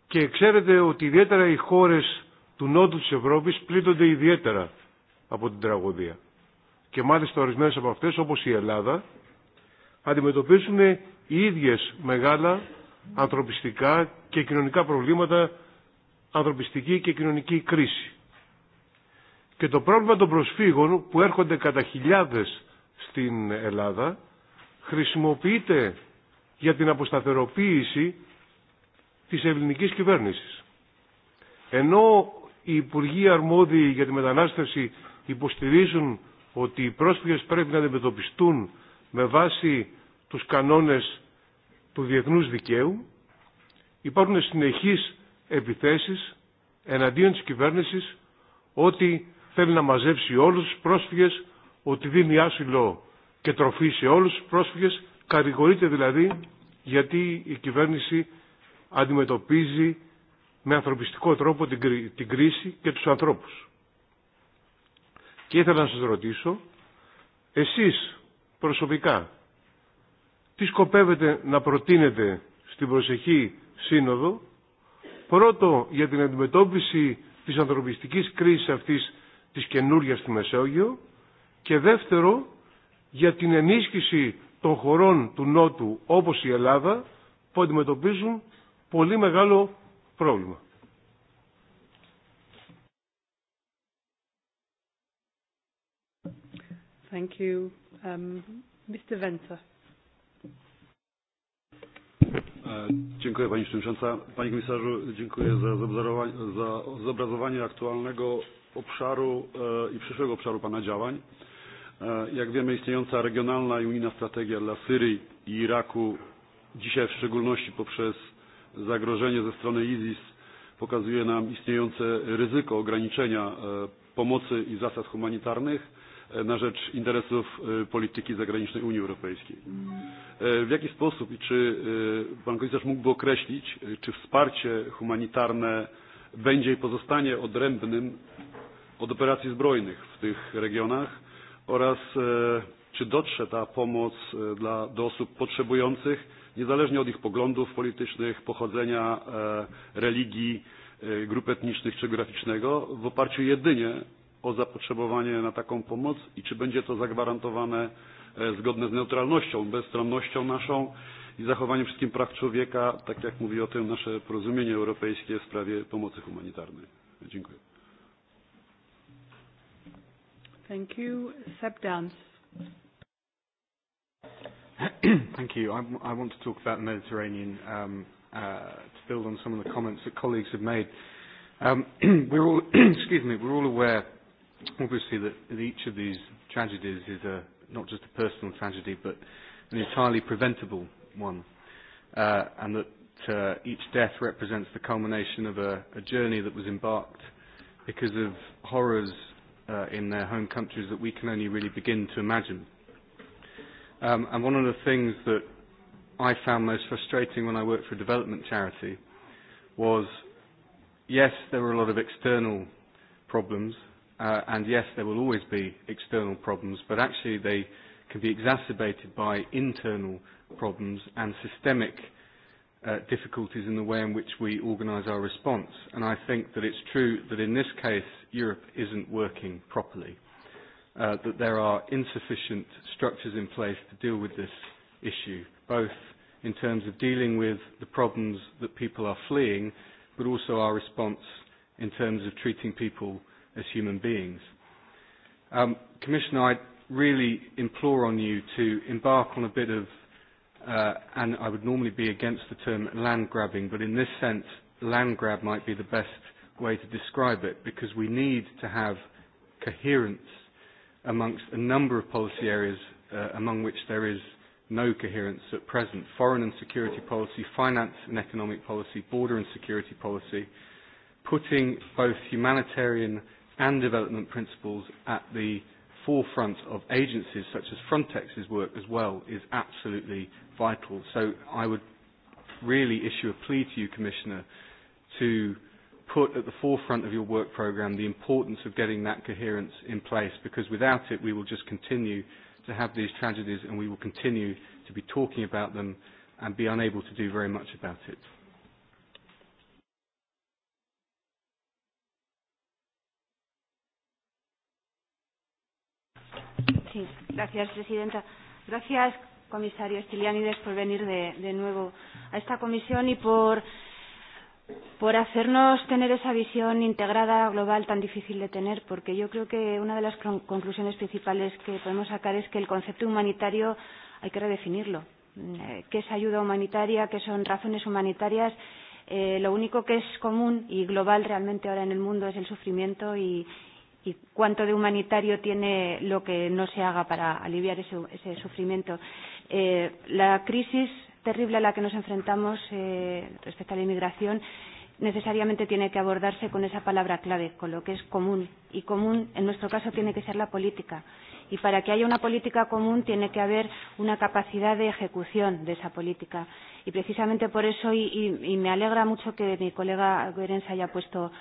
[SPEAKER 9] Και ξέρετε ότι ιδιαίτερα οι χώρες του νότου της Ευρώπης πλήττονται ιδιαίτερα από την τραγωδία. Και μάλιστα ορισμένες από αυτές όπως η Ελλάδα αντιμετωπίζουν οι ίδιες μεγάλα ανθρωπιστικά και κοινωνικά προβλήματα ανθρωπιστική και κοινωνική κρίση. Και το πρόβλημα των προσφύγων που έρχονται κατά χιλιάδες στην Ελλάδα χρησιμοποιείται για την αποσταθεροποίηση της ελληνικής κυβέρνησης. Ενώ οι υπουργοί αρμόδιοι για τη μετανάστευση υποστηρίζουν ότι οι πρόσφυγες πρέπει να αντιμετωπιστούν με βάση τους κανόνες του διεθνούς δικαίου, υπάρχουν συνεχείς επιθέσεις εναντίον της κυβέρνησης ότι θέλει να μαζέψει όλους τους πρόσφυγες, ότι δίνει άσυλο και τροφή σε όλους τους πρόσφυγες, κατηγορείται δηλαδή γιατί η κυβέρνηση αντιμετωπίζει με ανθρωπιστικό τρόπο την, κρί, την κρίση και τους ανθρώπους. Και ήθελα να σας ρωτήσω, εσείς προσωπικά, τι σκοπεύετε να προτείνετε στην προσεχή σύνοδο Πρώτο για την αντιμετώπιση της ανθρωπιστικής κρίσης αυτής της καινούργια στη Μεσόγειο και δεύτερο για την ενίσχυση των χωρών του Νότου όπως η Ελλάδα που αντιμετωπίζουν πολύ μεγάλο πρόβλημα.
[SPEAKER 1] Thank you. Um, Mr. Venter.
[SPEAKER 12] Dziękuję Pani Przewodnicząca. Panie Komisarzu, dziękuję za, za zobrazowanie aktualnego obszaru e, i przyszłego obszaru Pana działań. E, jak wiemy, istniejąca regionalna i unijna strategia dla Syrii i Iraku dzisiaj w szczególności poprzez zagrożenie ze strony ISIS pokazuje nam istniejące ryzyko ograniczenia e, pomocy i zasad humanitarnych na rzecz interesów polityki zagranicznej Unii Europejskiej. Mm. E, w jaki sposób i czy pan komisarz mógłby określić, czy wsparcie humanitarne będzie i pozostanie odrębnym od operacji zbrojnych w tych regionach oraz e, czy dotrze ta pomoc e, dla, do osób potrzebujących, niezależnie od ich poglądów politycznych, pochodzenia, religii, grup etnicznych czy graficznego, w oparciu jedynie o zapotrzebowanie na taką pomoc i czy będzie to zagwarantowane e, zgodne z neutralnością, bezstronnością naszą i zachowaniem wszystkim praw człowieka, tak jak mówi o tym nasze porozumienie europejskie w sprawie pomocy humanitarnej. Dziękuję.
[SPEAKER 1] Thank you. Seb Dance.
[SPEAKER 16] Thank you. I, I want to talk about the Mediterranean um, uh, to build on some of the comments that colleagues have made. Um, we're all, excuse me, we're all aware obviously that each of these tragedies is a, not just a personal tragedy, but an entirely preventable one, uh, and that uh, each death represents the culmination of a, a journey that was embarked because of horrors uh, in their home countries that we can only really begin to imagine. Um, and one of the things that I found most frustrating when I worked for a development charity was, yes, there were a lot of external problems, Uh, and yes, there will always be external problems, but actually they can be exacerbated by internal problems and systemic uh, difficulties in the way in which we organise our response. And I think that it's true that in this case, Europe isn't working properly, uh, that there are insufficient structures in place to deal with this issue, both in terms of dealing with the problems that people are fleeing, but also our response in terms of treating people as human beings. Um, Commissioner, I really implore on you to embark on a bit of, uh, and I would normally be against the term land grabbing, but in this sense, land grab might be the best way to describe it because we need to have coherence amongst a number of policy areas uh, among which there is no coherence at present. Foreign and security policy, finance and economic policy, border and security policy, putting both humanitarian and development principles at the forefront of agencies such as Frontex's work as well is absolutely vital. So I would really issue a plea to you, Commissioner, to put at the forefront of your work programme the importance of getting that coherence in place because without it we will just continue to have these tragedies and we will continue to be talking about them and be unable to do very much about it.
[SPEAKER 17] Sí, gracias, presidenta. Gracias, comisario Estilianides, por venir de, de nuevo a esta comisión y por, por hacernos tener esa visión integrada, global, tan difícil de tener, porque yo creo que una de las conclusiones principales que podemos sacar es que el concepto humanitario hay que redefinirlo. Mm, eh, ¿Qué es ayuda humanitaria? ¿Qué son razones humanitarias? Eh, lo único que es común y global realmente ahora en el mundo es el sufrimiento y, y cuánto de humanitario tiene lo que no se haga para aliviar ese, ese sufrimiento. Eh, la crisis terrible a la que nos enfrentamos eh, respecto a la inmigración necesariamente tiene que abordarse con esa palabra clave, con lo que es común. Y común, en nuestro caso, tiene que ser la política. Y para que haya una política común tiene que haber una capacidad de ejecución de esa política. Y precisamente por eso, y, y, y me alegra mucho que mi colega Goerens haya puesto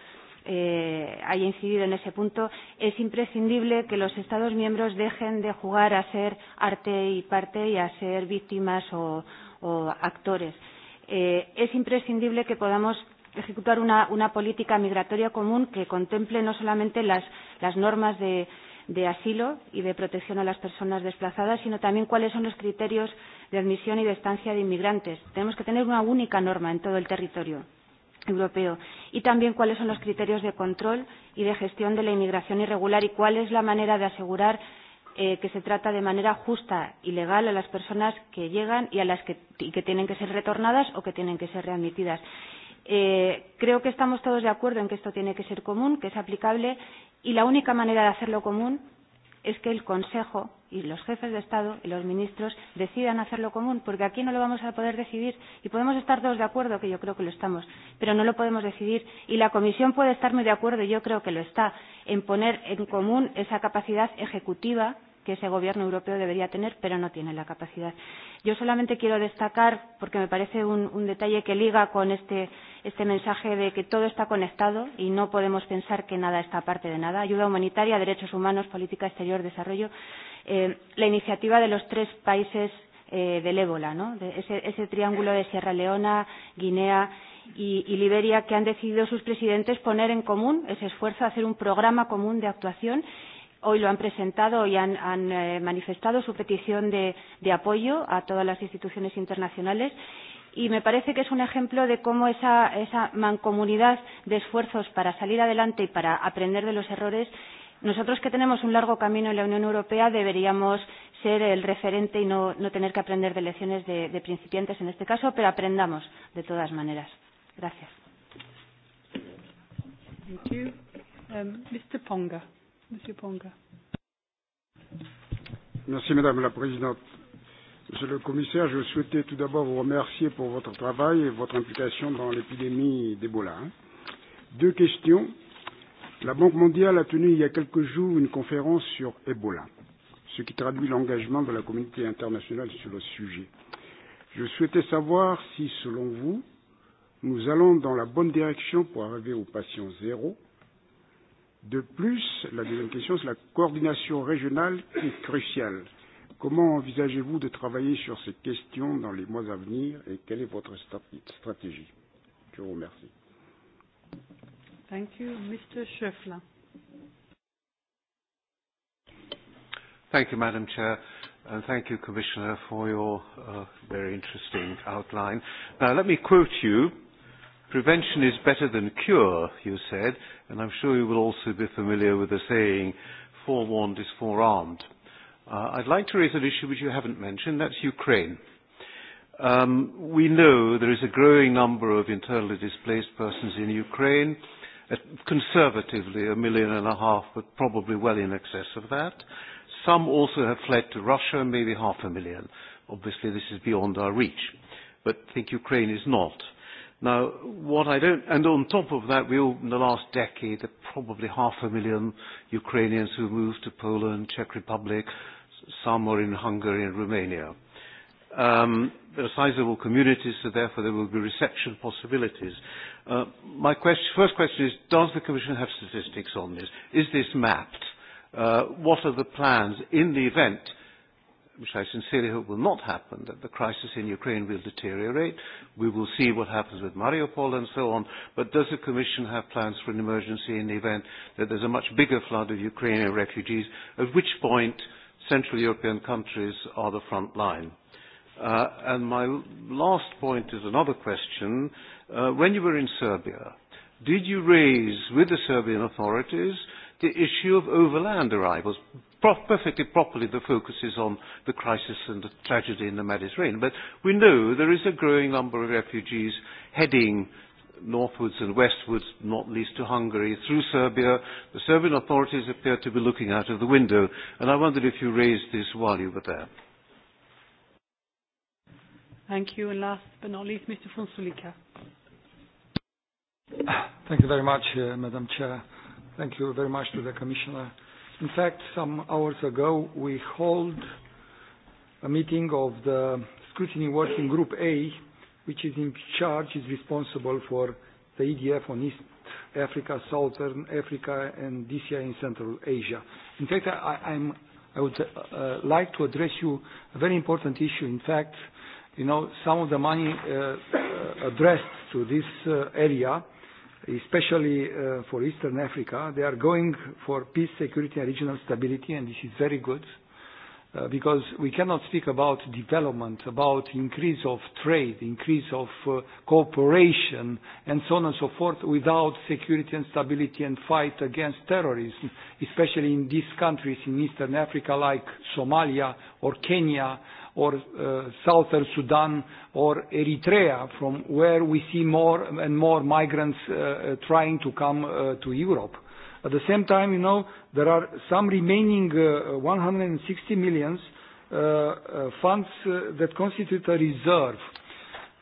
[SPEAKER 17] eh, haya incidido en ese punto, es imprescindible que los Estados miembros dejen de jugar a ser arte y parte y a ser víctimas o, o actores. Eh, es imprescindible que podamos ejecutar una, una política migratoria común que contemple no solamente las, las normas de, de asilo y de protección a las personas desplazadas, sino también cuáles son los criterios de admisión y de estancia de inmigrantes. Tenemos que tener una única norma en todo el territorio europeo y también cuáles son los criterios de control y de gestión de la inmigración irregular y cuál es la manera de asegurar eh, que se trata de manera justa y legal a las personas que llegan y a las que, y que tienen que ser retornadas o que tienen que ser readmitidas. Eh, creo que estamos todos de acuerdo en que esto tiene que ser común, que es aplicable y la única manera de hacerlo común es que el Consejo y los jefes de Estado y los ministros decidan hacerlo común, porque aquí no lo vamos a poder decidir y podemos estar todos de acuerdo, que yo creo que lo estamos, pero no lo podemos decidir y la Comisión puede estar muy de acuerdo, y yo creo que lo está, en poner en común esa capacidad ejecutiva que ese gobierno europeo debería tener, pero no tiene la capacidad. Yo solamente quiero destacar, porque me parece un, un detalle que liga con este, este mensaje de que todo está conectado y no podemos pensar que nada está aparte de nada. Ayuda humanitaria, derechos humanos, política exterior, desarrollo. Eh, la iniciativa de los tres países eh, del ébola, ¿no? de ese, ese triángulo de Sierra Leona, Guinea y, y Liberia que han decidido sus presidentes poner en común ese esfuerzo, hacer un programa común de actuación hoy lo han presentado y han, han eh, manifestado su petición de, de apoyo a todas las instituciones internacionales y me parece que es un ejemplo de cómo esa, esa mancomunidad de esfuerzos para salir adelante y para aprender de los errores nosotros que tenemos un largo camino en la Unión Europea deberíamos ser el referente y no, no tener que aprender de lecciones de, de principiantes en este caso, pero aprendamos de todas maneras. Gracias.
[SPEAKER 1] Thank you. Um, Mr. Ponga. Monsieur Ponga.
[SPEAKER 18] Merci Madame la Présidente. Monsieur le Commissaire, je souhaitais tout d'abord vous remercier pour votre travail et votre implication dans l'épidémie d'Ebola. Deux questions. La Banque mondiale a tenu il y a quelques jours une conférence sur Ebola, ce qui traduit l'engagement de la communauté internationale sur le sujet. Je souhaitais savoir si, selon vous, nous allons dans la bonne direction pour arriver aux patients zéro De plus, la deuxième question, c'est la coordination régionale qui est cruciale. Comment envisagez-vous de travailler sur ces questions dans les mois à venir et quelle est votre stratégie Je vous remercie.
[SPEAKER 1] Thank you. Mr. Schoeffler.
[SPEAKER 19] Thank you, Madam Chair, and thank you, Commissioner, for your uh, very interesting outline. Now, let me quote you Prevention is better than cure, you said, and I'm sure you will also be familiar with the saying, forewarned is forearmed. Uh, I'd like to raise an issue which you haven't mentioned, that's Ukraine. Um, we know there is a growing number of internally displaced persons in Ukraine, at uh, conservatively a million and a half, but probably well in excess of that. Some also have fled to Russia, maybe half a million. Obviously this is beyond our reach, but I think Ukraine is not. Now, what I don't, and on top of that, we all, in the last decade, probably half a million Ukrainians who moved to Poland, Czech Republic, some are in Hungary and Romania. Um, there are sizable communities, so therefore there will be reception possibilities. Uh, my question, first question is, does the Commission have statistics on this? Is this mapped? Uh, what are the plans in the event which I sincerely hope will not happen, that the crisis in Ukraine will deteriorate. We will see what happens with Mariupol and so on. But does the Commission have plans for an emergency in the event that there's a much bigger flood of Ukrainian refugees, at which point Central European countries are the front line? Uh, and my last point is another question. Uh, when you were in Serbia, did you raise with the Serbian authorities the issue of overland arrivals, perfectly properly the focus is on the crisis and the tragedy in the Mediterranean. But we know there is a growing number of refugees heading northwards and westwards, not least to Hungary, through Serbia. The Serbian authorities appear to be looking out of the window, and I wondered if you raised this while you were there.
[SPEAKER 1] Thank you. And last but not least, Mr. Fonsulika.
[SPEAKER 20] Thank you very much, uh, Madam Chair. Thank you very much to the Commissioner In fact, some hours ago, we hold a meeting of the Scrutiny Working Group A, which is in charge, is responsible for the EDF on East Africa, Southern Africa, and DCI in Central Asia. In fact, I, I'm, I would uh, uh, like to address you a very important issue. In fact, you know, some of the money uh, uh addressed to this uh, area especially uh, for Eastern Africa, they are going for peace, security, and regional stability, and this is very good uh, because we cannot speak about development, about increase of trade, increase of uh, cooperation, and so on and so forth without security and stability and fight against terrorism, especially in these countries in Eastern Africa like Somalia or Kenya or uh, southern Sudan or Eritrea, from where we see more and more migrants uh, uh, trying to come uh, to Europe. At the same time, you know, there are some remaining uh, 160 millions uh, uh, funds uh, that constitute a reserve.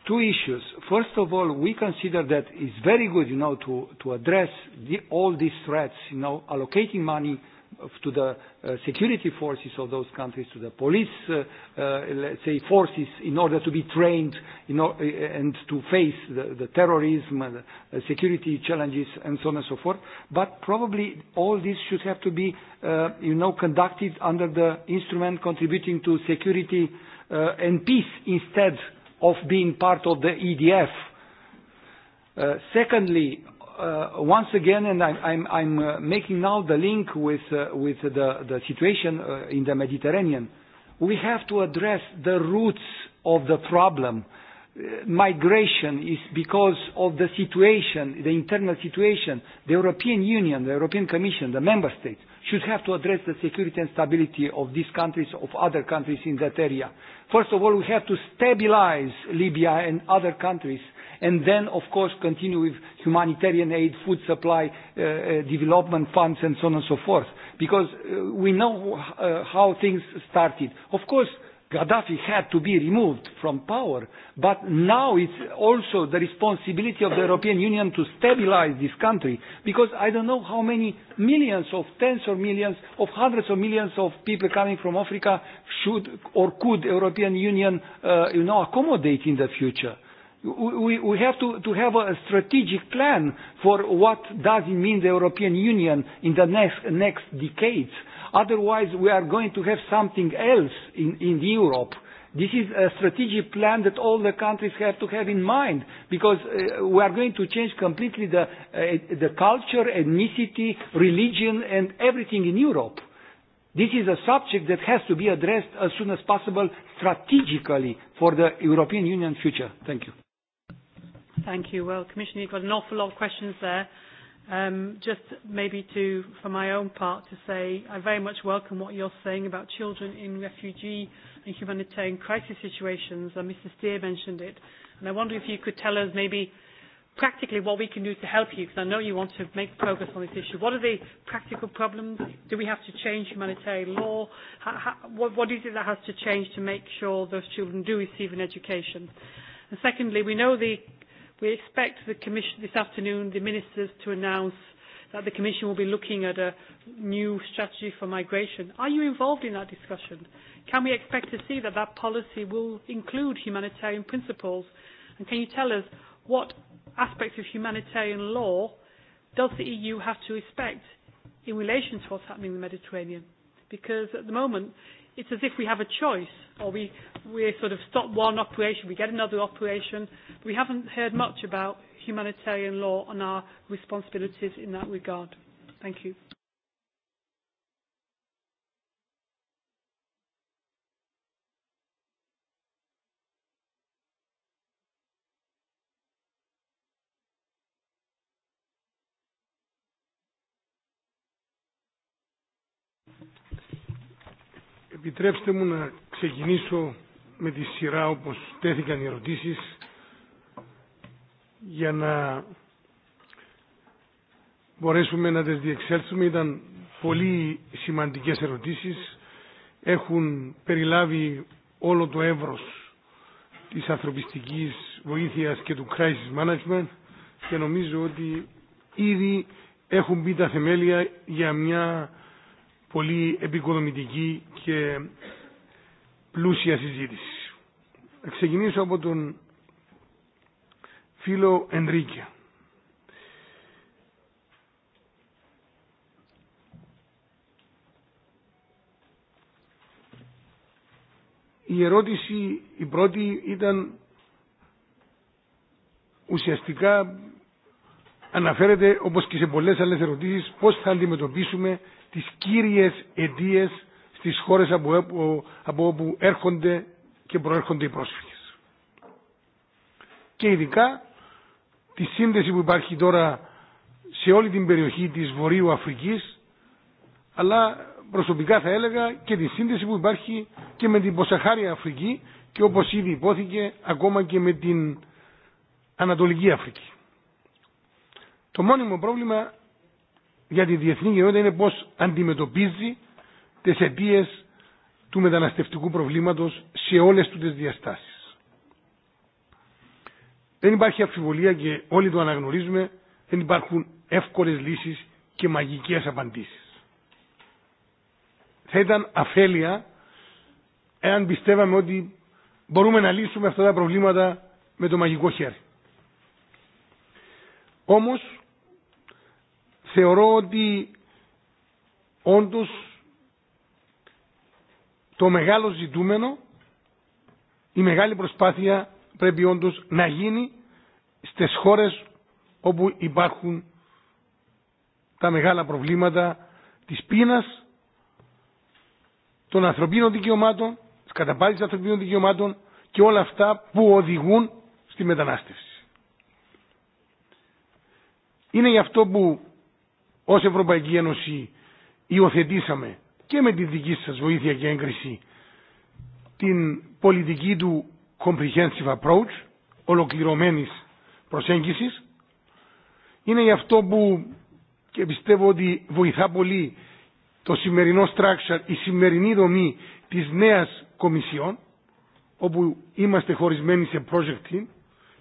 [SPEAKER 20] Two issues. First of all, we consider that it's very good, you know, to, to address the, all these threats, you know, allocating money uh, Uh, to the uh, security forces of those countries, to the police, uh, uh, let's say, forces in order to be trained in or, uh, and to face the, the terrorism and the uh, security challenges and so on and so forth. But probably all this should have to be, uh, you know, conducted under the instrument contributing to security uh, and peace instead of being part of the EDF. Uh, secondly, Uh, once again, and I'm, I'm, I'm uh, making now the link with, uh, with the, the situation uh, in the Mediterranean, we have to address the roots of the problem. Uh, migration is because of the situation, the internal situation. The European Union, the European Commission, the member states should have to address the security and stability of these countries, of other countries in that area. First of all, we have to stabilize Libya and other countries and then, of course, continue with humanitarian aid, food supply, uh, uh, development funds, and so on and so forth. Because uh, we know uh, how things started. Of course, Gaddafi had to be removed from power, but now it's also the responsibility of the European Union to stabilize this country, because I don't know how many millions of tens or millions of hundreds of millions of people coming from Africa should or could European Union, uh, you know, accommodate in the future we, we have to, to have a strategic plan for what does it mean the European Union in the next, next decades. Otherwise, we are going to have something else in, in Europe. This is a strategic plan that all the countries have to have in mind because uh, we are going to change completely the, uh, the culture, ethnicity, religion and everything in Europe. This is a subject that has to be addressed as soon as possible strategically for the European Union future. Thank you.
[SPEAKER 1] Thank you. Well, Commissioner, you've got an awful lot of questions there. Um, just maybe to, for my own part, to say I very much welcome what you're saying about children in refugee and humanitarian crisis situations, and Mr. Steer mentioned it. And I wonder if you could tell us maybe practically what we can do to help you, because I know you want to make progress on this issue. What are the practical problems? Do we have to change humanitarian law? How, how, what, is it that has to change to make sure those children do receive an education? And secondly, we know the We expect the Commission this afternoon, the Ministers, to announce that the Commission will be looking at a new strategy for migration. Are you involved in that discussion? Can we expect to see that that policy will include humanitarian principles? And can you tell us what aspects of humanitarian law does the EU have to respect in relation to what's happening in the Mediterranean? Because at the moment, it's as if we have a choice, or we, we sort of stop one operation, we get another operation. We haven't heard much about humanitarian law and our responsibilities in that regard. Thank you.
[SPEAKER 14] Επιτρέψτε μου να ξεκινήσω με τη σειρά όπως τέθηκαν οι ερωτήσεις για να μπορέσουμε να τις διεξέλθουμε. Ήταν πολύ σημαντικές ερωτήσεις. Έχουν περιλάβει όλο το εύρος της ανθρωπιστικής βοήθειας και του crisis management και νομίζω ότι ήδη έχουν μπει τα θεμέλια για μια πολύ επικοδομητική και πλούσια συζήτηση. Θα ξεκινήσω από τον φίλο Ενρίκια. Η ερώτηση η πρώτη ήταν ουσιαστικά αναφέρεται όπως και σε πολλές άλλες ερωτήσεις πώς θα αντιμετωπίσουμε τις κύριες αιτίες στις χώρες από, από όπου έρχονται και προέρχονται οι πρόσφυγες. Και ειδικά τη σύνδεση που υπάρχει τώρα σε όλη την περιοχή της Βορείου Αφρικής, αλλά προσωπικά θα έλεγα και τη σύνδεση που υπάρχει και με την Ποσαχάρια Αφρική και όπως ήδη υπόθηκε ακόμα και με την Ανατολική Αφρική. Το μόνιμο πρόβλημα για τη διεθνή κοινότητα είναι πώς αντιμετωπίζει τις αιτίε του μεταναστευτικού προβλήματος σε όλες τις διαστάσεις. Δεν υπάρχει αμφιβολία και όλοι το αναγνωρίζουμε, δεν υπάρχουν εύκολες λύσεις και μαγικές απαντήσεις. Θα ήταν αφέλεια εάν πιστεύαμε ότι μπορούμε να λύσουμε αυτά τα προβλήματα με το μαγικό χέρι. Όμως, θεωρώ ότι όντως το μεγάλο ζητούμενο, η μεγάλη προσπάθεια πρέπει όντως να γίνει στις χώρες όπου υπάρχουν τα μεγάλα προβλήματα της πείνας, των ανθρωπίνων δικαιωμάτων, της καταπάτησης ανθρωπίνων δικαιωμάτων και όλα αυτά που οδηγούν στη μετανάστευση. Είναι γι' αυτό που ως Ευρωπαϊκή Ένωση υιοθετήσαμε και με τη δική σας βοήθεια και έγκριση την πολιτική του comprehensive approach, ολοκληρωμένης προσέγγισης. Είναι γι' αυτό που και πιστεύω ότι βοηθά πολύ το σημερινό structure, η σημερινή δομή της νέας Κομισιόν, όπου είμαστε χωρισμένοι σε project team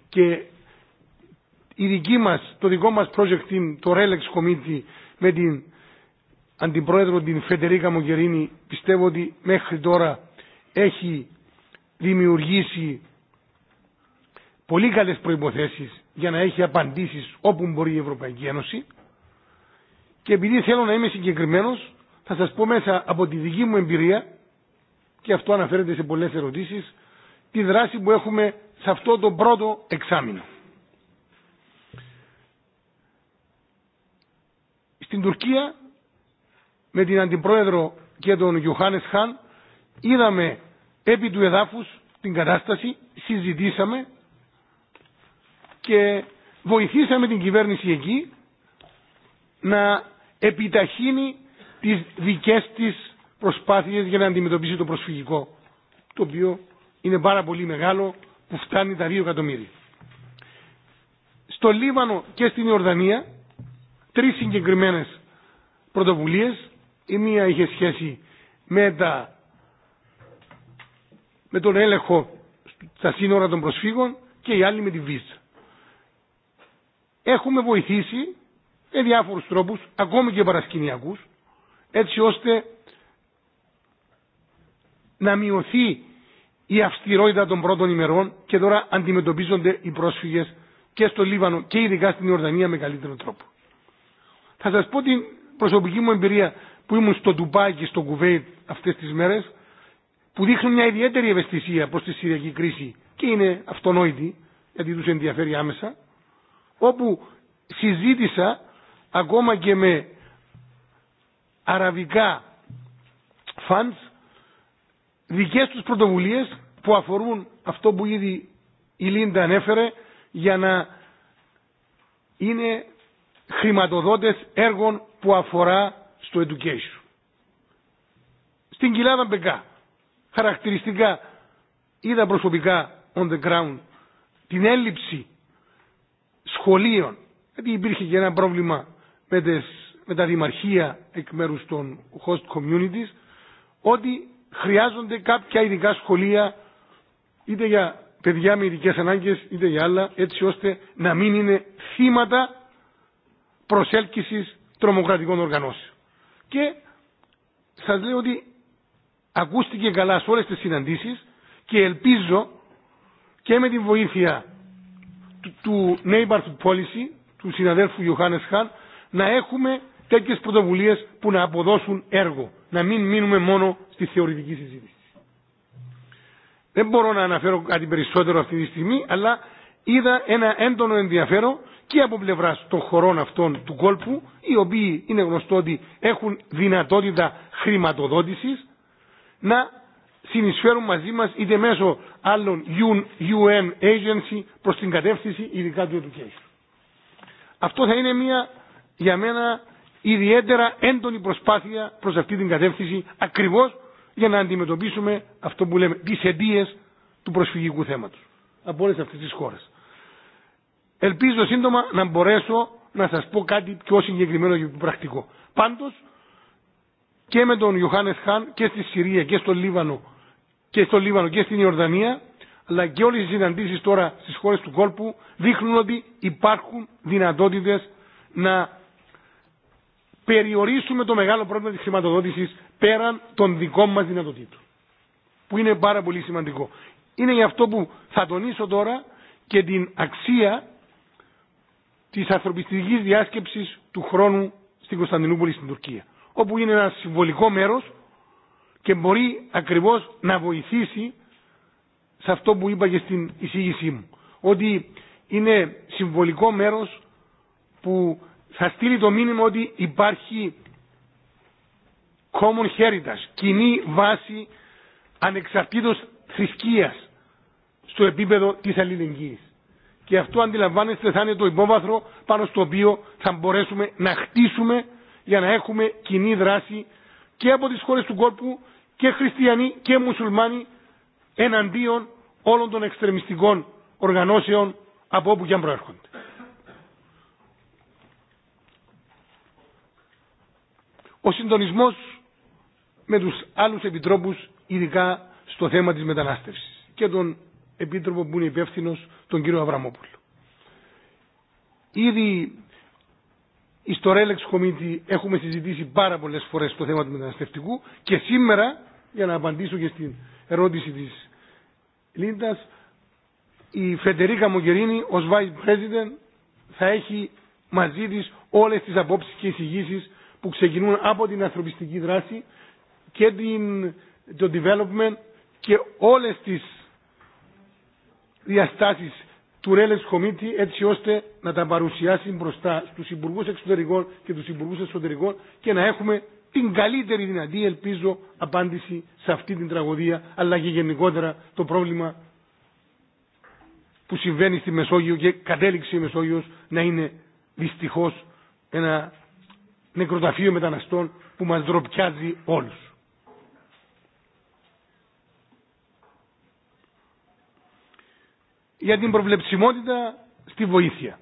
[SPEAKER 14] και η δική μας, το δικό μας project team, το Relex Committee με την Αντιπρόεδρο την Φεντερίκα Μογκερίνη πιστεύω ότι μέχρι τώρα έχει δημιουργήσει πολύ καλές προϋποθέσεις για να έχει απαντήσεις όπου μπορεί η Ευρωπαϊκή Ένωση και επειδή θέλω να είμαι συγκεκριμένο, θα σας πω μέσα από τη δική μου εμπειρία και αυτό αναφέρεται σε πολλές ερωτήσεις τη δράση που έχουμε σε αυτό το πρώτο εξάμεινο. Στην Τουρκία με την Αντιπρόεδρο και τον Γιωχάνες Χάν είδαμε επί του εδάφους την κατάσταση, συζητήσαμε και βοηθήσαμε την κυβέρνηση εκεί να επιταχύνει τις δικές της προσπάθειες για να αντιμετωπίσει το προσφυγικό το οποίο είναι πάρα πολύ μεγάλο που φτάνει τα 2 εκατομμύρια. Στο Λίβανο και στην Ιορδανία τρεις συγκεκριμένες πρωτοβουλίες. Η μία είχε σχέση με, τα, με τον έλεγχο στα σύνορα των προσφύγων και η άλλη με τη βίζα. Έχουμε βοηθήσει με διάφορους τρόπους, ακόμη και παρασκηνιακούς, έτσι ώστε να μειωθεί η αυστηρότητα των πρώτων ημερών και τώρα αντιμετωπίζονται οι πρόσφυγες και στο Λίβανο και ειδικά στην Ιορδανία με καλύτερο τρόπο. Θα σας πω την προσωπική μου εμπειρία που ήμουν στο Ντουμπάι και στο Κουβέιτ αυτές τις μέρες, που δείχνουν μια ιδιαίτερη ευαισθησία προς τη Συριακή κρίση και είναι αυτονόητη, γιατί τους ενδιαφέρει άμεσα, όπου συζήτησα ακόμα και με αραβικά φαντς δικές τους πρωτοβουλίες που αφορούν αυτό που ήδη η Λίντα ανέφερε για να είναι χρηματοδότες έργων που αφορά στο education. Στην κοιλάδα Μπεκά, χαρακτηριστικά είδα προσωπικά on the ground την έλλειψη σχολείων, γιατί υπήρχε και ένα πρόβλημα με, τις, με τα δημαρχία εκ μέρους των host communities, ότι χρειάζονται κάποια ειδικά σχολεία είτε για παιδιά με ειδικέ ανάγκες είτε για άλλα, έτσι ώστε να μην είναι θύματα προσέλκυση τρομοκρατικών οργανώσεων. Και σας λέω ότι ακούστηκε καλά σε όλες τις συναντήσεις και ελπίζω και με τη βοήθεια του, του Neighborhood Policy, του συναδέλφου Ιωάννης Χαν, να έχουμε τέτοιε πρωτοβουλίες που να αποδώσουν έργο, να μην μείνουμε μόνο στη θεωρητική συζήτηση. Δεν μπορώ να αναφέρω κάτι περισσότερο αυτή τη στιγμή, αλλά είδα ένα έντονο ενδιαφέρον και από πλευρά των χωρών αυτών του κόλπου, οι οποίοι είναι γνωστό ότι έχουν δυνατότητα χρηματοδότησης, να συνεισφέρουν μαζί μας είτε μέσω άλλων UN agency προς την κατεύθυνση ειδικά του education. Αυτό θα είναι μια για μένα ιδιαίτερα έντονη προσπάθεια προς αυτή την κατεύθυνση ακριβώς για να αντιμετωπίσουμε αυτό που λέμε τις αιτίε του προσφυγικού θέματος από όλες αυτές τις χώρες. Ελπίζω σύντομα να μπορέσω να σας πω κάτι πιο συγκεκριμένο και πιο πρακτικό. Πάντως, και με τον Ιωάννης Χάν και στη Συρία και στο Λίβανο και στο Λίβανο και στην Ιορδανία, αλλά και όλες οι συναντήσεις τώρα στις χώρες του κόλπου δείχνουν ότι υπάρχουν δυνατότητες να περιορίσουμε το μεγάλο πρόβλημα της χρηματοδότησης πέραν των δικών μας δυνατοτήτων. Που είναι πάρα πολύ σημαντικό. Είναι γι' αυτό που θα τονίσω τώρα και την αξία τη ανθρωπιστική διάσκεψη του χρόνου στην Κωνσταντινούπολη στην Τουρκία, όπου είναι ένα συμβολικό μέρο και μπορεί ακριβώ να βοηθήσει σε αυτό που είπα και στην εισήγησή μου, ότι είναι συμβολικό μέρο που θα στείλει το μήνυμα ότι υπάρχει common heritage, κοινή βάση ανεξαρτήτως θρησκείας στο επίπεδο της αλληλεγγύης. Και αυτό αντιλαμβάνεστε θα είναι το υπόβαθρο πάνω στο οποίο θα μπορέσουμε να χτίσουμε για να έχουμε κοινή δράση και από τις χώρες του κόλπου και χριστιανοί και μουσουλμάνοι εναντίον όλων των εξτρεμιστικών οργανώσεων από όπου και αν προέρχονται. Ο συντονισμός με τους άλλους επιτρόπους ειδικά στο θέμα της μετανάστευσης και των επίτροπο που είναι υπεύθυνο, τον κύριο Αβραμόπουλο. Ήδη στο Relex Committee έχουμε συζητήσει πάρα πολλές φορές το θέμα του μεταναστευτικού και σήμερα, για να απαντήσω και στην ερώτηση της Λίντας, η Φεντερίκα Μογκερίνη ως Vice President θα έχει μαζί της όλες τις απόψεις και εισηγήσεις που ξεκινούν από την ανθρωπιστική δράση και την, το development και όλες τις διαστάσεις του Ρέλες Κομίτη έτσι ώστε να τα παρουσιάσει μπροστά στους Υπουργούς Εξωτερικών και τους Υπουργούς Εσωτερικών και να έχουμε την καλύτερη δυνατή ελπίζω απάντηση σε αυτή την τραγωδία αλλά και γενικότερα το πρόβλημα που συμβαίνει στη Μεσόγειο και κατέληξε η Μεσόγειος να είναι δυστυχώς ένα νεκροταφείο μεταναστών που μας ντροπιάζει όλους. για την προβλεψιμότητα στη βοήθεια.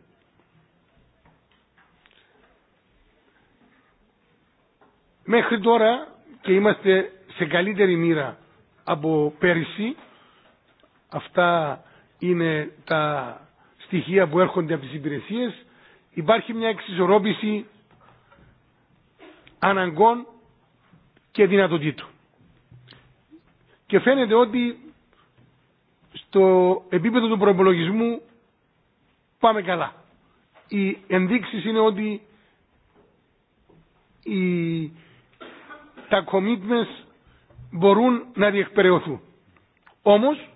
[SPEAKER 14] Μέχρι τώρα και είμαστε σε καλύτερη μοίρα από πέρυσι. Αυτά είναι τα στοιχεία που έρχονται από τις υπηρεσίες. Υπάρχει μια εξισορρόπηση αναγκών και δυνατοτήτων. Και φαίνεται ότι το επίπεδο του προπολογισμού πάμε καλά. Οι ενδείξεις είναι ότι οι, τα commitments μπορούν να διεκπαιρεωθούν. Όμως,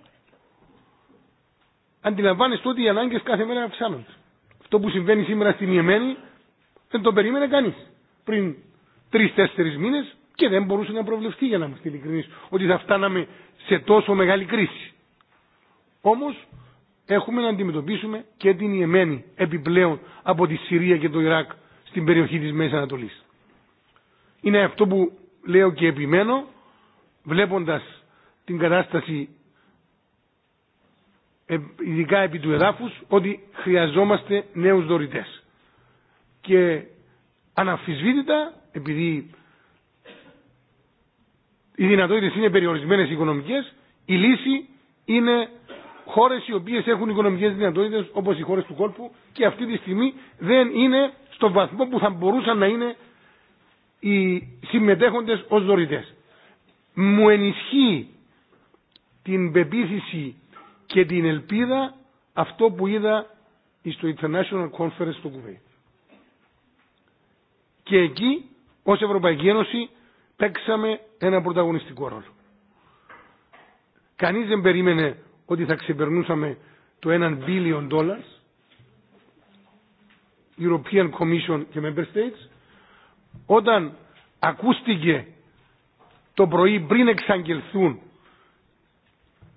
[SPEAKER 14] αντιλαμβάνεστε ότι οι ανάγκες κάθε μέρα αυξάνονται. Αυτό που συμβαίνει σήμερα στην Ιεμένη δεν το περίμενε κανείς πριν τρεις-τέσσερις μήνες και δεν μπορούσε να προβλεφθεί για να είμαστε ειλικρινείς ότι θα φτάναμε σε τόσο μεγάλη κρίση. Όμω έχουμε να αντιμετωπίσουμε και την Ιεμένη επιπλέον από τη Συρία και το Ιράκ στην περιοχή τη Μέση Ανατολή. Είναι αυτό που λέω και επιμένω βλέποντα την κατάσταση ειδικά επί του εδάφους ότι χρειαζόμαστε νέους δωρητές. Και αναφυσβήτητα επειδή οι δυνατότητες είναι περιορισμένες οι οικονομικές η λύση είναι χώρε οι οποίε έχουν οικονομικέ δυνατότητε όπω οι χώρε του κόλπου και αυτή τη στιγμή δεν είναι στον βαθμό που θα μπορούσαν να είναι οι συμμετέχοντε ω δωρητέ. Μου ενισχύει την πεποίθηση και την ελπίδα αυτό που είδα στο International Conference του Κουβέιτ. Και εκεί ω Ευρωπαϊκή Ένωση παίξαμε ένα πρωταγωνιστικό ρόλο. Κανείς δεν περίμενε ότι θα ξεπερνούσαμε το 1 billion dollars European Commission και Member States όταν ακούστηκε το πρωί πριν εξαγγελθούν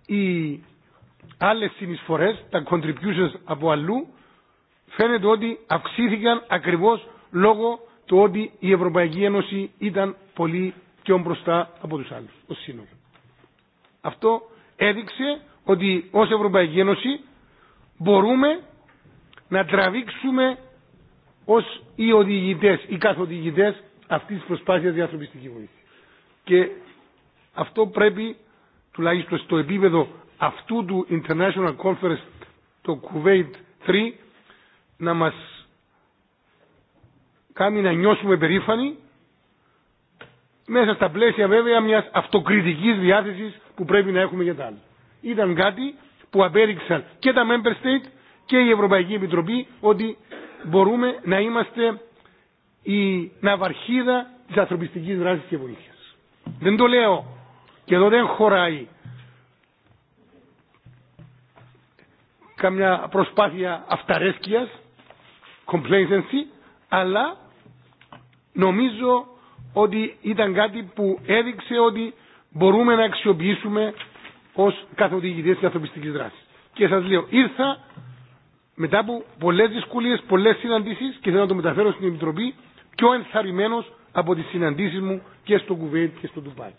[SPEAKER 14] οι άλλες συνεισφορές, τα contributions από αλλού, φαίνεται ότι αυξήθηκαν ακριβώς λόγω του ότι η Ευρωπαϊκή Ένωση ήταν πολύ πιο μπροστά από τους άλλους, ως σύνολο. Αυτό έδειξε ότι ως Ευρωπαϊκή Ένωση μπορούμε να τραβήξουμε ως οι οδηγητές, οι καθοδηγητές αυτής της προσπάθειας για ανθρωπιστική βοήθεια. Και αυτό πρέπει τουλάχιστον στο επίπεδο αυτού του International Conference το Kuwait 3 να μας κάνει να νιώσουμε περήφανοι μέσα στα πλαίσια βέβαια μιας αυτοκριτικής διάθεσης που πρέπει να έχουμε για τα άλλα ήταν κάτι που απέριξαν και τα Member State και η Ευρωπαϊκή Επιτροπή ότι μπορούμε να είμαστε η ναυαρχίδα της ανθρωπιστικής δράσης και βοήθειας. Δεν το λέω και εδώ δεν χωράει καμιά προσπάθεια αυταρέσκειας, complacency, αλλά νομίζω ότι ήταν κάτι που έδειξε ότι μπορούμε να αξιοποιήσουμε ως καθοδηγητές της ανθρωπιστικής δράσης. Και σας λέω, ήρθα μετά από πολλές δυσκολίες, πολλές συναντήσεις και θέλω να το μεταφέρω στην Επιτροπή πιο ενθαρρυμένος από τις συναντήσεις μου και στο Κουβέιτ και στο Ντουμπάι.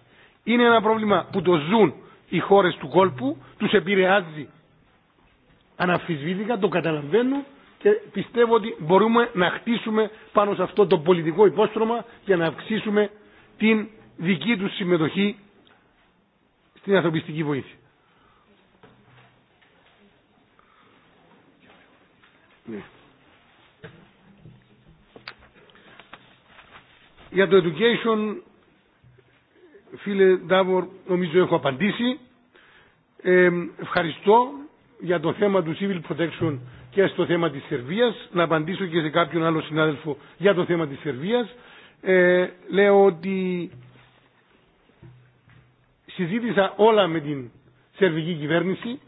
[SPEAKER 14] Είναι ένα πρόβλημα που το ζουν οι χώρες του κόλπου, τους επηρεάζει αναμφισβήτηκα, το καταλαβαίνω και πιστεύω ότι μπορούμε να χτίσουμε πάνω σε αυτό το πολιτικό υπόστρωμα για να αυξήσουμε την δική του συμμετοχή στην ανθρωπιστική βοήθεια. Ναι. Για το education, φίλε Ντάβορ, νομίζω έχω απαντήσει. Ε, ευχαριστώ για το θέμα του civil protection και στο θέμα της Σερβίας. Να απαντήσω και σε κάποιον άλλο συνάδελφο για το θέμα της Σερβίας. Ε, λέω ότι συζήτησα όλα με την σερβική κυβέρνηση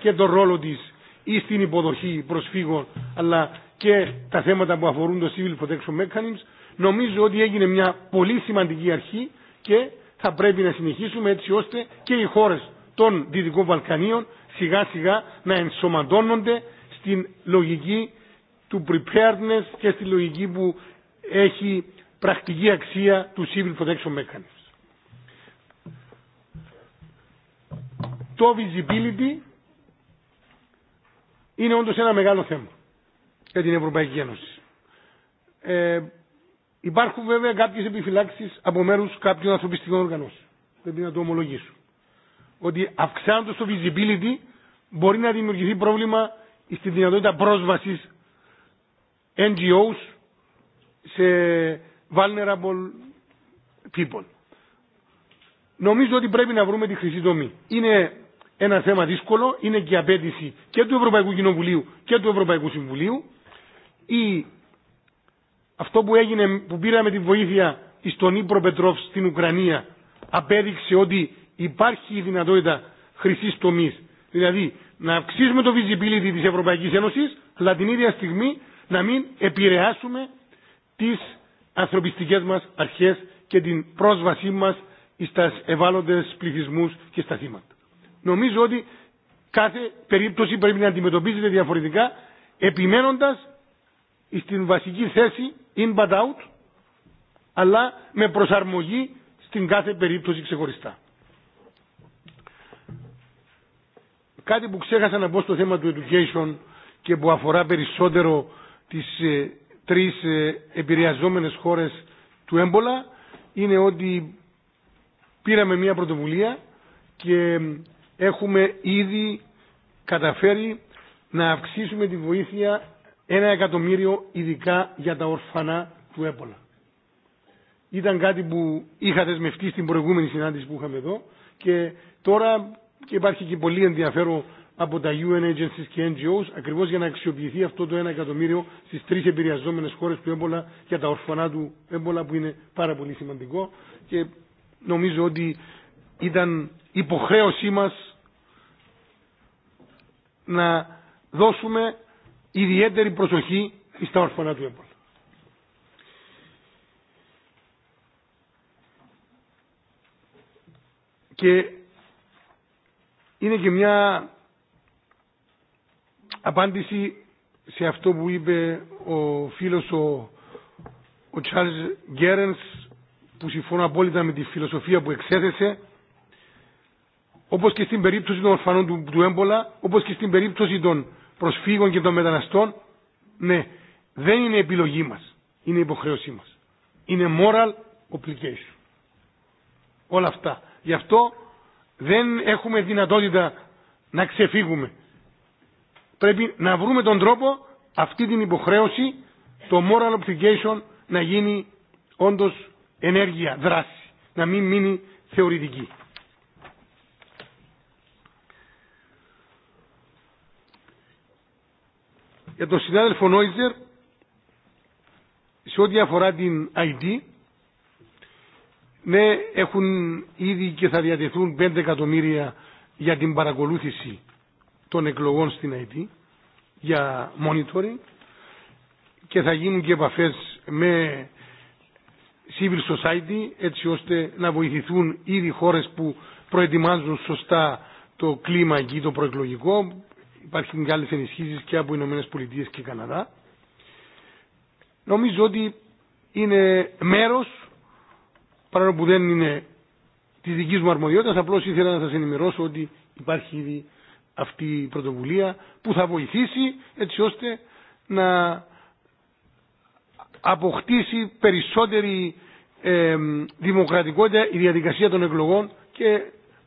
[SPEAKER 14] και τον ρόλο της ή στην υποδοχή προσφύγων αλλά και τα θέματα που αφορούν το Civil Protection Mechanism νομίζω ότι έγινε μια πολύ σημαντική αρχή και θα πρέπει να συνεχίσουμε έτσι ώστε και οι χώρες των Δυτικών Βαλκανίων σιγά σιγά να ενσωματώνονται στην λογική του preparedness και στη λογική που έχει πρακτική αξία του Civil Protection Mechanism. το visibility είναι όντω ένα μεγάλο θέμα για την Ευρωπαϊκή Ένωση. Ε, υπάρχουν βέβαια κάποιε επιφυλάξει από μέρου κάποιων ανθρωπιστικών οργανώσεων. Πρέπει να το ομολογήσω. Ότι αυξάνοντα το visibility μπορεί να δημιουργηθεί πρόβλημα στη δυνατότητα πρόσβαση NGOs σε vulnerable people. Νομίζω ότι πρέπει να βρούμε τη χρυσή τομή. Είναι ένα θέμα δύσκολο είναι και η απέτηση και του Ευρωπαϊκού Κοινοβουλίου και του Ευρωπαϊκού Συμβουλίου. Η, αυτό που έγινε, που πήραμε τη βοήθεια στον Ήπρο Πετρόφ στην Ουκρανία απέδειξε ότι υπάρχει η δυνατότητα χρυσή τομή. Δηλαδή να αυξήσουμε το visibility τη Ευρωπαϊκή Ένωση, αλλά την ίδια στιγμή να μην επηρεάσουμε τι ανθρωπιστικέ μα αρχέ και την πρόσβασή μα στα ευάλωτε πληθυσμού και στα θύματα νομίζω ότι κάθε περίπτωση πρέπει να αντιμετωπίζεται διαφορετικά, επιμένοντας στην βασική θέση in but out, αλλά με προσαρμογή στην κάθε περίπτωση ξεχωριστά. Κάτι που ξέχασα να πω στο θέμα του education και που αφορά περισσότερο τις ε, τρεις ε, επηρεαζόμενες χώρες του έμπολα είναι ότι πήραμε μια πρωτοβουλία και έχουμε ήδη καταφέρει να αυξήσουμε τη βοήθεια ένα εκατομμύριο ειδικά για τα ορφανά του έπολα. Ήταν κάτι που είχα δεσμευτεί στην προηγούμενη συνάντηση που είχαμε εδώ και τώρα και υπάρχει και πολύ ενδιαφέρον από τα UN agencies και NGOs ακριβώς για να αξιοποιηθεί αυτό το ένα εκατομμύριο στις τρεις επηρεαζόμενες χώρες του έμπολα για τα ορφανά του έμπολα που είναι πάρα πολύ σημαντικό και νομίζω ότι ήταν υποχρέωσή μας να δώσουμε ιδιαίτερη προσοχή στα ορφανά του έμπολα. Και είναι και μια απάντηση σε αυτό που είπε ο φίλος ο, ο Charles Γκέρενς που συμφωνώ απόλυτα με τη φιλοσοφία που εξέθεσε όπως και στην περίπτωση των ορφανών του, του έμπολα, όπως και στην περίπτωση των προσφύγων και των μεταναστών, ναι, δεν είναι επιλογή μας, είναι υποχρέωσή μας. Είναι moral obligation. Όλα αυτά. Γι' αυτό δεν έχουμε δυνατότητα να ξεφύγουμε. Πρέπει να βρούμε τον τρόπο αυτή την υποχρέωση, το moral obligation, να γίνει όντως ενέργεια, δράση, να μην μείνει θεωρητική. Για τον συνάδελφο Νόιζερ, σε ό,τι αφορά την ID ναι, έχουν ήδη και θα διατεθούν 5 εκατομμύρια για την παρακολούθηση των εκλογών στην ID για monitoring και θα γίνουν και επαφές με civil society έτσι ώστε να βοηθηθούν ήδη χώρες που προετοιμάζουν σωστά το κλίμα εκεί το προεκλογικό υπάρχει και άλλες ενισχύσεις και από Ηνωμένε Πολιτείε και Καναδά. Νομίζω ότι είναι μέρο, παρόλο που δεν είναι τη δική μου αρμοδιότητα, απλώ ήθελα να σα ενημερώσω ότι υπάρχει ήδη αυτή η πρωτοβουλία που θα βοηθήσει έτσι ώστε να αποκτήσει περισσότερη ε, δημοκρατικότητα η διαδικασία των εκλογών και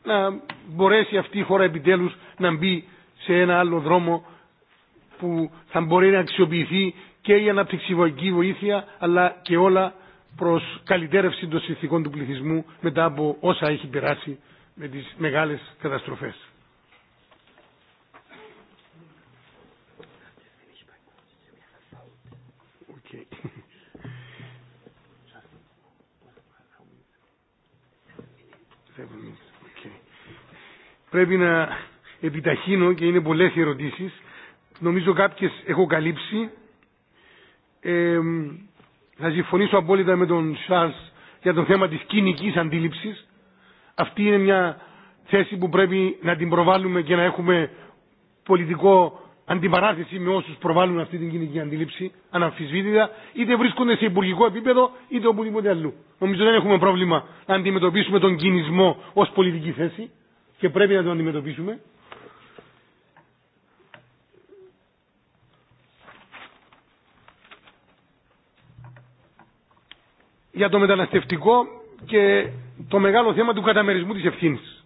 [SPEAKER 14] να μπορέσει αυτή η χώρα επιτέλους να μπει σε ένα άλλο δρόμο που θα μπορεί να αξιοποιηθεί και η αναπτυξιακή βοήθεια αλλά και όλα προς καλυτέρευση των συνθηκών του πληθυσμού μετά από όσα έχει περάσει με τις μεγάλες καταστροφές.
[SPEAKER 18] Okay. Okay.
[SPEAKER 14] Πρέπει να επιταχύνω και είναι πολλές οι ερωτήσεις. Νομίζω κάποιες έχω καλύψει. Ε, θα συμφωνήσω απόλυτα με τον Σάρλς για το θέμα της κοινικής αντίληψης. Αυτή είναι μια θέση που πρέπει να την προβάλλουμε και να έχουμε πολιτικό αντιπαράθεση με όσους προβάλλουν αυτή την κοινική αντίληψη, αναμφισβήτητα, είτε βρίσκονται σε υπουργικό επίπεδο, είτε οπουδήποτε αλλού. Νομίζω δεν έχουμε πρόβλημα να αντιμετωπίσουμε τον κινησμό ως πολιτική θέση και πρέπει να τον αντιμετωπίσουμε. για το μεταναστευτικό και το μεγάλο θέμα του καταμερισμού της ευθύνης.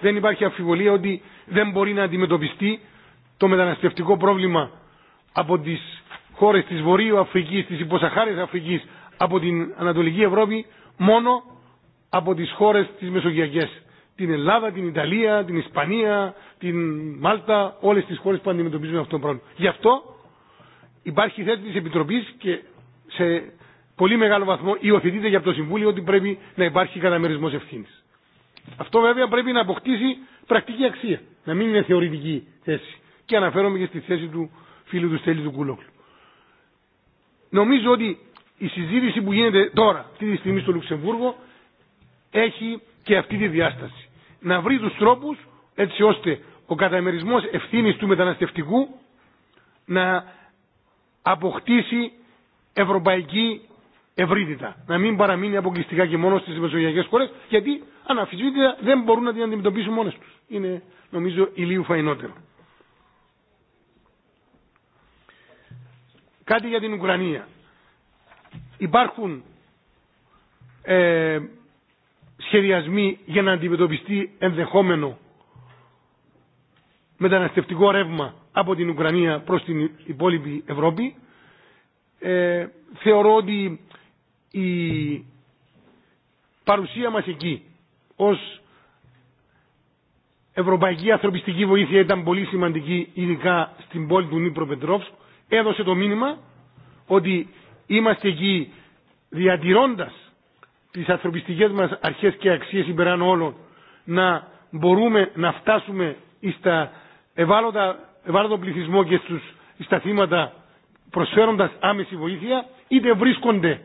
[SPEAKER 14] Δεν υπάρχει αφιβολία ότι δεν μπορεί να αντιμετωπιστεί το μεταναστευτικό πρόβλημα από τις χώρες της Βορείου Αφρικής, της Υποσαχάρης Αφρικής, από την Ανατολική Ευρώπη, μόνο από τις χώρες της Μεσογειακές. Την Ελλάδα, την Ιταλία, την Ισπανία, την Μάλτα, όλες τις χώρες που αντιμετωπίζουν αυτό το πρόβλημα. Γι' αυτό υπάρχει θέση της Επιτροπής και σε πολύ μεγάλο βαθμό υιοθετείται για το Συμβούλιο ότι πρέπει να υπάρχει καταμερισμό ευθύνη. Αυτό βέβαια πρέπει να αποκτήσει πρακτική αξία, να μην είναι θεωρητική θέση. Και αναφέρομαι και στη θέση του φίλου του Στέλη του Κούλοκλου. Νομίζω ότι η συζήτηση που γίνεται τώρα, αυτή τη στιγμή στο Λουξεμβούργο, έχει και αυτή τη διάσταση. Να βρει του τρόπου έτσι ώστε ο καταμερισμό ευθύνη του μεταναστευτικού να αποκτήσει ευρωπαϊκή ευρύτητα. Να μην παραμείνει αποκλειστικά και μόνο στι μεσογειακέ χώρε, γιατί αναφυσβήτητα δεν μπορούν να την αντιμετωπίσουν μόνε του. Είναι νομίζω ηλίου φαϊνότερο. Κάτι για την Ουκρανία. Υπάρχουν ε, σχεδιασμοί για να αντιμετωπιστεί ενδεχόμενο μεταναστευτικό ρεύμα από την Ουκρανία προς την υπόλοιπη Ευρώπη. Ε, θεωρώ ότι η παρουσία μας εκεί ως ευρωπαϊκή ανθρωπιστική βοήθεια ήταν πολύ σημαντική ειδικά στην πόλη του Νίπρο Πετρόφσκ έδωσε το μήνυμα ότι είμαστε εκεί διατηρώντας τις ανθρωπιστικές μας αρχές και αξίες υπεράνω όλων να μπορούμε να φτάσουμε στα ευάλωτα, ευάλωτο πληθυσμό και στους, στα θύματα προσφέροντας άμεση βοήθεια είτε βρίσκονται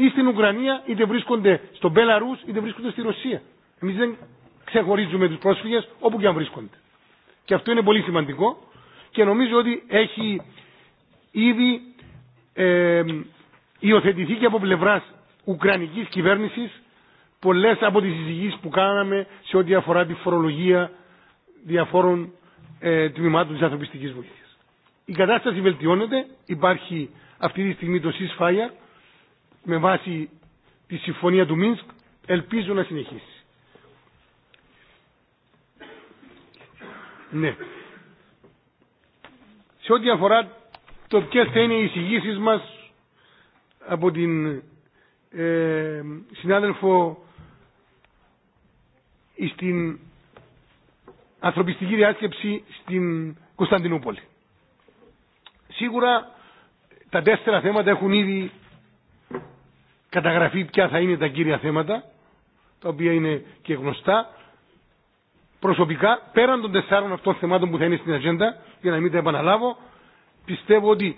[SPEAKER 14] ή στην Ουκρανία, είτε βρίσκονται στο Μπέλαρους, είτε βρίσκονται στη Ρωσία. Εμεί δεν ξεχωρίζουμε του πρόσφυγε όπου και αν βρίσκονται. Και αυτό είναι πολύ σημαντικό και νομίζω ότι έχει ήδη ε, υιοθετηθεί και από πλευρά Ουκρανική κυβέρνηση πολλέ από τι συζητήσει που κάναμε σε ό,τι αφορά τη φορολογία διαφόρων ε, τμήματων τη ανθρωπιστική βοήθεια. Η κατάσταση βελτιώνεται, υπάρχει αυτή τη στιγμή το ceasefire με βάση τη συμφωνία του Μίνσκ ελπίζω να συνεχίσει. Ναι. Σε ό,τι αφορά το ποιε θα είναι οι εισηγήσει μα από την ε, συνάδελφο στην ανθρωπιστική διάσκεψη στην Κωνσταντινούπολη. Σίγουρα τα τέσσερα θέματα έχουν ήδη καταγραφεί ποια θα είναι τα κύρια θέματα, τα οποία είναι και γνωστά. Προσωπικά, πέραν των τεσσάρων αυτών θεμάτων που θα είναι στην ατζέντα, για να μην τα επαναλάβω, πιστεύω ότι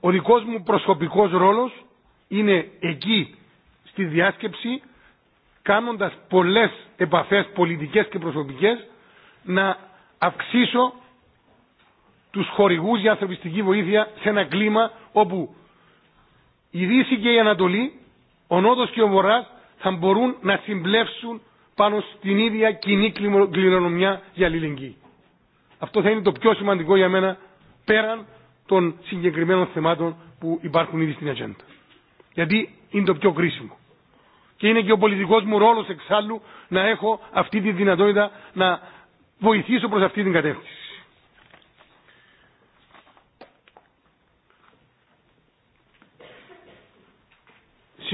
[SPEAKER 14] ο δικός μου προσωπικός ρόλος είναι εκεί στη διάσκεψη, κάνοντας πολλές επαφές πολιτικές και προσωπικές, να αυξήσω του χορηγού για ανθρωπιστική βοήθεια σε ένα κλίμα όπου η Δύση και η Ανατολή ο Νότος και ο Βορράς θα μπορούν να συμπλέψουν πάνω στην ίδια κοινή κληρονομιά για αλληλεγγύη. Αυτό θα είναι το πιο σημαντικό για μένα πέραν των συγκεκριμένων θεμάτων που υπάρχουν ήδη στην ατζέντα. Γιατί είναι το πιο κρίσιμο. Και είναι και ο πολιτικός μου ρόλος εξάλλου να έχω αυτή τη δυνατότητα να βοηθήσω προς αυτή την κατεύθυνση.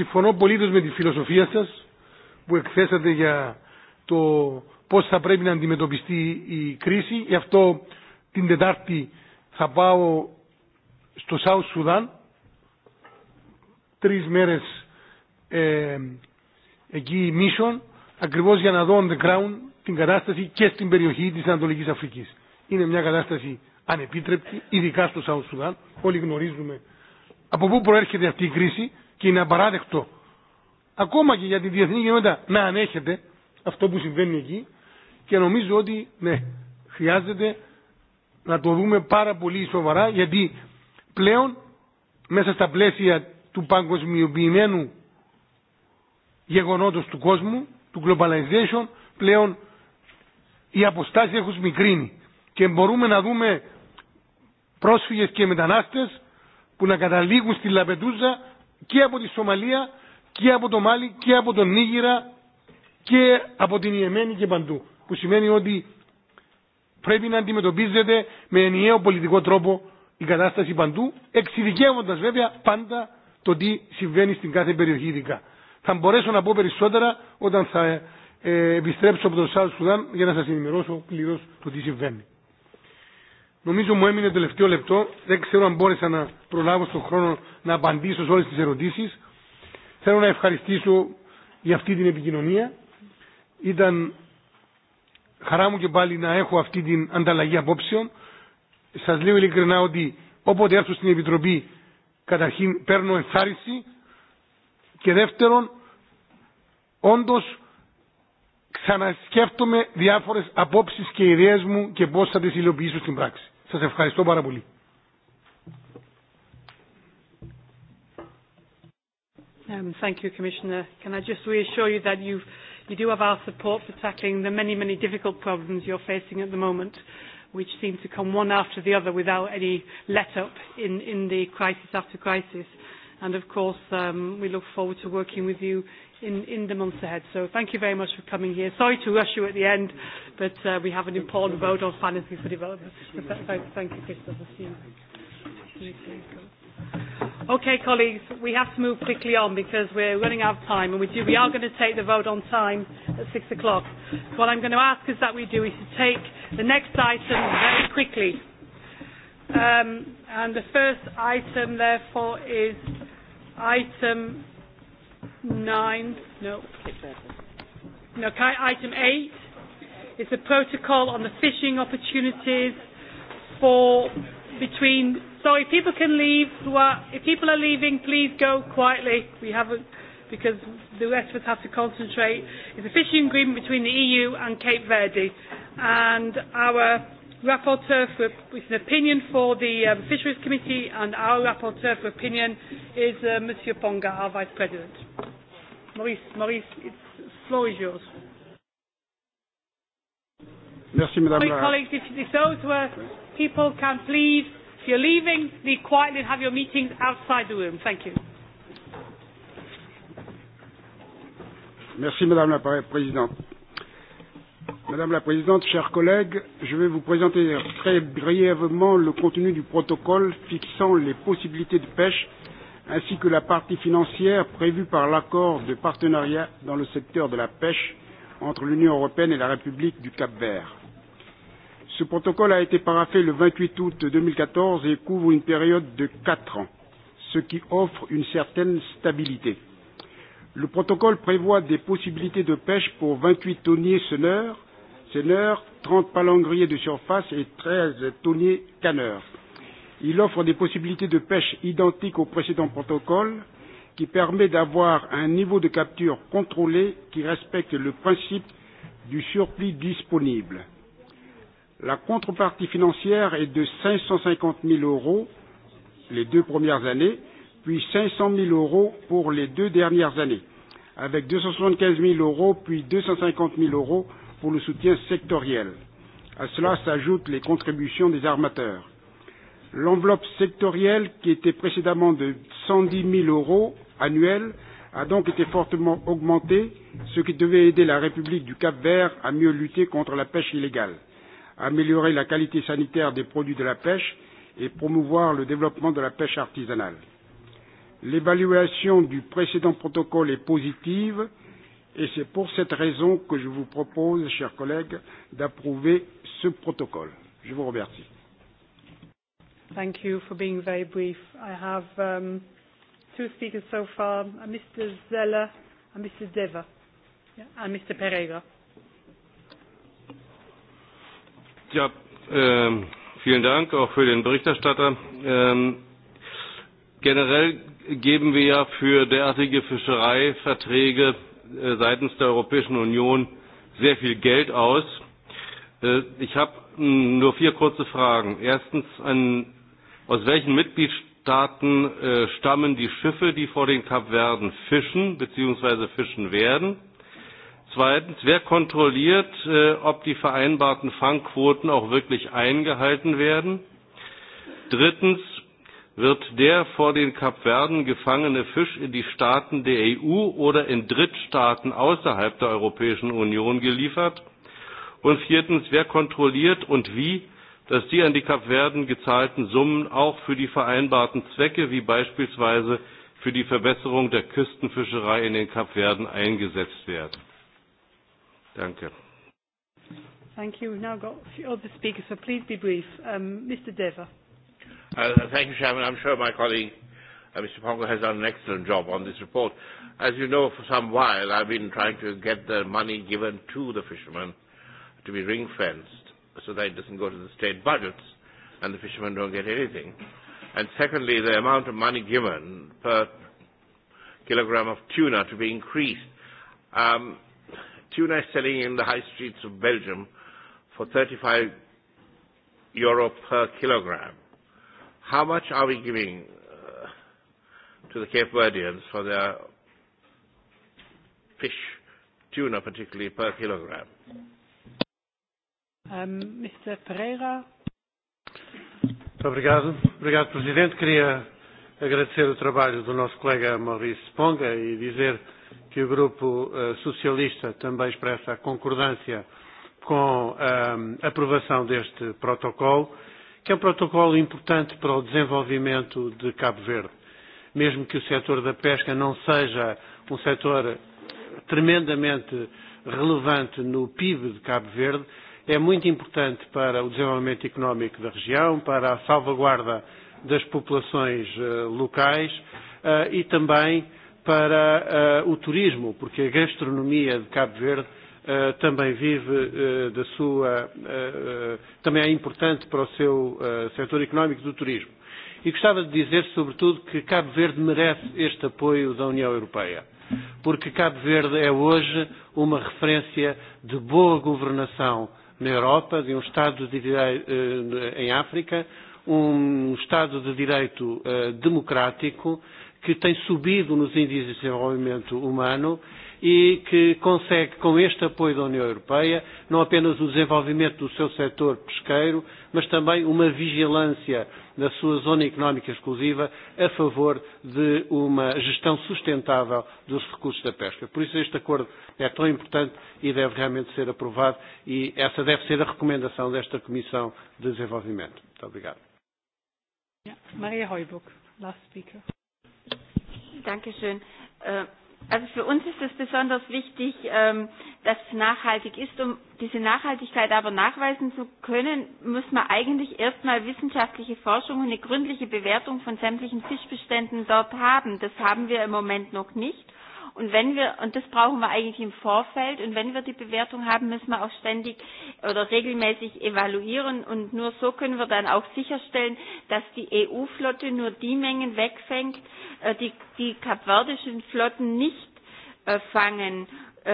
[SPEAKER 14] συμφωνώ πολύ με τη φιλοσοφία σας που εκθέσατε για το πώς θα πρέπει να αντιμετωπιστεί η κρίση. Γι' αυτό την Τετάρτη θα πάω στο South Sudan τρεις μέρες ε, εκεί μίσον ακριβώς για να δω on the ground την κατάσταση και στην περιοχή της Ανατολικής Αφρικής. Είναι μια κατάσταση ανεπίτρεπτη, ειδικά στο South Sudan. Όλοι γνωρίζουμε από πού προέρχεται αυτή η κρίση και είναι απαράδεκτο ακόμα και για τη διεθνή κοινότητα να ανέχεται αυτό που συμβαίνει εκεί και νομίζω ότι ναι, χρειάζεται να το δούμε πάρα πολύ σοβαρά γιατί πλέον μέσα στα πλαίσια του παγκοσμιοποιημένου γεγονότος του κόσμου, του globalization, πλέον οι αποστάσεις έχουν μικρύνει και μπορούμε να δούμε πρόσφυγες και μετανάστες που να καταλήγουν στη Λαπετούζα και από τη Σομαλία και από το Μάλι και από τον Νίγηρα και από την Ιεμένη και παντού. Που σημαίνει ότι πρέπει να αντιμετωπίζεται με ενιαίο πολιτικό τρόπο η κατάσταση παντού, εξειδικεύοντας βέβαια πάντα το τι συμβαίνει στην κάθε περιοχή ειδικά. Θα μπορέσω να πω περισσότερα όταν θα επιστρέψω από τον Σάου Σουδάν για να σας ενημερώσω πλήρως το τι συμβαίνει. Νομίζω μου έμεινε τελευταίο λεπτό. Δεν ξέρω αν μπόρεσα να προλάβω στον χρόνο να απαντήσω σε όλες τις ερωτήσεις. Θέλω να ευχαριστήσω για αυτή την επικοινωνία. Ήταν χαρά μου και πάλι να έχω αυτή την ανταλλαγή απόψεων. Σας λέω ειλικρινά ότι όποτε έρθω στην Επιτροπή καταρχήν παίρνω ενθάρρυνση και δεύτερον όντως ξανασκέφτομαι διάφορες απόψεις και ιδέες μου και πώς θα τις υλοποιήσω στην πράξη. Σας ευχαριστώ πάρα πολύ.
[SPEAKER 1] Um, thank you, Commissioner. Can I just reassure you that you've, you do have our support for tackling the many, many difficult problems you're facing at the moment, which seem to come one after the other without any let-up in, in the crisis after crisis. And of course, um, we look forward to working with you in, in the months ahead. So thank you very much for coming here. Sorry to rush you at the end, but uh, we have an important vote on financing for development. So th- th- Thank you, Christopher. See you. Okay, colleagues, we have to move quickly on because we're running out of time, and we, do, we are going to take the vote on time at six o'clock. So What I'm going to ask is that we do is to take the next item very quickly. Um, and the first item, therefore, is item Nine, no. No, item eight is the protocol on the fishing opportunities for between. Sorry, people can leave. Who are, if people are leaving, please go quietly. We haven't, because the rest of us have to concentrate. It's a fishing agreement between the EU and Cape Verde, and our rapporteur for with an opinion for the um, Fisheries Committee and our rapporteur for opinion is uh, Monsieur Ponga, our Vice President. Maurice, Maurice, it's, the floor is yours.
[SPEAKER 18] Merci, Madame Sorry, colleagues,
[SPEAKER 1] if, if those were people can please, if you're leaving, be quiet and have your meetings outside the room. Thank you.
[SPEAKER 18] Merci, Madame la Présidente Madame la Présidente, chers collègues, je vais vous présenter très brièvement le contenu du protocole fixant les possibilités de pêche ainsi que la partie financière prévue par l'accord de partenariat dans le secteur de la pêche entre l'Union européenne et la République du Cap Vert. Ce protocole a été paraffé le 28 août 2014 et couvre une période de quatre ans, ce qui offre une certaine stabilité. Le protocole prévoit des possibilités de pêche pour 28 tonniers senneurs, senneurs 30 palangriers de surface et 13 tonniers canneurs. Il offre des possibilités de pêche identiques au précédent protocole qui permet d'avoir un niveau de capture contrôlé qui respecte le principe du surplus disponible. La contrepartie financière est de 550 000 euros les deux premières années puis 500 000 euros pour les deux dernières années, avec 275 000 euros puis 250 000 euros pour le soutien sectoriel. À cela s'ajoutent les contributions des armateurs. L'enveloppe sectorielle, qui était précédemment de 110 000 euros annuels, a donc été fortement augmentée, ce qui devait aider la République du Cap Vert à mieux lutter contre la pêche illégale, améliorer la qualité sanitaire des produits de la pêche et promouvoir le développement de la pêche artisanale. L'évaluation du précédent protocole est positive et c'est pour cette raison que je vous propose, chers collègues, d'approuver ce protocole. Je vous remercie.
[SPEAKER 1] Thank you for being very brief. I have um, two speakers so far, uh, Mr. Zeller and Mr. Deva, and Mr. Pereira.
[SPEAKER 21] Ja, ähm, vielen Dank auch für den Berichterstatter. Ähm, generell geben wir ja für derartige Fischereiverträge äh, seitens der Europäischen Union sehr viel Geld aus. Äh, ich habe hm, nur vier kurze Fragen. Erstens, an, aus welchen Mitgliedstaaten äh, stammen die Schiffe, die vor den Kapverden fischen bzw. fischen werden? Zweitens, wer kontrolliert, ob die vereinbarten Fangquoten auch wirklich eingehalten werden? Drittens, wird der vor den Kapverden gefangene Fisch in die Staaten der EU oder in Drittstaaten außerhalb der Europäischen Union geliefert? Und viertens, wer kontrolliert und wie, dass die an die Kapverden gezahlten Summen auch für die vereinbarten Zwecke, wie beispielsweise für die Verbesserung der Küstenfischerei in den Kapverden, eingesetzt werden? Danke.
[SPEAKER 1] Thank you. We've now got a few other speakers, so please be brief. Um, Mr. Deva.
[SPEAKER 22] Uh, thank you, Chairman. I'm sure my colleague, uh, Mr. Pongo, has done an excellent job on this report. As you know, for some while, I've been trying to get the money given to the fishermen to be ring-fenced so that it doesn't go to the state budgets and the fishermen don't get anything. And secondly, the amount of money given per kilogram of tuna to be increased. Um, tuna is selling in the high streets of Belgium for 35 euro per kilogram How much are we giving uh, to the Cape Verdeans for their fish, tuna particularly, per kilogram?
[SPEAKER 1] Um, Mr. Pereira.
[SPEAKER 23] obrigado. Obrigado, Presidente. Queria agradecer o trabalho do nosso colega Maurício Ponga e dizer que o Grupo uh, Socialista também expressa a concordância com um, a aprovação deste protocolo que é um protocolo importante para o desenvolvimento de Cabo Verde. Mesmo que o setor da pesca não seja um setor tremendamente relevante no PIB de Cabo Verde, é muito importante para o desenvolvimento económico da região, para a salvaguarda das populações eh, locais eh, e também para eh, o turismo, porque a gastronomia de Cabo Verde Uh, também vive uh, da sua, uh, também é importante para o seu setor económico do turismo. E gostava de dizer, sobretudo, que Cabo Verde merece este apoio da União Europeia, porque Cabo Verde é hoje uma referência de boa governação na Europa, de um Estado de direito em África, um Estado de direito democrático que tem subido nos índices de desenvolvimento humano e que consegue, com este apoio da União Europeia, não apenas o desenvolvimento do seu setor pesqueiro, mas também uma vigilância da sua zona económica exclusiva a favor de uma gestão sustentável dos recursos da pesca. Por isso este acordo é tão importante e deve realmente ser aprovado e essa deve ser a recomendação desta Comissão de Desenvolvimento. Muito obrigado.
[SPEAKER 2] Maria Heuburg, last speaker. Dankeschön. Uh... Also für uns ist es besonders wichtig, ähm, dass es nachhaltig ist. Um diese Nachhaltigkeit aber nachweisen zu können, muss man eigentlich erstmal wissenschaftliche Forschung und eine gründliche Bewertung von sämtlichen Fischbeständen dort haben. Das haben wir im Moment noch nicht. Und wenn wir, und das brauchen wir eigentlich im Vorfeld, und wenn wir die Bewertung haben, müssen wir auch ständig oder regelmäßig evaluieren. Und nur so können wir dann auch sicherstellen, dass die EU-Flotte nur die Mengen wegfängt, äh, die die kapverdischen Flotten nicht äh, fangen. Äh,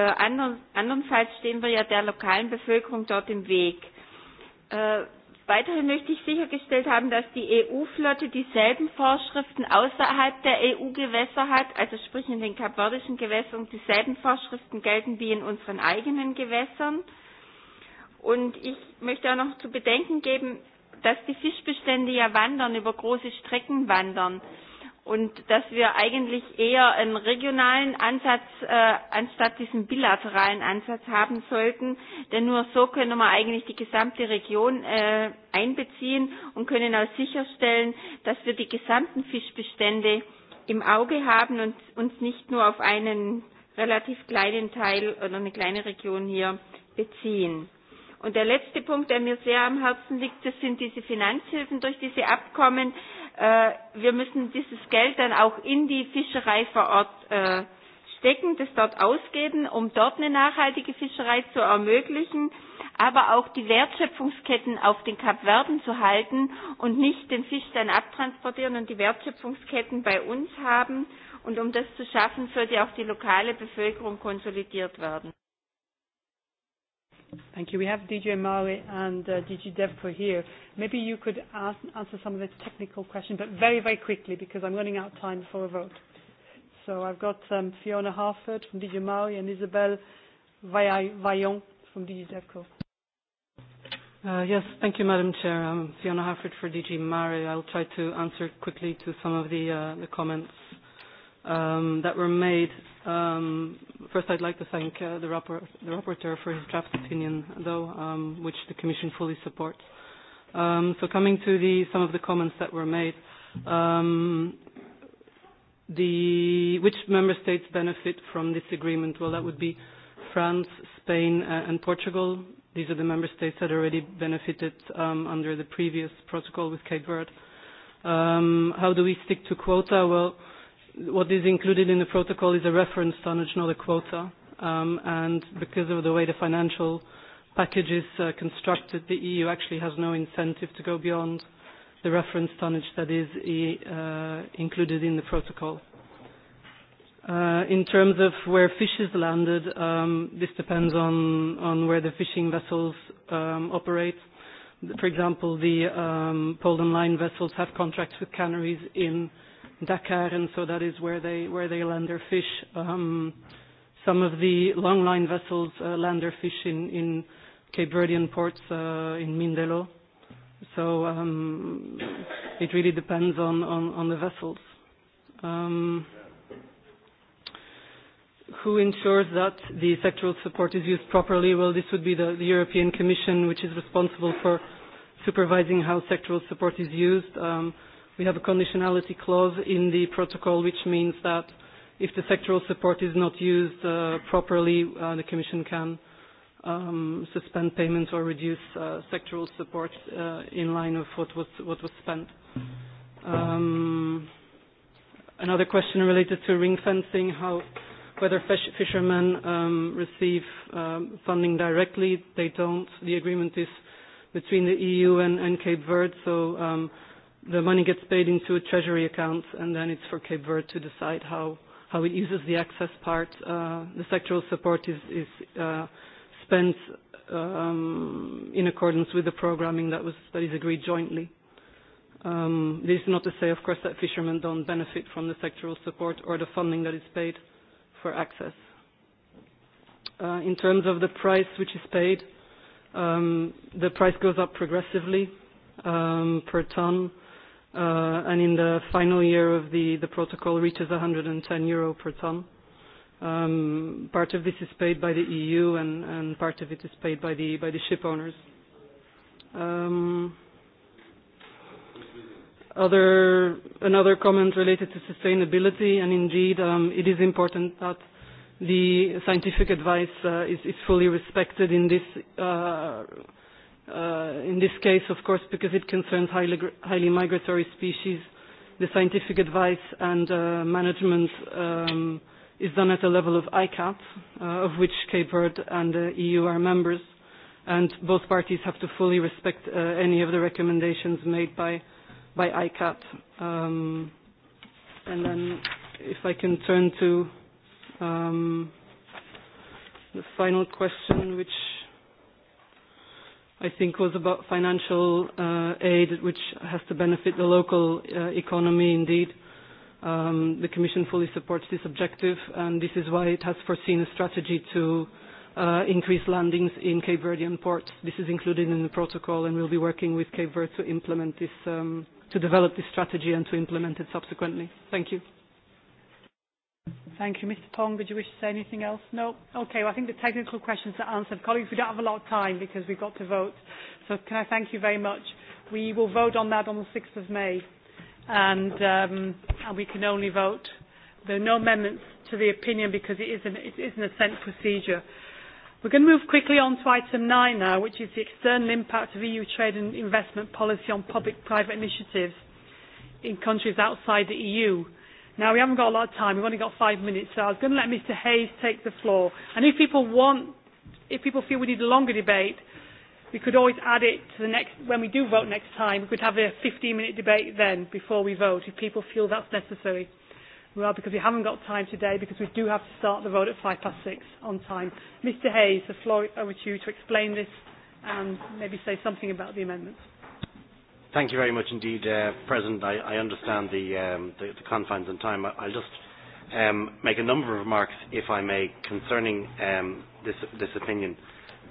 [SPEAKER 2] andernfalls stehen wir ja der lokalen Bevölkerung dort im Weg. Weiterhin möchte ich sichergestellt haben, dass die EU-Flotte dieselben Vorschriften außerhalb der EU-Gewässer hat, also sprich in den kapverdischen Gewässern dieselben Vorschriften gelten wie in unseren eigenen Gewässern. Und ich möchte auch noch zu bedenken geben, dass die Fischbestände ja wandern, über große Strecken wandern und dass wir eigentlich eher einen regionalen Ansatz äh, anstatt diesen bilateralen Ansatz haben sollten, denn nur so können wir eigentlich die gesamte Region äh, einbeziehen und können auch sicherstellen, dass wir die gesamten Fischbestände im Auge haben und uns nicht nur auf einen relativ kleinen Teil oder eine kleine Region hier beziehen. Und der letzte Punkt, der mir sehr am Herzen liegt, das sind diese Finanzhilfen durch diese Abkommen. Äh, wir müssen dieses Geld dann auch in die Fischerei vor Ort äh, stecken, das dort ausgeben, um dort eine nachhaltige Fischerei zu ermöglichen, aber auch die Wertschöpfungsketten auf den Kapverden zu halten und nicht den Fisch dann abtransportieren und die Wertschöpfungsketten bei uns haben. Und um das zu schaffen, sollte auch die lokale Bevölkerung konsolidiert werden.
[SPEAKER 1] Thank you. We have DJ Maui and uh, DG DevCo here. Maybe you could ask, answer some of the technical questions, but very, very quickly because I'm running out of time for a vote. So I've got um, Fiona Harford from DG Maui and Isabel Vaillon from DG DevCo.
[SPEAKER 24] Uh, yes, thank you, Madam Chair. I'm Fiona Harford for DG Mare. I'll try to answer quickly to some of the, uh, the comments um, that were made. Um, first, I'd like to thank uh, the, rapor the rapporteur for his draft opinion, though, um, which the Commission fully supports. Um, so, coming to the, some of the comments that were made, um, the, which member states benefit from this agreement? Well, that would be France, Spain, uh, and Portugal. These are the member states that already benefited um, under the previous protocol with Cape Verde. Um, how do we stick to quota? Well, what is included in the protocol is a reference tonnage, not a quota. Um, and because of the way the financial package is uh, constructed, the EU actually has no incentive to go beyond the reference tonnage that is e, uh, included in the protocol. Uh, in terms of where fish is landed, um, this depends on, on where the fishing vessels um, operate. For example, the um, Poland line vessels have contracts with canneries in Dakar, and so that is where they where they land their fish. Um, some of the longline vessels uh, land their fish in, in Cape Verdean ports uh, in Mindelo. So um, it really depends on, on, on the vessels. Um, who ensures that the sectoral support is used properly? Well, this would be the, the European Commission, which is responsible for supervising how sectoral support is used. Um, We have a conditionality clause in the protocol, which means that if the sectoral support is not used uh, properly, uh, the Commission can um, suspend payments or reduce uh, sectoral support uh, in line with what was, what was spent.
[SPEAKER 5] Um,
[SPEAKER 24] another question related to ring fencing, how whether fish, fishermen um, receive um, funding directly. They don't. The agreement is between the EU and, and Cape Verde, so um, the money gets paid into a treasury account, and then it's for Cape Verde to decide how, how it uses the excess part. Uh, the sectoral support is, is uh, spent um, in accordance with the programming that, was, that is agreed jointly. Um, this is not to say, of course, that fishermen don't benefit from the sectoral support or the funding that is paid for access. Uh, in terms of the price which is paid, um, the price goes up progressively um, per ton Uh, and in the final year of the, the protocol reaches 110 euro per ton. Um, part of this is paid by the EU and, and part of it is paid by the, by the ship owners. Um, other, another comment related to sustainability, and indeed um, it is important that the scientific advice uh, is, is fully respected in this uh, Uh, in this case, of course, because it concerns highly, highly migratory species, the scientific advice and uh, management um, is done at the level of ICAT, uh, of which Cape Verde and the uh, e EU are members, and both parties have to fully respect uh, any of the recommendations made by, by ICAT. Um, and then if I can turn to um, the final question, which i think was about financial uh, aid, which has to benefit the local uh, economy indeed. Um, the Commission fully supports this objective, and this is why it has foreseen a strategy to uh, increase landings in Cape Verdean ports. This is included in the protocol, and we'll be working with Cape Verde to implement this, um, to develop this strategy and to implement it subsequently. Thank you.
[SPEAKER 1] Thank you. Mr. Tong, did you wish to say anything else? No? Okay, well, I think the technical questions are answered. Colleagues, we don't have a lot of time because we've got to vote. So can I thank you very much? We will vote on that on the 6th of May. And, um, and we can only vote. There are no amendments to the opinion because it is an, it is an assent procedure. We're going to move quickly on to item 9 now, which is the external impact of EU trade and investment policy on public-private initiatives in countries outside the EU. Now, we haven't got a lot of time. We've only got five minutes, so I was going to let Mr Hayes take the floor. And if people want, if people feel we need a longer debate, we could always add it to the next, when we do vote next time, we could have a 15-minute debate then before we vote, if people feel that's necessary. Well, because we haven't got time today, because we do have to start the vote at five past six on time. Mr Hayes, the floor over to you to explain this and maybe say something about the amendments.
[SPEAKER 25] Thank you very much indeed, uh, President. I, I understand the, um, the, the confines and time. I, I'll just um, make a number of remarks, if I may, concerning um, this, this opinion.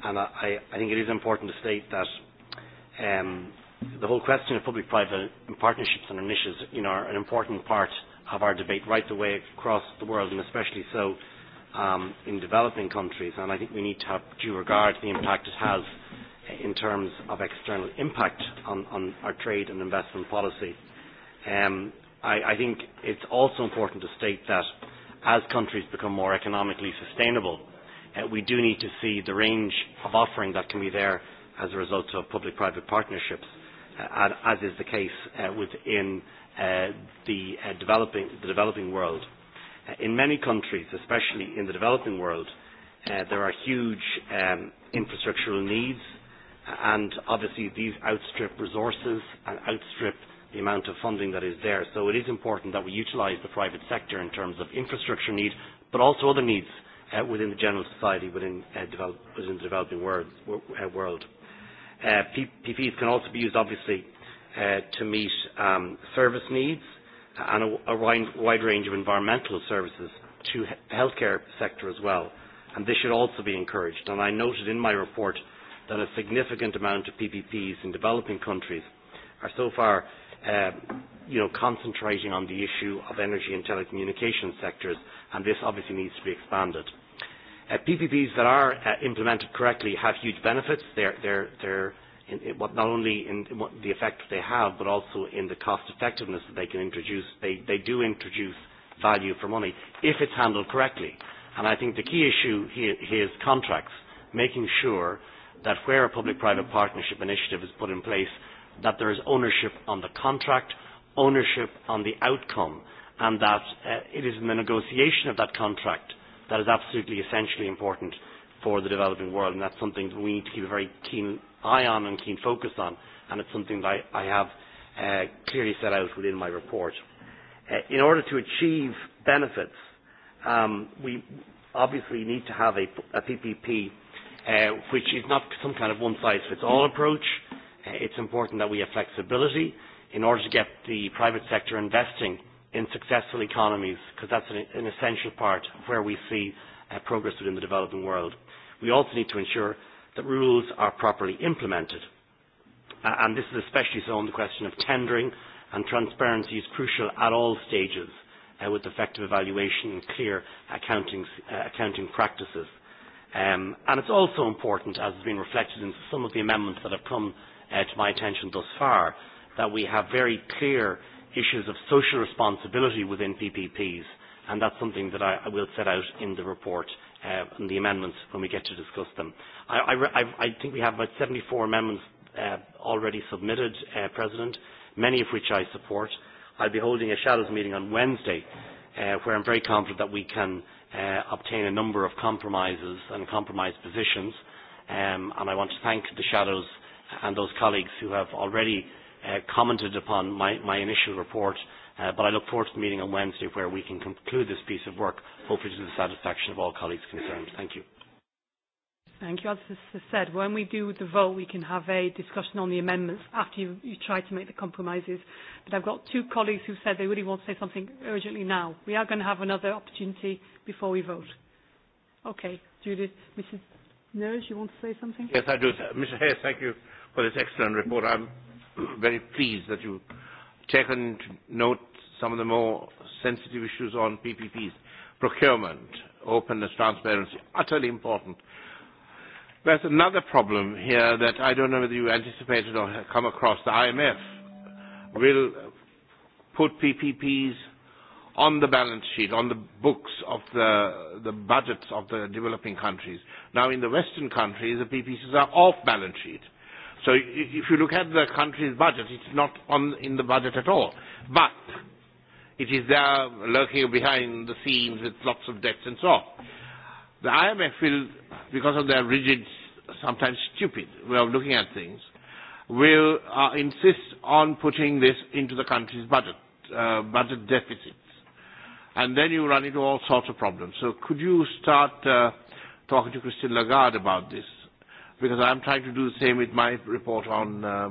[SPEAKER 25] And I, I think it is important to state that um, the whole question of public-private partnerships and initiatives you know, are an important part of our debate right the way across the world, and especially so um, in developing countries. And I think we need to have due regard to the impact it has in terms of external impact on, on our trade and investment policy. Um, I, I think it's also important to state that as countries become more economically sustainable, uh, we do need to see the range of offering that can be there as a result of public-private partnerships, uh, as is the case uh, within uh, the, uh, developing, the developing world. Uh, in many countries, especially in the developing world, uh, there are huge um, infrastructural needs and obviously these outstrip resources and outstrip the amount of funding that is there. So it is important that we utilise the private sector in terms of infrastructure need, but also other needs uh, within the general society, within, uh, develop, within the developing world. Uh, world. Uh, PPPs can also be used, obviously, uh, to meet um, service needs and a, a wide, wide range of environmental services to the healthcare sector as well. And this should also be encouraged. And I noted in my report that a significant amount of PPPs in developing countries are so far uh, you know, concentrating on the issue of energy and telecommunications sectors, and this obviously needs to be expanded. Uh, PPPs that are uh, implemented correctly have huge benefits. They're, they're, they're in, in what, not only in, in what the effect they have, but also in the cost effectiveness that they can introduce. They, they do introduce value for money if it's handled correctly. And I think the key issue here is contracts, making sure that where a public-private partnership initiative is put in place, that there is ownership on the contract, ownership on the outcome, and that uh, it is in the negotiation of that contract that is absolutely essentially important for the developing world, and that's something that we need to keep a very keen eye on and keen focus on, and it's something that I, I have uh, clearly set out within my report. Uh, in order to achieve benefits, um, we obviously need to have a, a PPP Uh, which is not some kind of one-size-fits-all approach. Uh, it's important that we have flexibility in order to get the private sector investing in successful economies, because that's an, an essential part of where we see uh, progress within the developing world. We also need to ensure that rules are properly implemented. Uh, and this is especially so on the question of tendering, and transparency is crucial at all stages uh, with effective evaluation and clear accounting, uh, accounting practices. Um, and it's also important, as has been reflected in some of the amendments that have come uh, to my attention thus far, that we have very clear issues of social responsibility within PPPs, and that's something that I, I will set out in the report uh, and the amendments when we get to discuss them. I, I, I I think we have about 74 amendments uh, already submitted, uh, President, many of which I support. I'll be holding a shadows meeting on Wednesday, uh, where I'm very confident that we can uh, obtain a number of compromises and compromise positions. Um, and I want to thank the shadows and those colleagues who have already uh, commented upon my, my initial report. Uh, but I look forward to the meeting on Wednesday where we can conclude this piece of work, hopefully to the satisfaction of all colleagues concerned. Thank you.
[SPEAKER 1] Thank you. As I said, when we do the vote, we can have a discussion on the amendments after you, you try to make the compromises. But I've got two colleagues who said they really want to say something urgently now. We are going to have another opportunity before we vote. Okay, Judith, Mrs. Nurse, you want to say something? Yes, I do. Mr. Hayes,
[SPEAKER 22] thank you for this excellent report. I'm very pleased that you've taken note some of the more sensitive issues on PPPs. Procurement, openness, transparency, utterly important. There's another problem here that I don't know whether you anticipated or have come across. The IMF will put PPPs on the balance sheet, on the books of the, the budgets of the developing countries. Now, in the Western countries, the PPPs are off balance sheet. So if you look at the country's budget, it's not on, in the budget at all. But it is there lurking behind the scenes with lots of debts and so on. The IMF will, because of their rigid, sometimes stupid way of looking at things, will uh, insist on putting this into the country's budget, uh, budget deficits. And then you run into all sorts of problems. So could you start uh, talking to Christine Lagarde about this? Because I'm trying to do the same with my report on uh,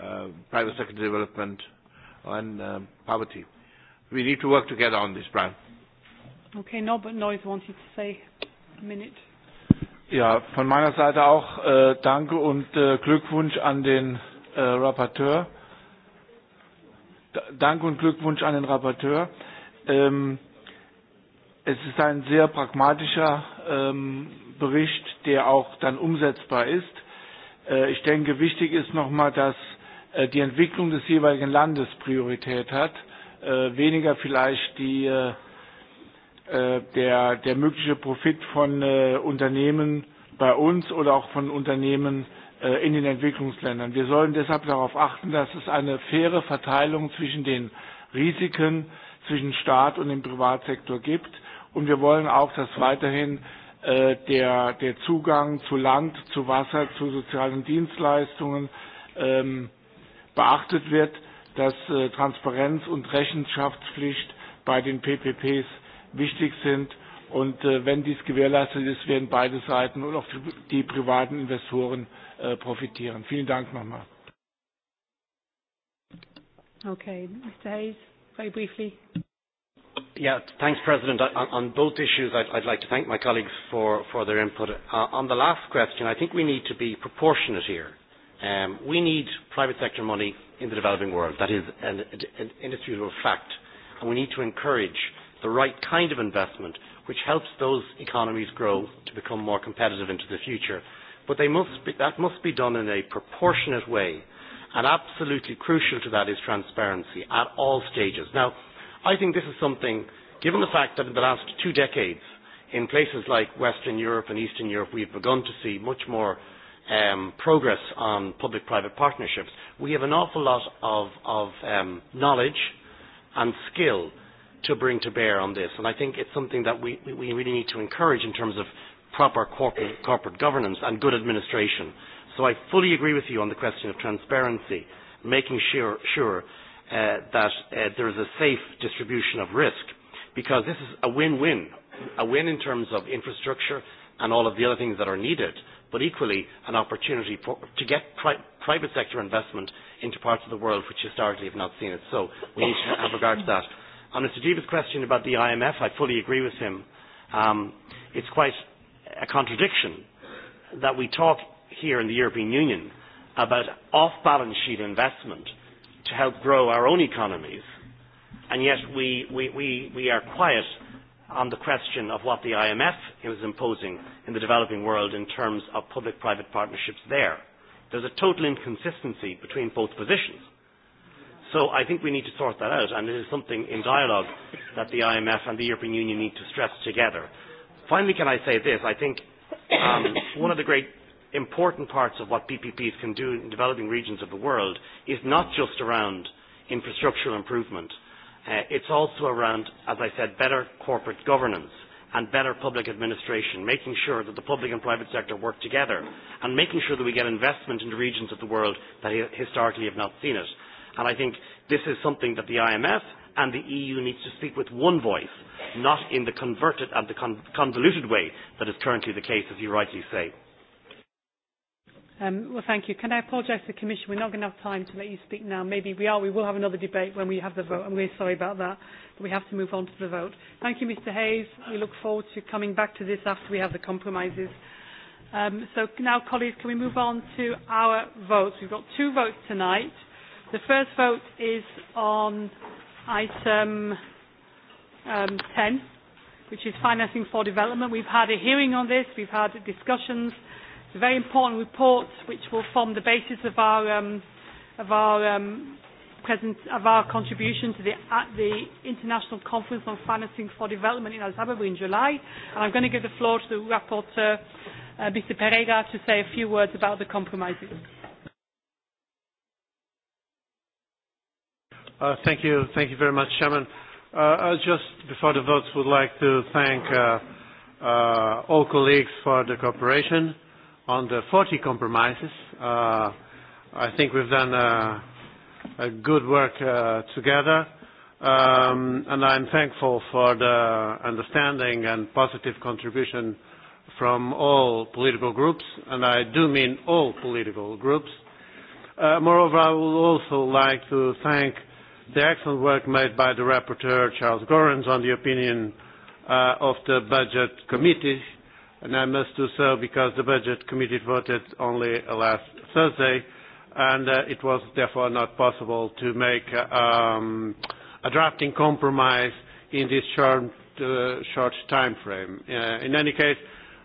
[SPEAKER 22] uh, private sector development and uh, poverty. We need to work together on this, Brian.
[SPEAKER 1] Okay, Norbert Neuss wanted to say a minute.
[SPEAKER 8] Ja, von meiner Seite auch äh, Danke und äh, Glückwunsch an den äh, Rapporteur. Danke und Glückwunsch an den Rapporteur. Ähm, es ist ein sehr pragmatischer ähm, Bericht, der auch dann umsetzbar ist. Äh, ich denke, wichtig ist nochmal, dass äh, die Entwicklung des jeweiligen Landes Priorität hat, äh, weniger vielleicht die äh, Äh, der, der mögliche Profit von äh, Unternehmen bei uns oder auch von Unternehmen äh, in den Entwicklungsländern. Wir sollen deshalb darauf achten, dass es eine faire Verteilung zwischen den Risiken zwischen Staat und dem Privatsektor gibt. Und wir wollen auch, dass weiterhin äh, der, der Zugang zu Land, zu Wasser, zu sozialen Dienstleistungen ähm, beachtet wird, dass äh, Transparenz und Rechenschaftspflicht bei den PPPs wichtig sind. Und äh, wenn dies gewährleistet ist, werden beide Seiten und auch die privaten Investoren äh, profitieren. Vielen Dank nochmal.
[SPEAKER 1] Okay, Mr. Hayes, very briefly.
[SPEAKER 8] Yeah, thanks, President. On,
[SPEAKER 25] on both issues, I'd, I'd like to thank my colleagues for, for their input. Uh, on the last question, I think we need to be proportionate here. Um, we need private sector money in the developing world. That is an, an, an indisputable fact. And we need to encourage the right kind of investment which helps those economies grow to become more competitive into the future. But they must be, that must be done in a proportionate way. And absolutely crucial to that is transparency at all stages. Now, I think this is something, given the fact that in the last two decades, in places like Western Europe and Eastern Europe, we've begun to see much more um, progress on public-private partnerships. We have an awful lot of, of um, knowledge and skill to bring to bear on this. And I think it's something that we, we really need to encourage in terms of proper corporate, corporate governance and good administration. So I fully agree with you on the question of transparency, making sure, sure uh, that uh, there is a safe distribution of risk, because this is a win-win, a win in terms of infrastructure and all of the other things that are needed, but equally an opportunity for, to get pri- private sector investment into parts of the world which historically have not seen it. So we need to have regard to that. On Mr. Jeeva's question about the IMF, I fully agree with him. Um, it's quite a contradiction that we talk here in the European Union about off-balance sheet investment to help grow our own economies, and yet we, we, we, we are quiet on the question of what the IMF is imposing in the developing world in terms of public-private partnerships there. There's a total inconsistency between both positions. So I think we need to sort that out, and it is something in dialogue that the IMF and the European Union need to stress together. Finally, can I say this? I think um, one of the great important parts of what PPPs can do in developing regions of the world is not just around infrastructural improvement. Uh, it's also around, as I said, better corporate governance and better public administration, making sure that the public and private sector work together and making sure that we get investment into regions of the world that historically have not seen it. And I think this is something that the IMF and the EU needs to speak with one voice, not in the converted and the con- convoluted way that is currently the case, as you rightly say.
[SPEAKER 1] Um, well, thank you. Can I apologise to the Commission? We're not going to have time to let you speak now. Maybe we are. We will have another debate when we have the vote, and we're sorry about that. But we have to move on to the vote. Thank you, Mr Hayes. We look forward to coming back to this after we have the compromises. Um, so now, colleagues, can we move on to our votes? We've got two votes tonight. The first vote is on item um, 10, which is financing for development. We've had a hearing on this. We've had discussions. It's a very important report, which will form the basis of our, um, of our, um, present, of our contribution to the, at the International Conference on Financing for Development in Addis Ababa in July. And I'm going to give the floor to the rapporteur, uh, Mr. Pereira, to say a few words about the compromises.
[SPEAKER 23] Uh, thank you. Thank you very much, Chairman. Uh, I just before the votes, would like to thank uh, uh, all colleagues for the cooperation on the 40 compromises. Uh, I think we've done uh, a good work uh, together, um, and I'm thankful for the understanding and positive contribution from all political groups, and I do mean all political groups. Uh, moreover, I would also like to thank uh, the excellent work made by the rapporteur, Charles Gorens, on the opinion uh, of the Budget Committee, and I must do so because the Budget Committee voted only last Thursday, and uh, it was therefore not possible to make um, a drafting compromise in this short, uh, short time frame. Uh, in any case,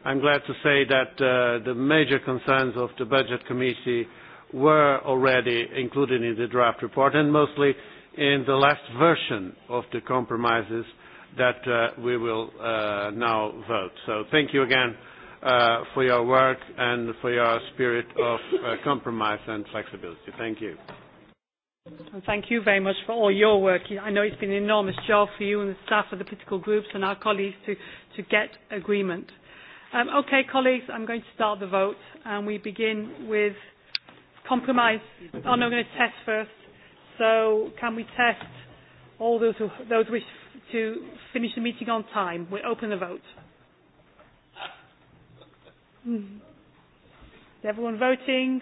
[SPEAKER 23] I'm glad to say that uh, the major concerns of the Budget Committee were already included in the draft report, and mostly in the last version of the compromises that uh, we will uh, now vote. So thank you again uh, for your work and for your spirit of uh, compromise and flexibility. Thank you.
[SPEAKER 1] And thank you very much for all your work. I know it's been an enormous job for you and the staff of the political groups and our colleagues to, to get agreement. Um, okay, colleagues, I'm going to start the vote and we begin with compromise. Oh, no, I'm going to test first. So can we test all those who those wish to finish the meeting on time? We open the vote. Mm. Is everyone voting?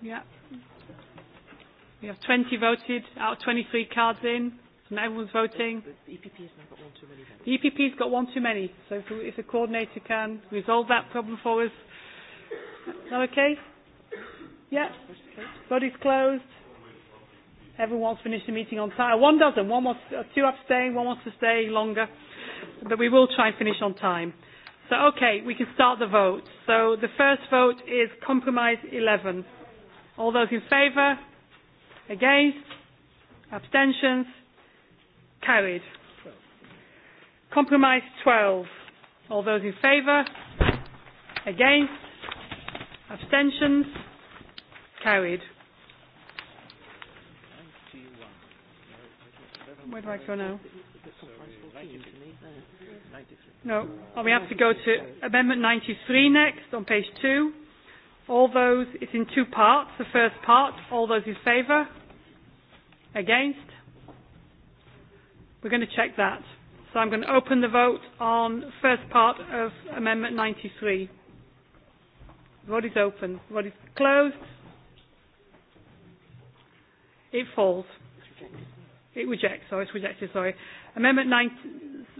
[SPEAKER 1] Yeah. We have 20 voted out of 23 cards in. So now everyone's voting. The EPP's got one too many. The EPP's got one too many. So if the coordinator can resolve that problem for us. Is that okay? Yeah. Vote is closed. Everyone's finished the meeting on time. One doesn't. One wants, uh, two abstain. One wants to stay longer. But we will try and finish on time. So, okay, we can start the vote. So the first vote is compromise 11. All those in favour? Against? Abstentions? Carried. Compromise 12. All those in favour? Against? Abstentions? Carried.
[SPEAKER 5] Where do I go now?
[SPEAKER 1] No. Well, we have to go to Amendment 93 next on page 2. All those, it's in two parts. The first part, all those in favour? Against? We're going to check that. So I'm going to open the vote on first part of Amendment 93. The vote is open. The vote is closed. It falls. It rejects, sorry, it's rejected, sorry. Amendment 90,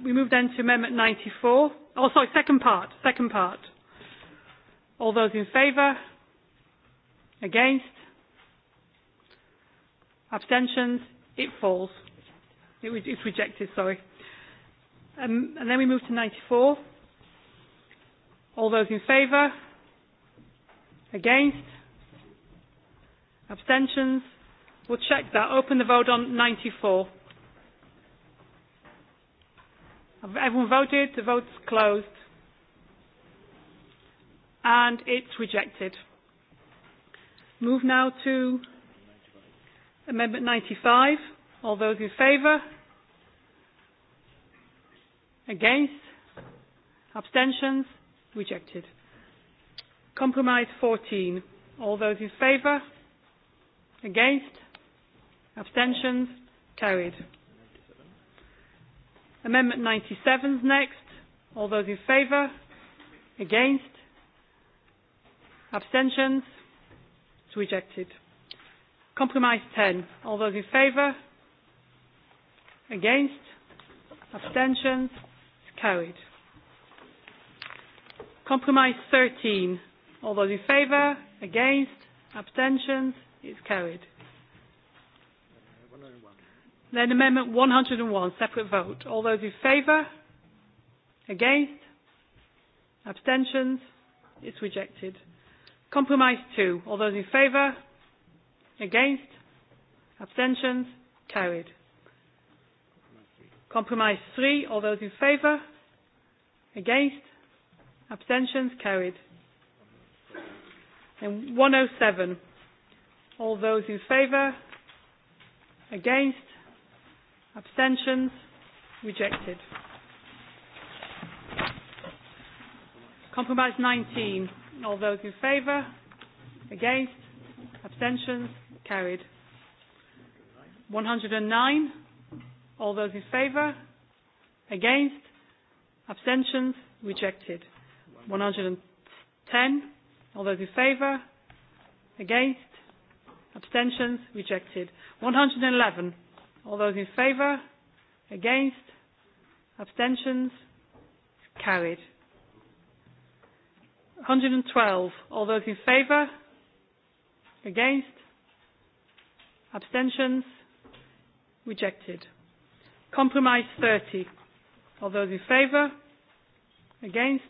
[SPEAKER 1] we move then to Amendment 94. Oh, sorry, second part, second part. All those in favour? Against? Abstentions? It falls. It, it's rejected, sorry. Um, and then we move to 94. All those in favour? Against? Abstentions? We'll check that. Open the vote on 94. Everyone voted. The vote's closed. And it's rejected. Move now to Amendment 95. All those in favour? Against? Abstentions? Rejected. Compromise 14. All those in favour? Against? Abstentions? Carried. Amendment 97 is next. All those in favour? Against? Abstentions? It's rejected. Compromise 10. All those in favour? Against? Abstentions? It's carried. Compromise 13. All those in favour? Against? Abstentions? It's carried. Then Amendment 101, separate vote. All those in favour? Against? Abstentions? It's rejected. Compromise 2. All those in favour? Against? Abstentions? Carried. Compromise 3. All those in favour? Against? Abstentions? Carried. And 107. All those in favour? Against? Abstentions? Rejected. Compromise 19. All those in favour? Against? Abstentions? Carried. 109. All those in favour? Against? Abstentions? Rejected. 110. All those in favour? Against? Abstentions? Rejected. 111. All those in favour? Against? Abstentions? Carried. 112. All those in favour? Against? Abstentions? Rejected. Compromise 30. All those in favour? Against?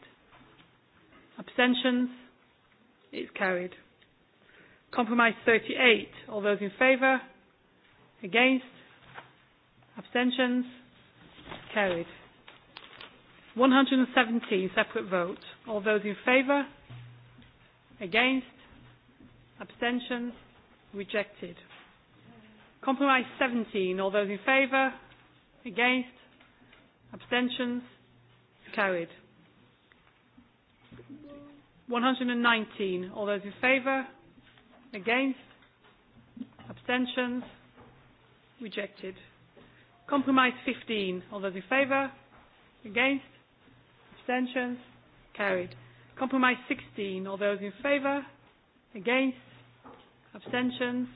[SPEAKER 1] Abstentions? It's carried. Compromise 38. All those in favour? Against? Abstentions? Carried. 117, separate vote. All those in favour? Against? Abstentions? Rejected. Compromise 17. All those in favour? Against? Abstentions? Carried. 119. All those in favour? Against? Abstentions? Rejected. Compromise 15. All those in favour? Against? Abstentions? Carried. Compromise 16. All those in favour? Against? Abstentions?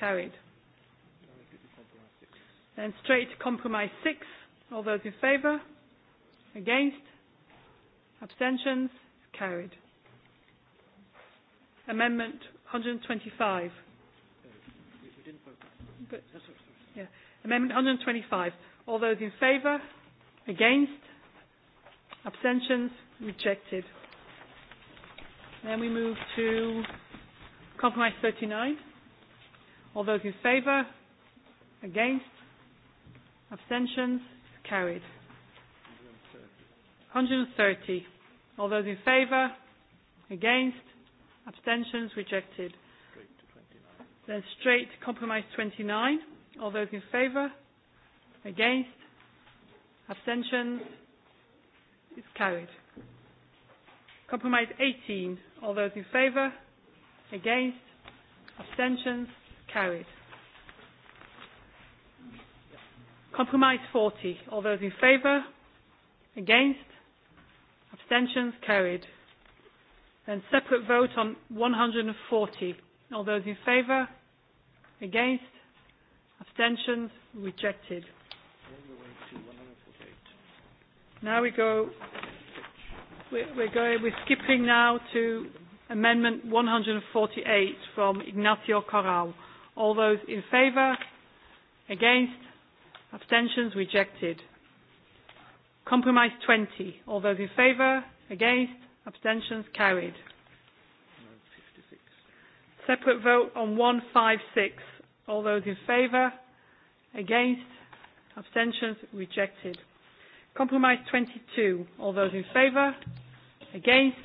[SPEAKER 1] Carried. Then straight to compromise 6. All those in favour? Against? Abstentions? Carried. Amendment 125. But, no, yeah. Amendment 125. All those in favour? Against? Abstentions? Rejected. Then we move to compromise 39. All those in favour? Against? Abstentions? Carried. 130. All those in favour? Against? Abstentions? Rejected. Then straight to compromise 29. All those in favour? Against? Abstentions? It's carried. Compromise 18. All those in favour? Against? Abstentions? Carried. Compromise 40. All those in favour? Against? Abstentions? Carried. Then separate vote on 140. All those in favour? Against? Abstentions? Rejected. Now we go, we're, we're going, we're skipping now to amendment 148 from Ignacio Corral. All those in favour? Against? Abstentions? Rejected. Compromise 20. All those in favour? Against? Abstentions? Carried. Separate vote on 156. All those in favour? Against? Abstentions? Rejected. Compromise 22. All those in favour? Against?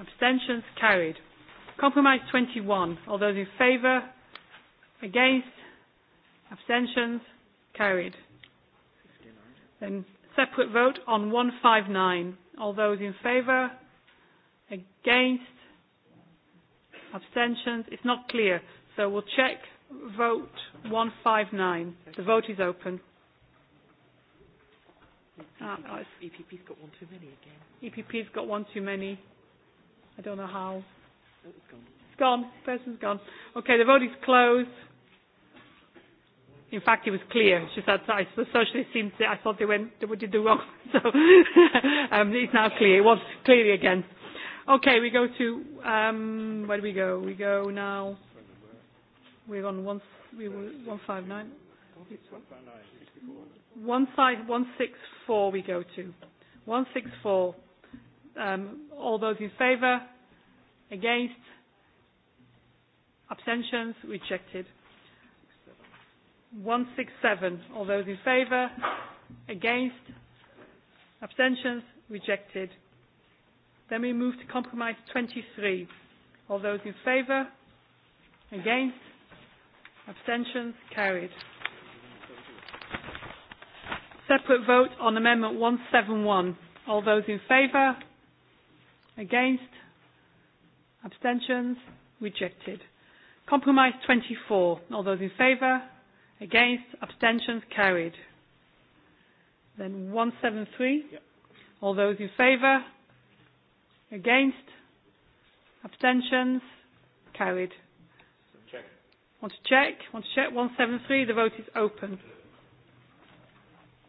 [SPEAKER 1] Abstentions? Carried. Compromise 21. All those in favour? Against? Abstentions? Carried. Then separate vote on 159. All those in favour? Against? Abstentions? It's not clear. So we'll check vote 159. The vote is open.
[SPEAKER 5] Ah, EPP's e got one too many again.
[SPEAKER 1] EPP's got one too many. I don't know how. it's gone. It's gone. The person's gone. Okay, the vote is closed. In fact, it was clear. It's just that I, the socialists seemed to, I thought they went, they did the wrong. So um, it's now clear. It was clearly again. Okay, we go to, um, where do we go? We go now. We're on one, we were 159. 164 we go to. 164. Um, all those in favour? Against? Abstentions? Rejected. 167. All those in favour? Against? Abstentions? Rejected. Then we move to compromise 23. All those in favour? Against? Abstentions? Carried. Separate vote on Amendment 171. All those in favour? Against? Abstentions? Rejected. Compromise 24. All those in favour? Against? Abstentions? Carried. Then 173. Yep. All those in favour? Against? Abstentions? Carried. Want to check? Want to check? 173. The vote is open.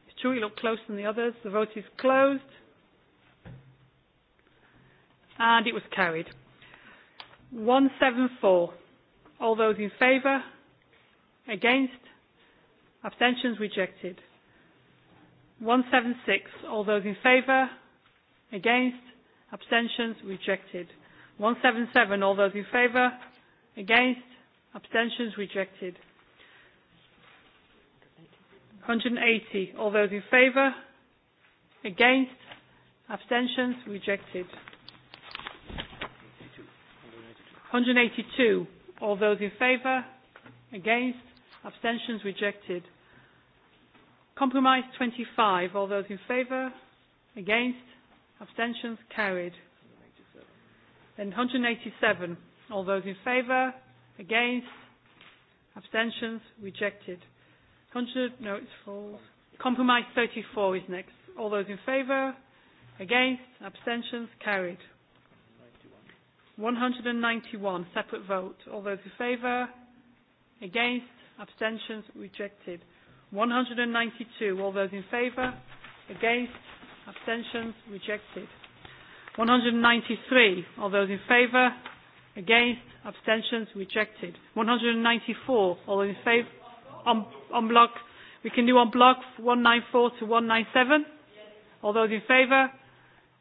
[SPEAKER 1] It's true you look closer than the others. The vote is closed. And it was carried. 174. All those in favour? Against? Abstentions rejected. 176. All those in favour? Against? Abstentions rejected. 177. All those in favour? Against? Abstentions rejected. 180. All those in favour? Against? Abstentions rejected. 182. All those in favour? Against? Abstentions rejected. Compromise 25. All those in favour? Against? Abstentions carried. Then 187. All those in favour? Against? Abstentions? Rejected. 100? No, it's false. Compromise 34 is next. All those in favour? Against? Abstentions? Carried. 191, separate vote. All those in favour? Against? Abstentions? Rejected. 192, all those in favour? Against? Abstentions? Rejected. 193, all those in favour? Against? Abstentions? Rejected. 194. All in favour. On, on block. We can do on block 194 to 197. All those in favour.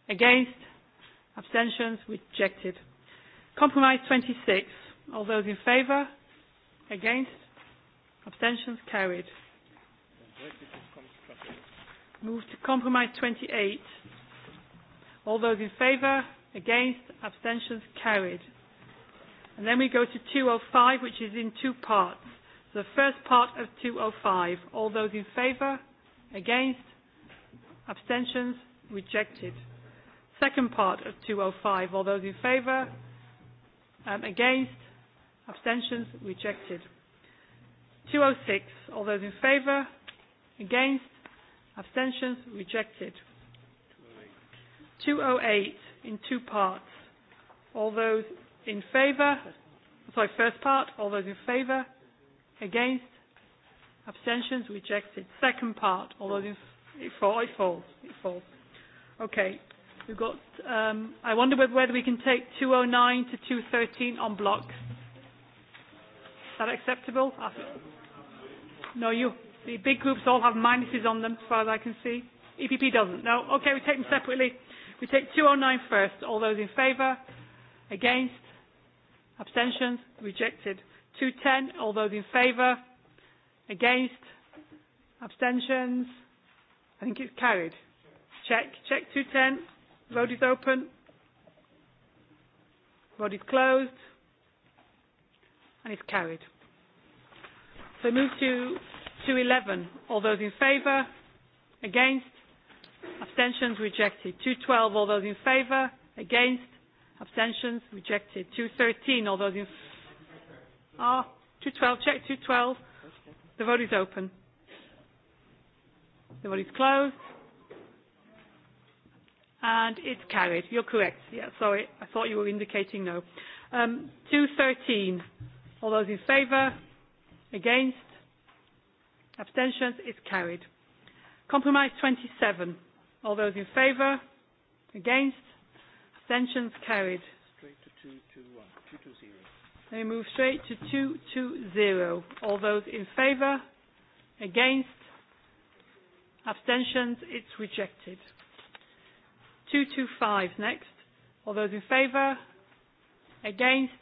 [SPEAKER 1] Against? Abstentions? Rejected. Compromise 26. All those in favour. Against? Abstentions? Carried. Move to compromise 28. All those in favour, against, abstentions carried. And then we go to 205, which is in two parts. The first part of 205, all those in favour, against, abstentions, rejected. Second part of 205, all those in favour, um, against, abstentions, rejected. 206, all those in favour, against, abstentions, rejected. 208 in two parts. All those in favour? Sorry, first part. All those in favour? Against? Abstentions? Rejected. Second part. All those in it, fall, it falls. It falls. Okay. We've got. Um, I wonder whether we can take 209 to 213 on block. Is that acceptable? No, you. The big groups all have minuses on them, as far as I can see. EPP doesn't. No. Okay, we take them separately. We take 209 first. All those in favour? Against? Abstentions? Rejected. 210, all those in favour? Against? Abstentions? I think it's carried. Check. Check 210. Vote is open. Vote is closed. And it's carried. So move to 211. All those in favour? Against? Abstentions? Rejected. 212. All those in favour? Against? Abstentions? Rejected. 213. All those in. Oh, 212. Check 212. The vote is open. The vote is closed. And it's carried. You're correct. Yeah, sorry. I thought you were indicating no. Um, 213. All those in favour? Against? Abstentions? It's carried. Compromise 27. All those in favour? Against? Abstentions carried.
[SPEAKER 5] Straight to 221. 220.
[SPEAKER 1] They move straight to 220. All those in favour? Against? Abstentions? It's rejected. 225 next. All those in favour? Against?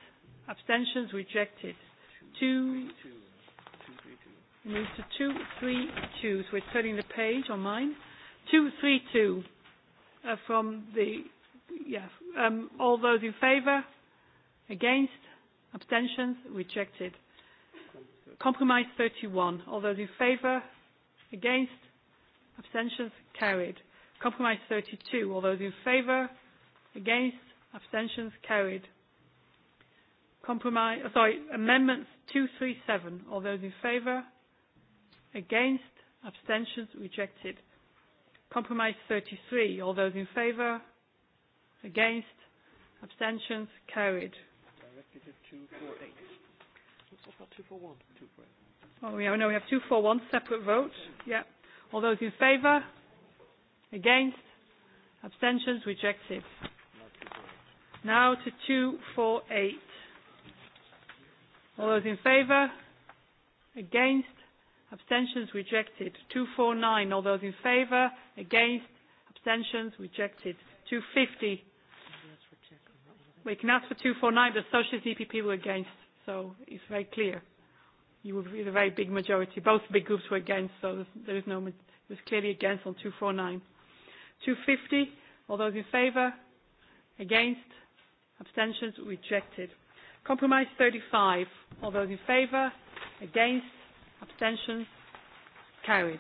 [SPEAKER 1] Abstentions? Rejected. 2. We move to 232. So we're turning the page on mine. 232 uh, from the Yes. um, all those in favour, against, abstentions, rejected. Compromise 31. All those in favour, against, abstentions, carried. Compromise 32. All those in favour, against, abstentions, carried. Compromise, uh, sorry, amendments 237. All those in favour, against, abstentions, rejected. Compromise 33. All those in favour, Against? Abstentions? Carried.
[SPEAKER 5] Directive 248. What
[SPEAKER 1] Oh, yeah, no, we have 241 separate vote. Yeah. All those in favour? Against? Abstentions? Rejected. Now to 248. All those in favour? Against? Abstentions? Rejected. 249. All those in favour? Against? Abstentions? Rejected. 250 We can ask for 249, the socialist EPP were against, so it's very clear. You were with a very big majority. Both big groups were against, so there is no, it was clearly against on 249. 250, all those in favour? Against? Abstentions? Rejected. Compromise 35, all those in favour? Against? Abstentions? Carried.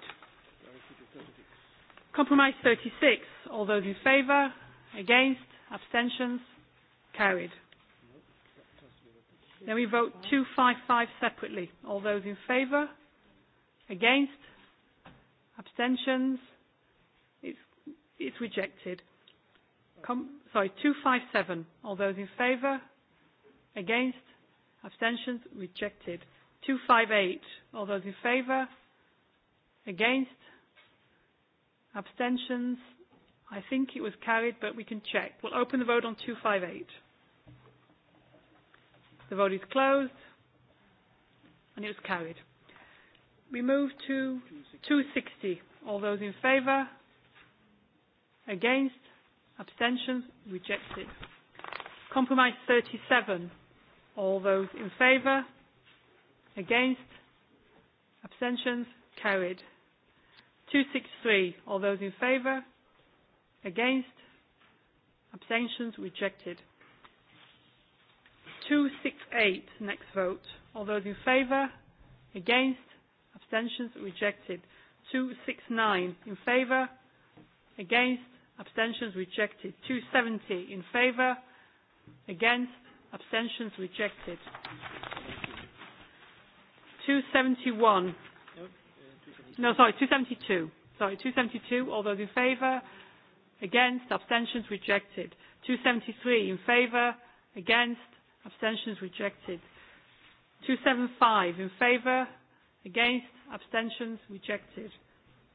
[SPEAKER 1] Compromise 36, all those in favour? Against? Abstentions? Carried. Then we vote 255 separately. All those in favour? Against? Abstentions? It's, it's rejected. Com- sorry, 257. All those in favour? Against? Abstentions? Rejected. 258. All those in favour? Against? Abstentions? I think it was carried, but we can check. We'll open the vote on 258. The vote is closed. And it was carried. We move to 260. All those in favour? Against? Abstentions? Rejected. Compromise 37. All those in favour? Against? Abstentions? Carried. 263. All those in favour? Against? Abstentions? Rejected. 268, next vote. All those in favour? Against? Abstentions? Rejected. 269, in favour? Against? Abstentions? Rejected. 270, in favour? Against? Abstentions? Rejected. 271. No, sorry, 272. Sorry, 272. All those in favour? Against? Abstentions? Rejected. 273, in favour? Against? Abstentions rejected. 275 in favour. Against. Abstentions rejected.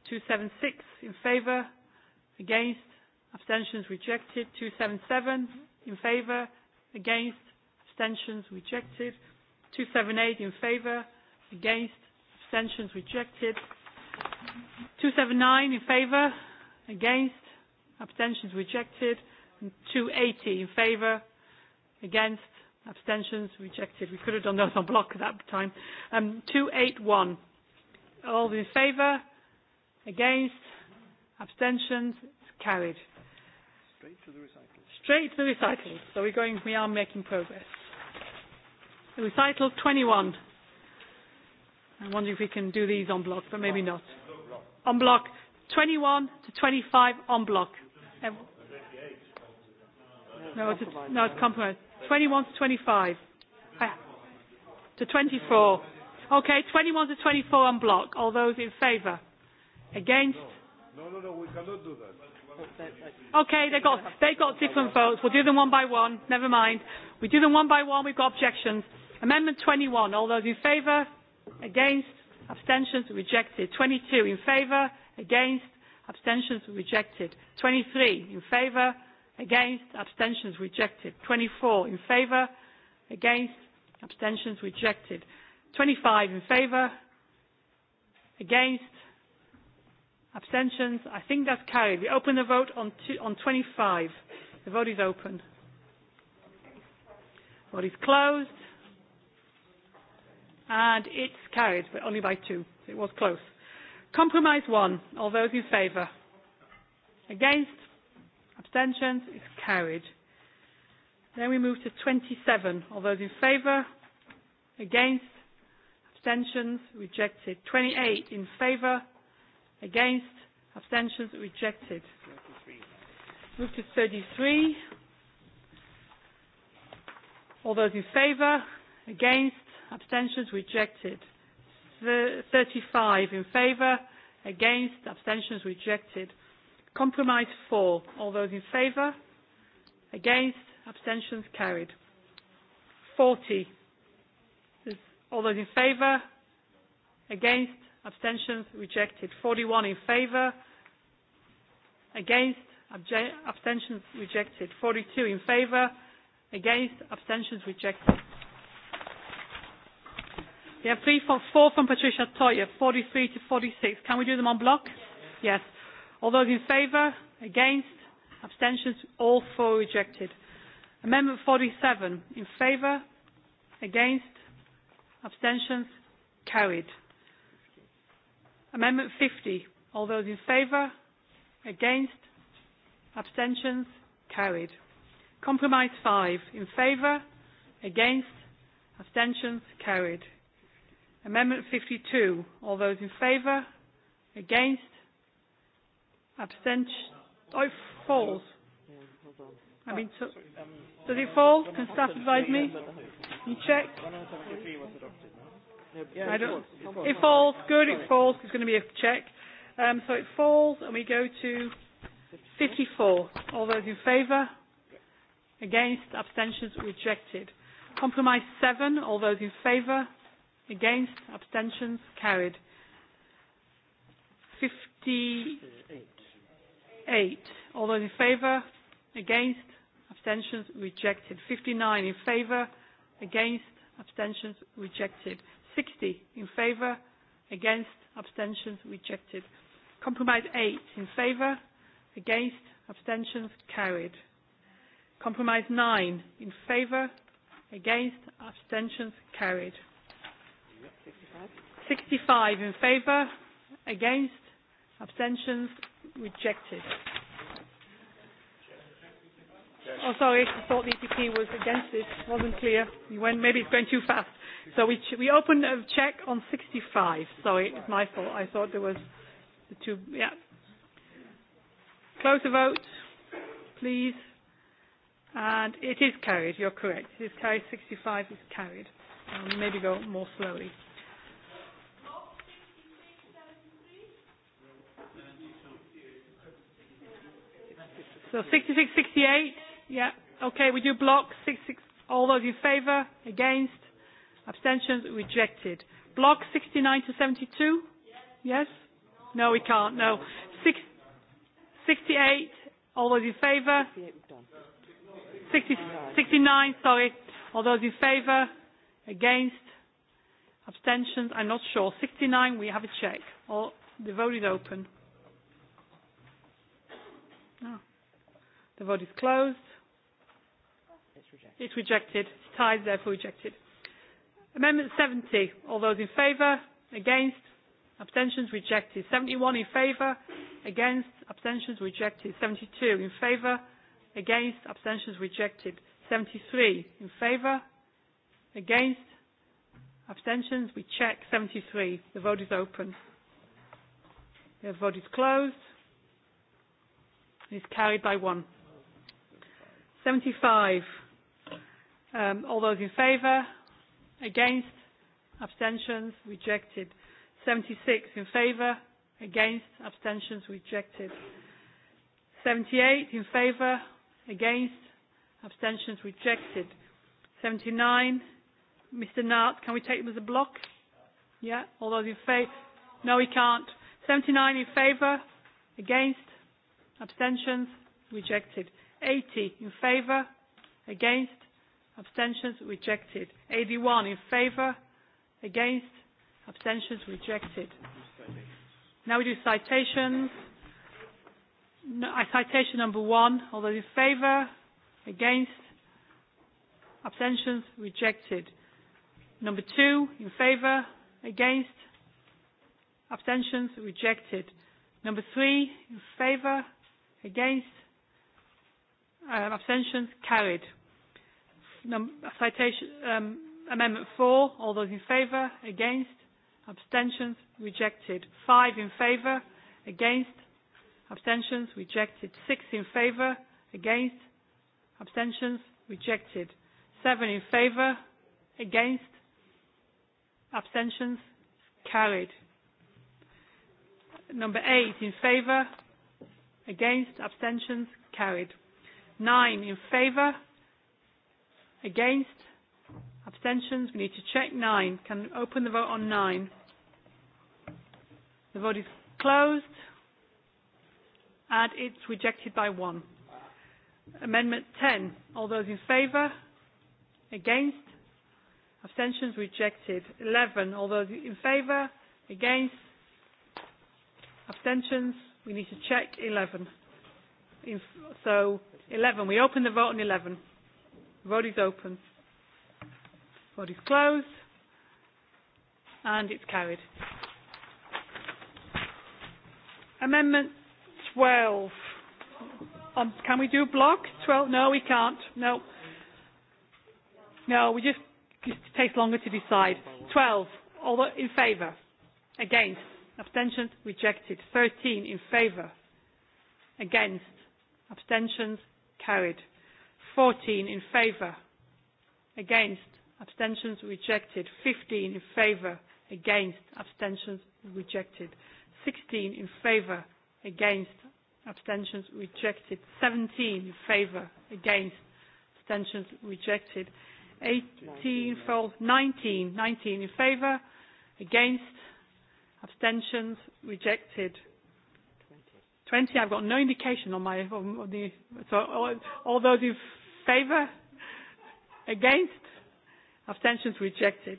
[SPEAKER 1] 276 in favour. Against. Abstentions rejected. 277 in favour. Against. Abstentions rejected. 278 in favour. Against. Abstentions rejected. 279 in favour. Against. Abstentions rejected. And 280 in favour. Against. Abstentions? Rejected. We could have done those on block that time. 281. Um, All in favour? Against? Abstentions? It's carried.
[SPEAKER 16] Straight to the recycling.
[SPEAKER 1] Straight to the recycling. So we're going, we are making progress. Recital 21. I wonder if we can do these on block, but maybe not. On block 21 to 25 on block.
[SPEAKER 5] No, it's, no, it's compromised.
[SPEAKER 1] 21 to 25. To 24. Okay, 21 to 24 on block. All those in favour? Against?
[SPEAKER 5] No, no, no, we cannot do that.
[SPEAKER 1] Okay, they got they got different votes. We'll do them one by one. Never mind. We do them one by one. We've got objections. Amendment 21. All those in favour? Against? Abstentions? Rejected. 22 in favour? Against? Abstentions? Rejected. 23 in favour? against abstentions rejected 24 in favour, against abstentions rejected 25 in favour, against abstentions i think that's carried we open the vote on two, on 25 the vote is open The vote is closed and it's carried but only by two it was close compromise one. all those in favour. against Abstentions? is carried. Then we move to 27. All those in favour? Against? Abstentions? Rejected. 28 in favour? Against? Abstentions? Rejected. Move to 33. All those in favour? Against? Abstentions? Rejected. 35 in favour? Against? Abstentions? Rejected. Compromise four. All those in favour? Against? Abstentions carried. Forty. All those in favour? Against? Abstentions rejected. Forty one in favour? Against? Abstentions rejected. Forty two in favour? Against? Abstentions rejected. We have three from, four from Patricia Toyer, 43 to 46. Can we do them on block? Yes. yes. All those in favour? Against? Abstentions? All four rejected. Amendment 47. In favour? Against? Abstentions? Carried. Amendment 50. All those in favour? Against? Abstentions? Carried. Compromise 5. In favour? Against? Abstentions? Carried. Amendment 52. All those in favour? Against? Abstention. Oh, falls. I mean, so, does it fall? Can staff advise me? You check.
[SPEAKER 5] I don't, it falls.
[SPEAKER 1] Good, it falls. It's going to be a check. Um, so it falls, and we go to 54. All those in favour? Against? Abstentions? Rejected. Compromise 7. All those in favour? Against? Abstentions? Carried. 58 eight. All those in favour? Against? Abstentions? Rejected. Fifty-nine in favour? Against? Abstentions? Rejected. Sixty in favour? Against? Abstentions? Rejected. Compromise eight in favour? Against? Abstentions? Carried. Compromise nine in favour? Against? Abstentions? Carried. 65 in favour? Against? Abstentions? rejected. Oh, sorry, I thought the EPP was against it. Wasn't clear. You went, maybe it's going too fast. So we, we opened a check on 65. Sorry, it's my fault. I thought there was the two, yeah. Close the vote, please. And it is carried, you're correct. It is carried, 65 is carried. Um, maybe go more slowly. So 66, 68. Yeah. Okay, we do block 66. All those in favour, against, abstentions, rejected. Block 69 to 72. Yes. No, we can't. No. Six, 68. All those in favour. 60, 69. Sorry. All those in favour, against, abstentions. I'm not sure. 69. We have a check. All, the vote is open. No. Oh. The vote is closed. It's rejected. It's rejected. It's tied, therefore rejected. Amendment 70. All those in favour? Against? Abstentions rejected. 71 in favour? Against? Abstentions rejected. 72 in favour? Against? Abstentions rejected. 73 in favour? Against? Abstentions? We check. 73. The vote is open. The vote is closed. It's carried by one. 75. Um, all those in favour? Against? Abstentions? Rejected. 76 in favour? Against? Abstentions? Rejected. 78 in favour? Against? Abstentions? Rejected. 79. Mr Nart, can we take them as a block? Yeah? All those in favour? No, we can't. 79 in favour? Against? Abstentions? Rejected. 80 in favour, against, abstentions rejected. 81 in favour, against, abstentions rejected. Now we do citations. No, uh, citation number one, all those in favour, against, abstentions rejected. Number two, in favour, against, abstentions rejected. Number three, in favour, against, Um, abstentions? Carried. Num citation, um, amendment 4. All those in favour? Against? Abstentions? Rejected. Five in favour? Against? Abstentions? Rejected. Six in favour? Against? Abstentions? Rejected. Seven in favour? Against? Abstentions? Carried. Number eight, in favour? Against? Abstentions? Carried. Nine in favour. Against. Abstentions. We need to check nine. Can open the vote on nine. The vote is closed. And it's rejected by one. Amendment 10. All those in favour? Against? Abstentions rejected. 11. All those in favour? Against? Abstentions? We need to check 11. In, so 11. We open the vote on 11. The Vote is open. The Vote is closed. And it's carried. Amendment 12. Um, can we do block 12? No, we can't. No. No, we just, just takes longer to decide. 12. All the, in favour. Against. Abstentions rejected. 13 in favour. Against. Abstentions Carried. 14 in favour. Against. Abstentions rejected. 15 in favour. Against. Abstentions rejected. 16 in favour. Against. Abstentions rejected. 17 in favour. Against. Abstentions rejected. 18 for 19. 19 in favour. Against. Abstentions rejected. 20, I've got no indication on my, on the, so all, all those in favour, against, abstentions rejected.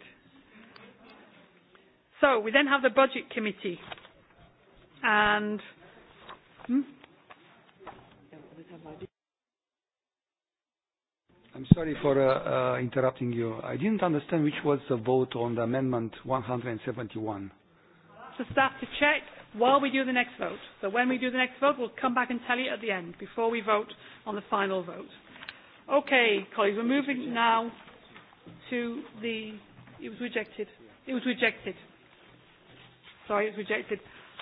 [SPEAKER 1] So we then have the budget committee. And, hmm?
[SPEAKER 20] I'm sorry for uh, uh, interrupting you. I didn't understand which was the vote on the amendment 171.
[SPEAKER 1] Just have to check while we do the next vote. So when we do the next vote, we'll come back and tell you at the end before we vote on the final vote. Okay, colleagues, we're moving now to the. It was rejected. It was rejected. Sorry, it was rejected.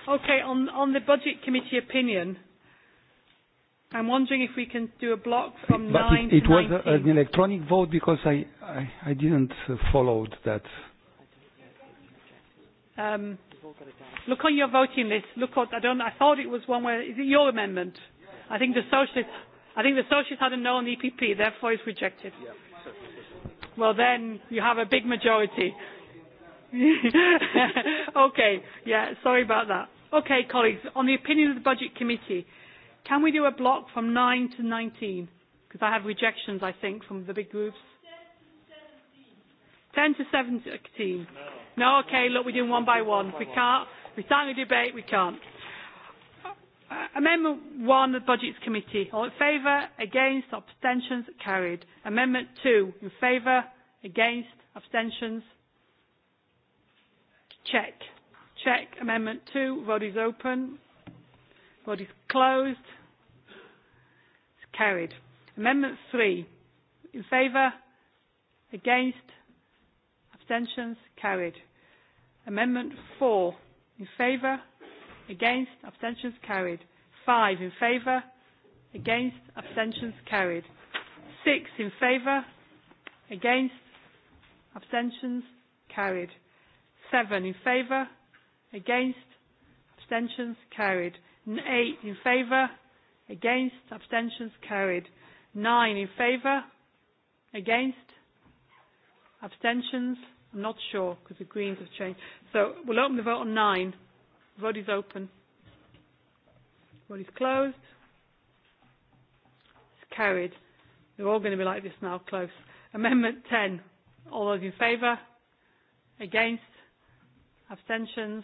[SPEAKER 1] Okay, on, on the Budget Committee opinion, I'm wondering if we can do a block from but 9 it, it to 19. It was a, an
[SPEAKER 20] electronic vote because I, I, I didn't uh, follow that.
[SPEAKER 1] Um, Look on your voting list. Look on, I don't. I thought it was one where is it your amendment? I think the socialists. I think the socialists had a no on the EPP. Therefore, it's rejected. Well, then you have a big majority. okay. Yeah. Sorry about that. Okay, colleagues. On the opinion of the Budget Committee, can we do a block from 9 to 19? Because I have rejections, I think, from the big groups. 10 to 17. 10 to 17.
[SPEAKER 5] No. No, okay, look, we're doing one by one. We can't,
[SPEAKER 1] We're starting a debate, we can't. Uh, amendment 1, the Budgets Committee. All in favour, against, abstentions, carried. Amendment 2, in favour, against, abstentions, check. Check. Amendment 2, vote is open. Vote is closed. It's carried. Amendment 3, in favour, against, abstentions carried amendment 4 in favour against abstentions carried 5 in favour against abstentions carried 6 in favour against abstentions carried 7 in favour against abstentions carried 8 in favour against abstentions carried 9 in favour against abstentions carried I'm not sure because the Greens have changed. So we'll open the vote on nine. The vote is open. The vote is closed. It's carried. They're all going to be like this now, close. Amendment 10. All those in favour? Against? Abstentions?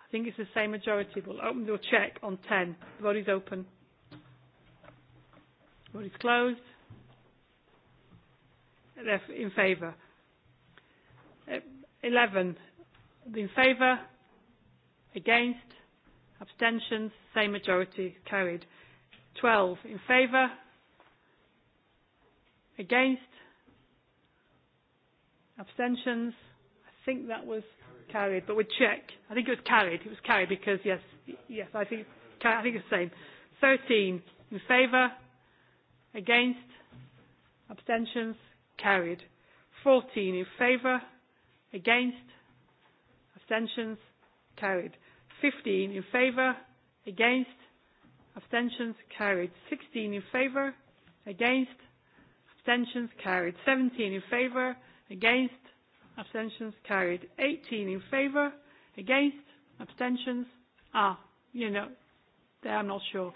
[SPEAKER 1] I think it's the same majority. We'll open the check on 10. The vote is open. The vote is closed. They're in favour. 11 in favour, against, abstentions, same majority carried. 12 in favour, against, abstentions. I think that was carried, but we'll check. I think it was carried. It was carried because yes, yes, I think I think it's the same. 13 in favour, against, abstentions, carried. 14 in favour, Against? Abstentions? Carried. 15 in favour? Against? Abstentions? Carried. 16 in favour? Against? Abstentions? Carried. 17 in favour? Against? Abstentions? Carried. 18 in favour? Against? Abstentions? Ah, you know, there I'm not sure.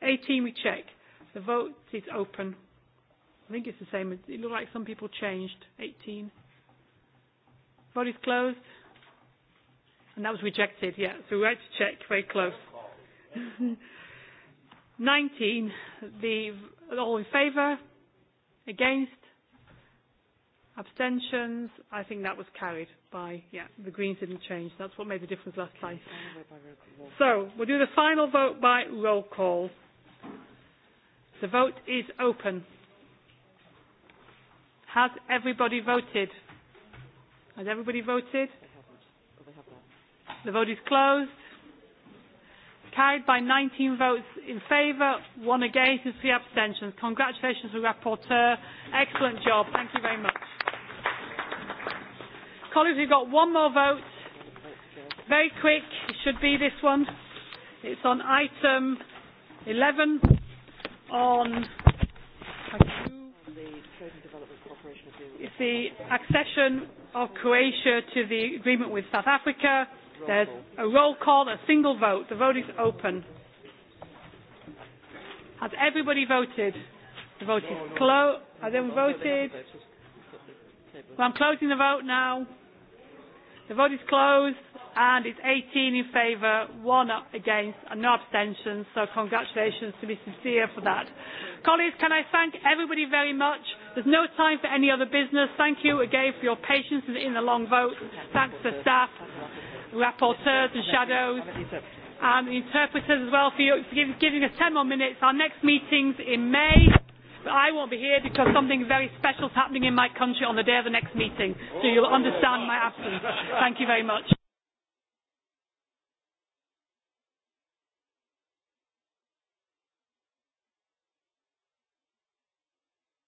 [SPEAKER 1] 18 we check. The vote is open. I think it's the same. It looked like some people changed. 18. Vote is closed. And that was rejected, yeah. So we had to check very close. 19. The, all in favour? Against? Abstentions? I think that was carried by, yeah, the Greens didn't change. That's what made the difference last time. So we'll do the final vote by roll call. The vote is open. Has everybody voted? Has everybody voted? The vote is closed. Carried by 19 votes in favour, one against and three abstentions. Congratulations to the rapporteur. Excellent job. Thank you very much. Colleagues, we've got one more vote. Very quick. It should be this one. It's on item 11 on It's the accession of Croatia to the agreement with South Africa. There's a roll call, a single vote. The vote is open. Has everybody voted? The vote is closed. Has everyone voted? Well, I'm closing the vote now. The vote is closed and it's 18 in favour, one against and no abstentions. So congratulations to Mr. Steer for that. Colleagues, can I thank everybody very much? There's no time for any other business. Thank you again for your patience in the long vote. Thanks to staff, rapporteurs and shadows, and the interpreters as well for, your, for giving us 10 more minutes. Our next meeting's in May, but I won't be here because something very special is happening in my country on the day of the next meeting. So you'll understand my absence. Thank you very much.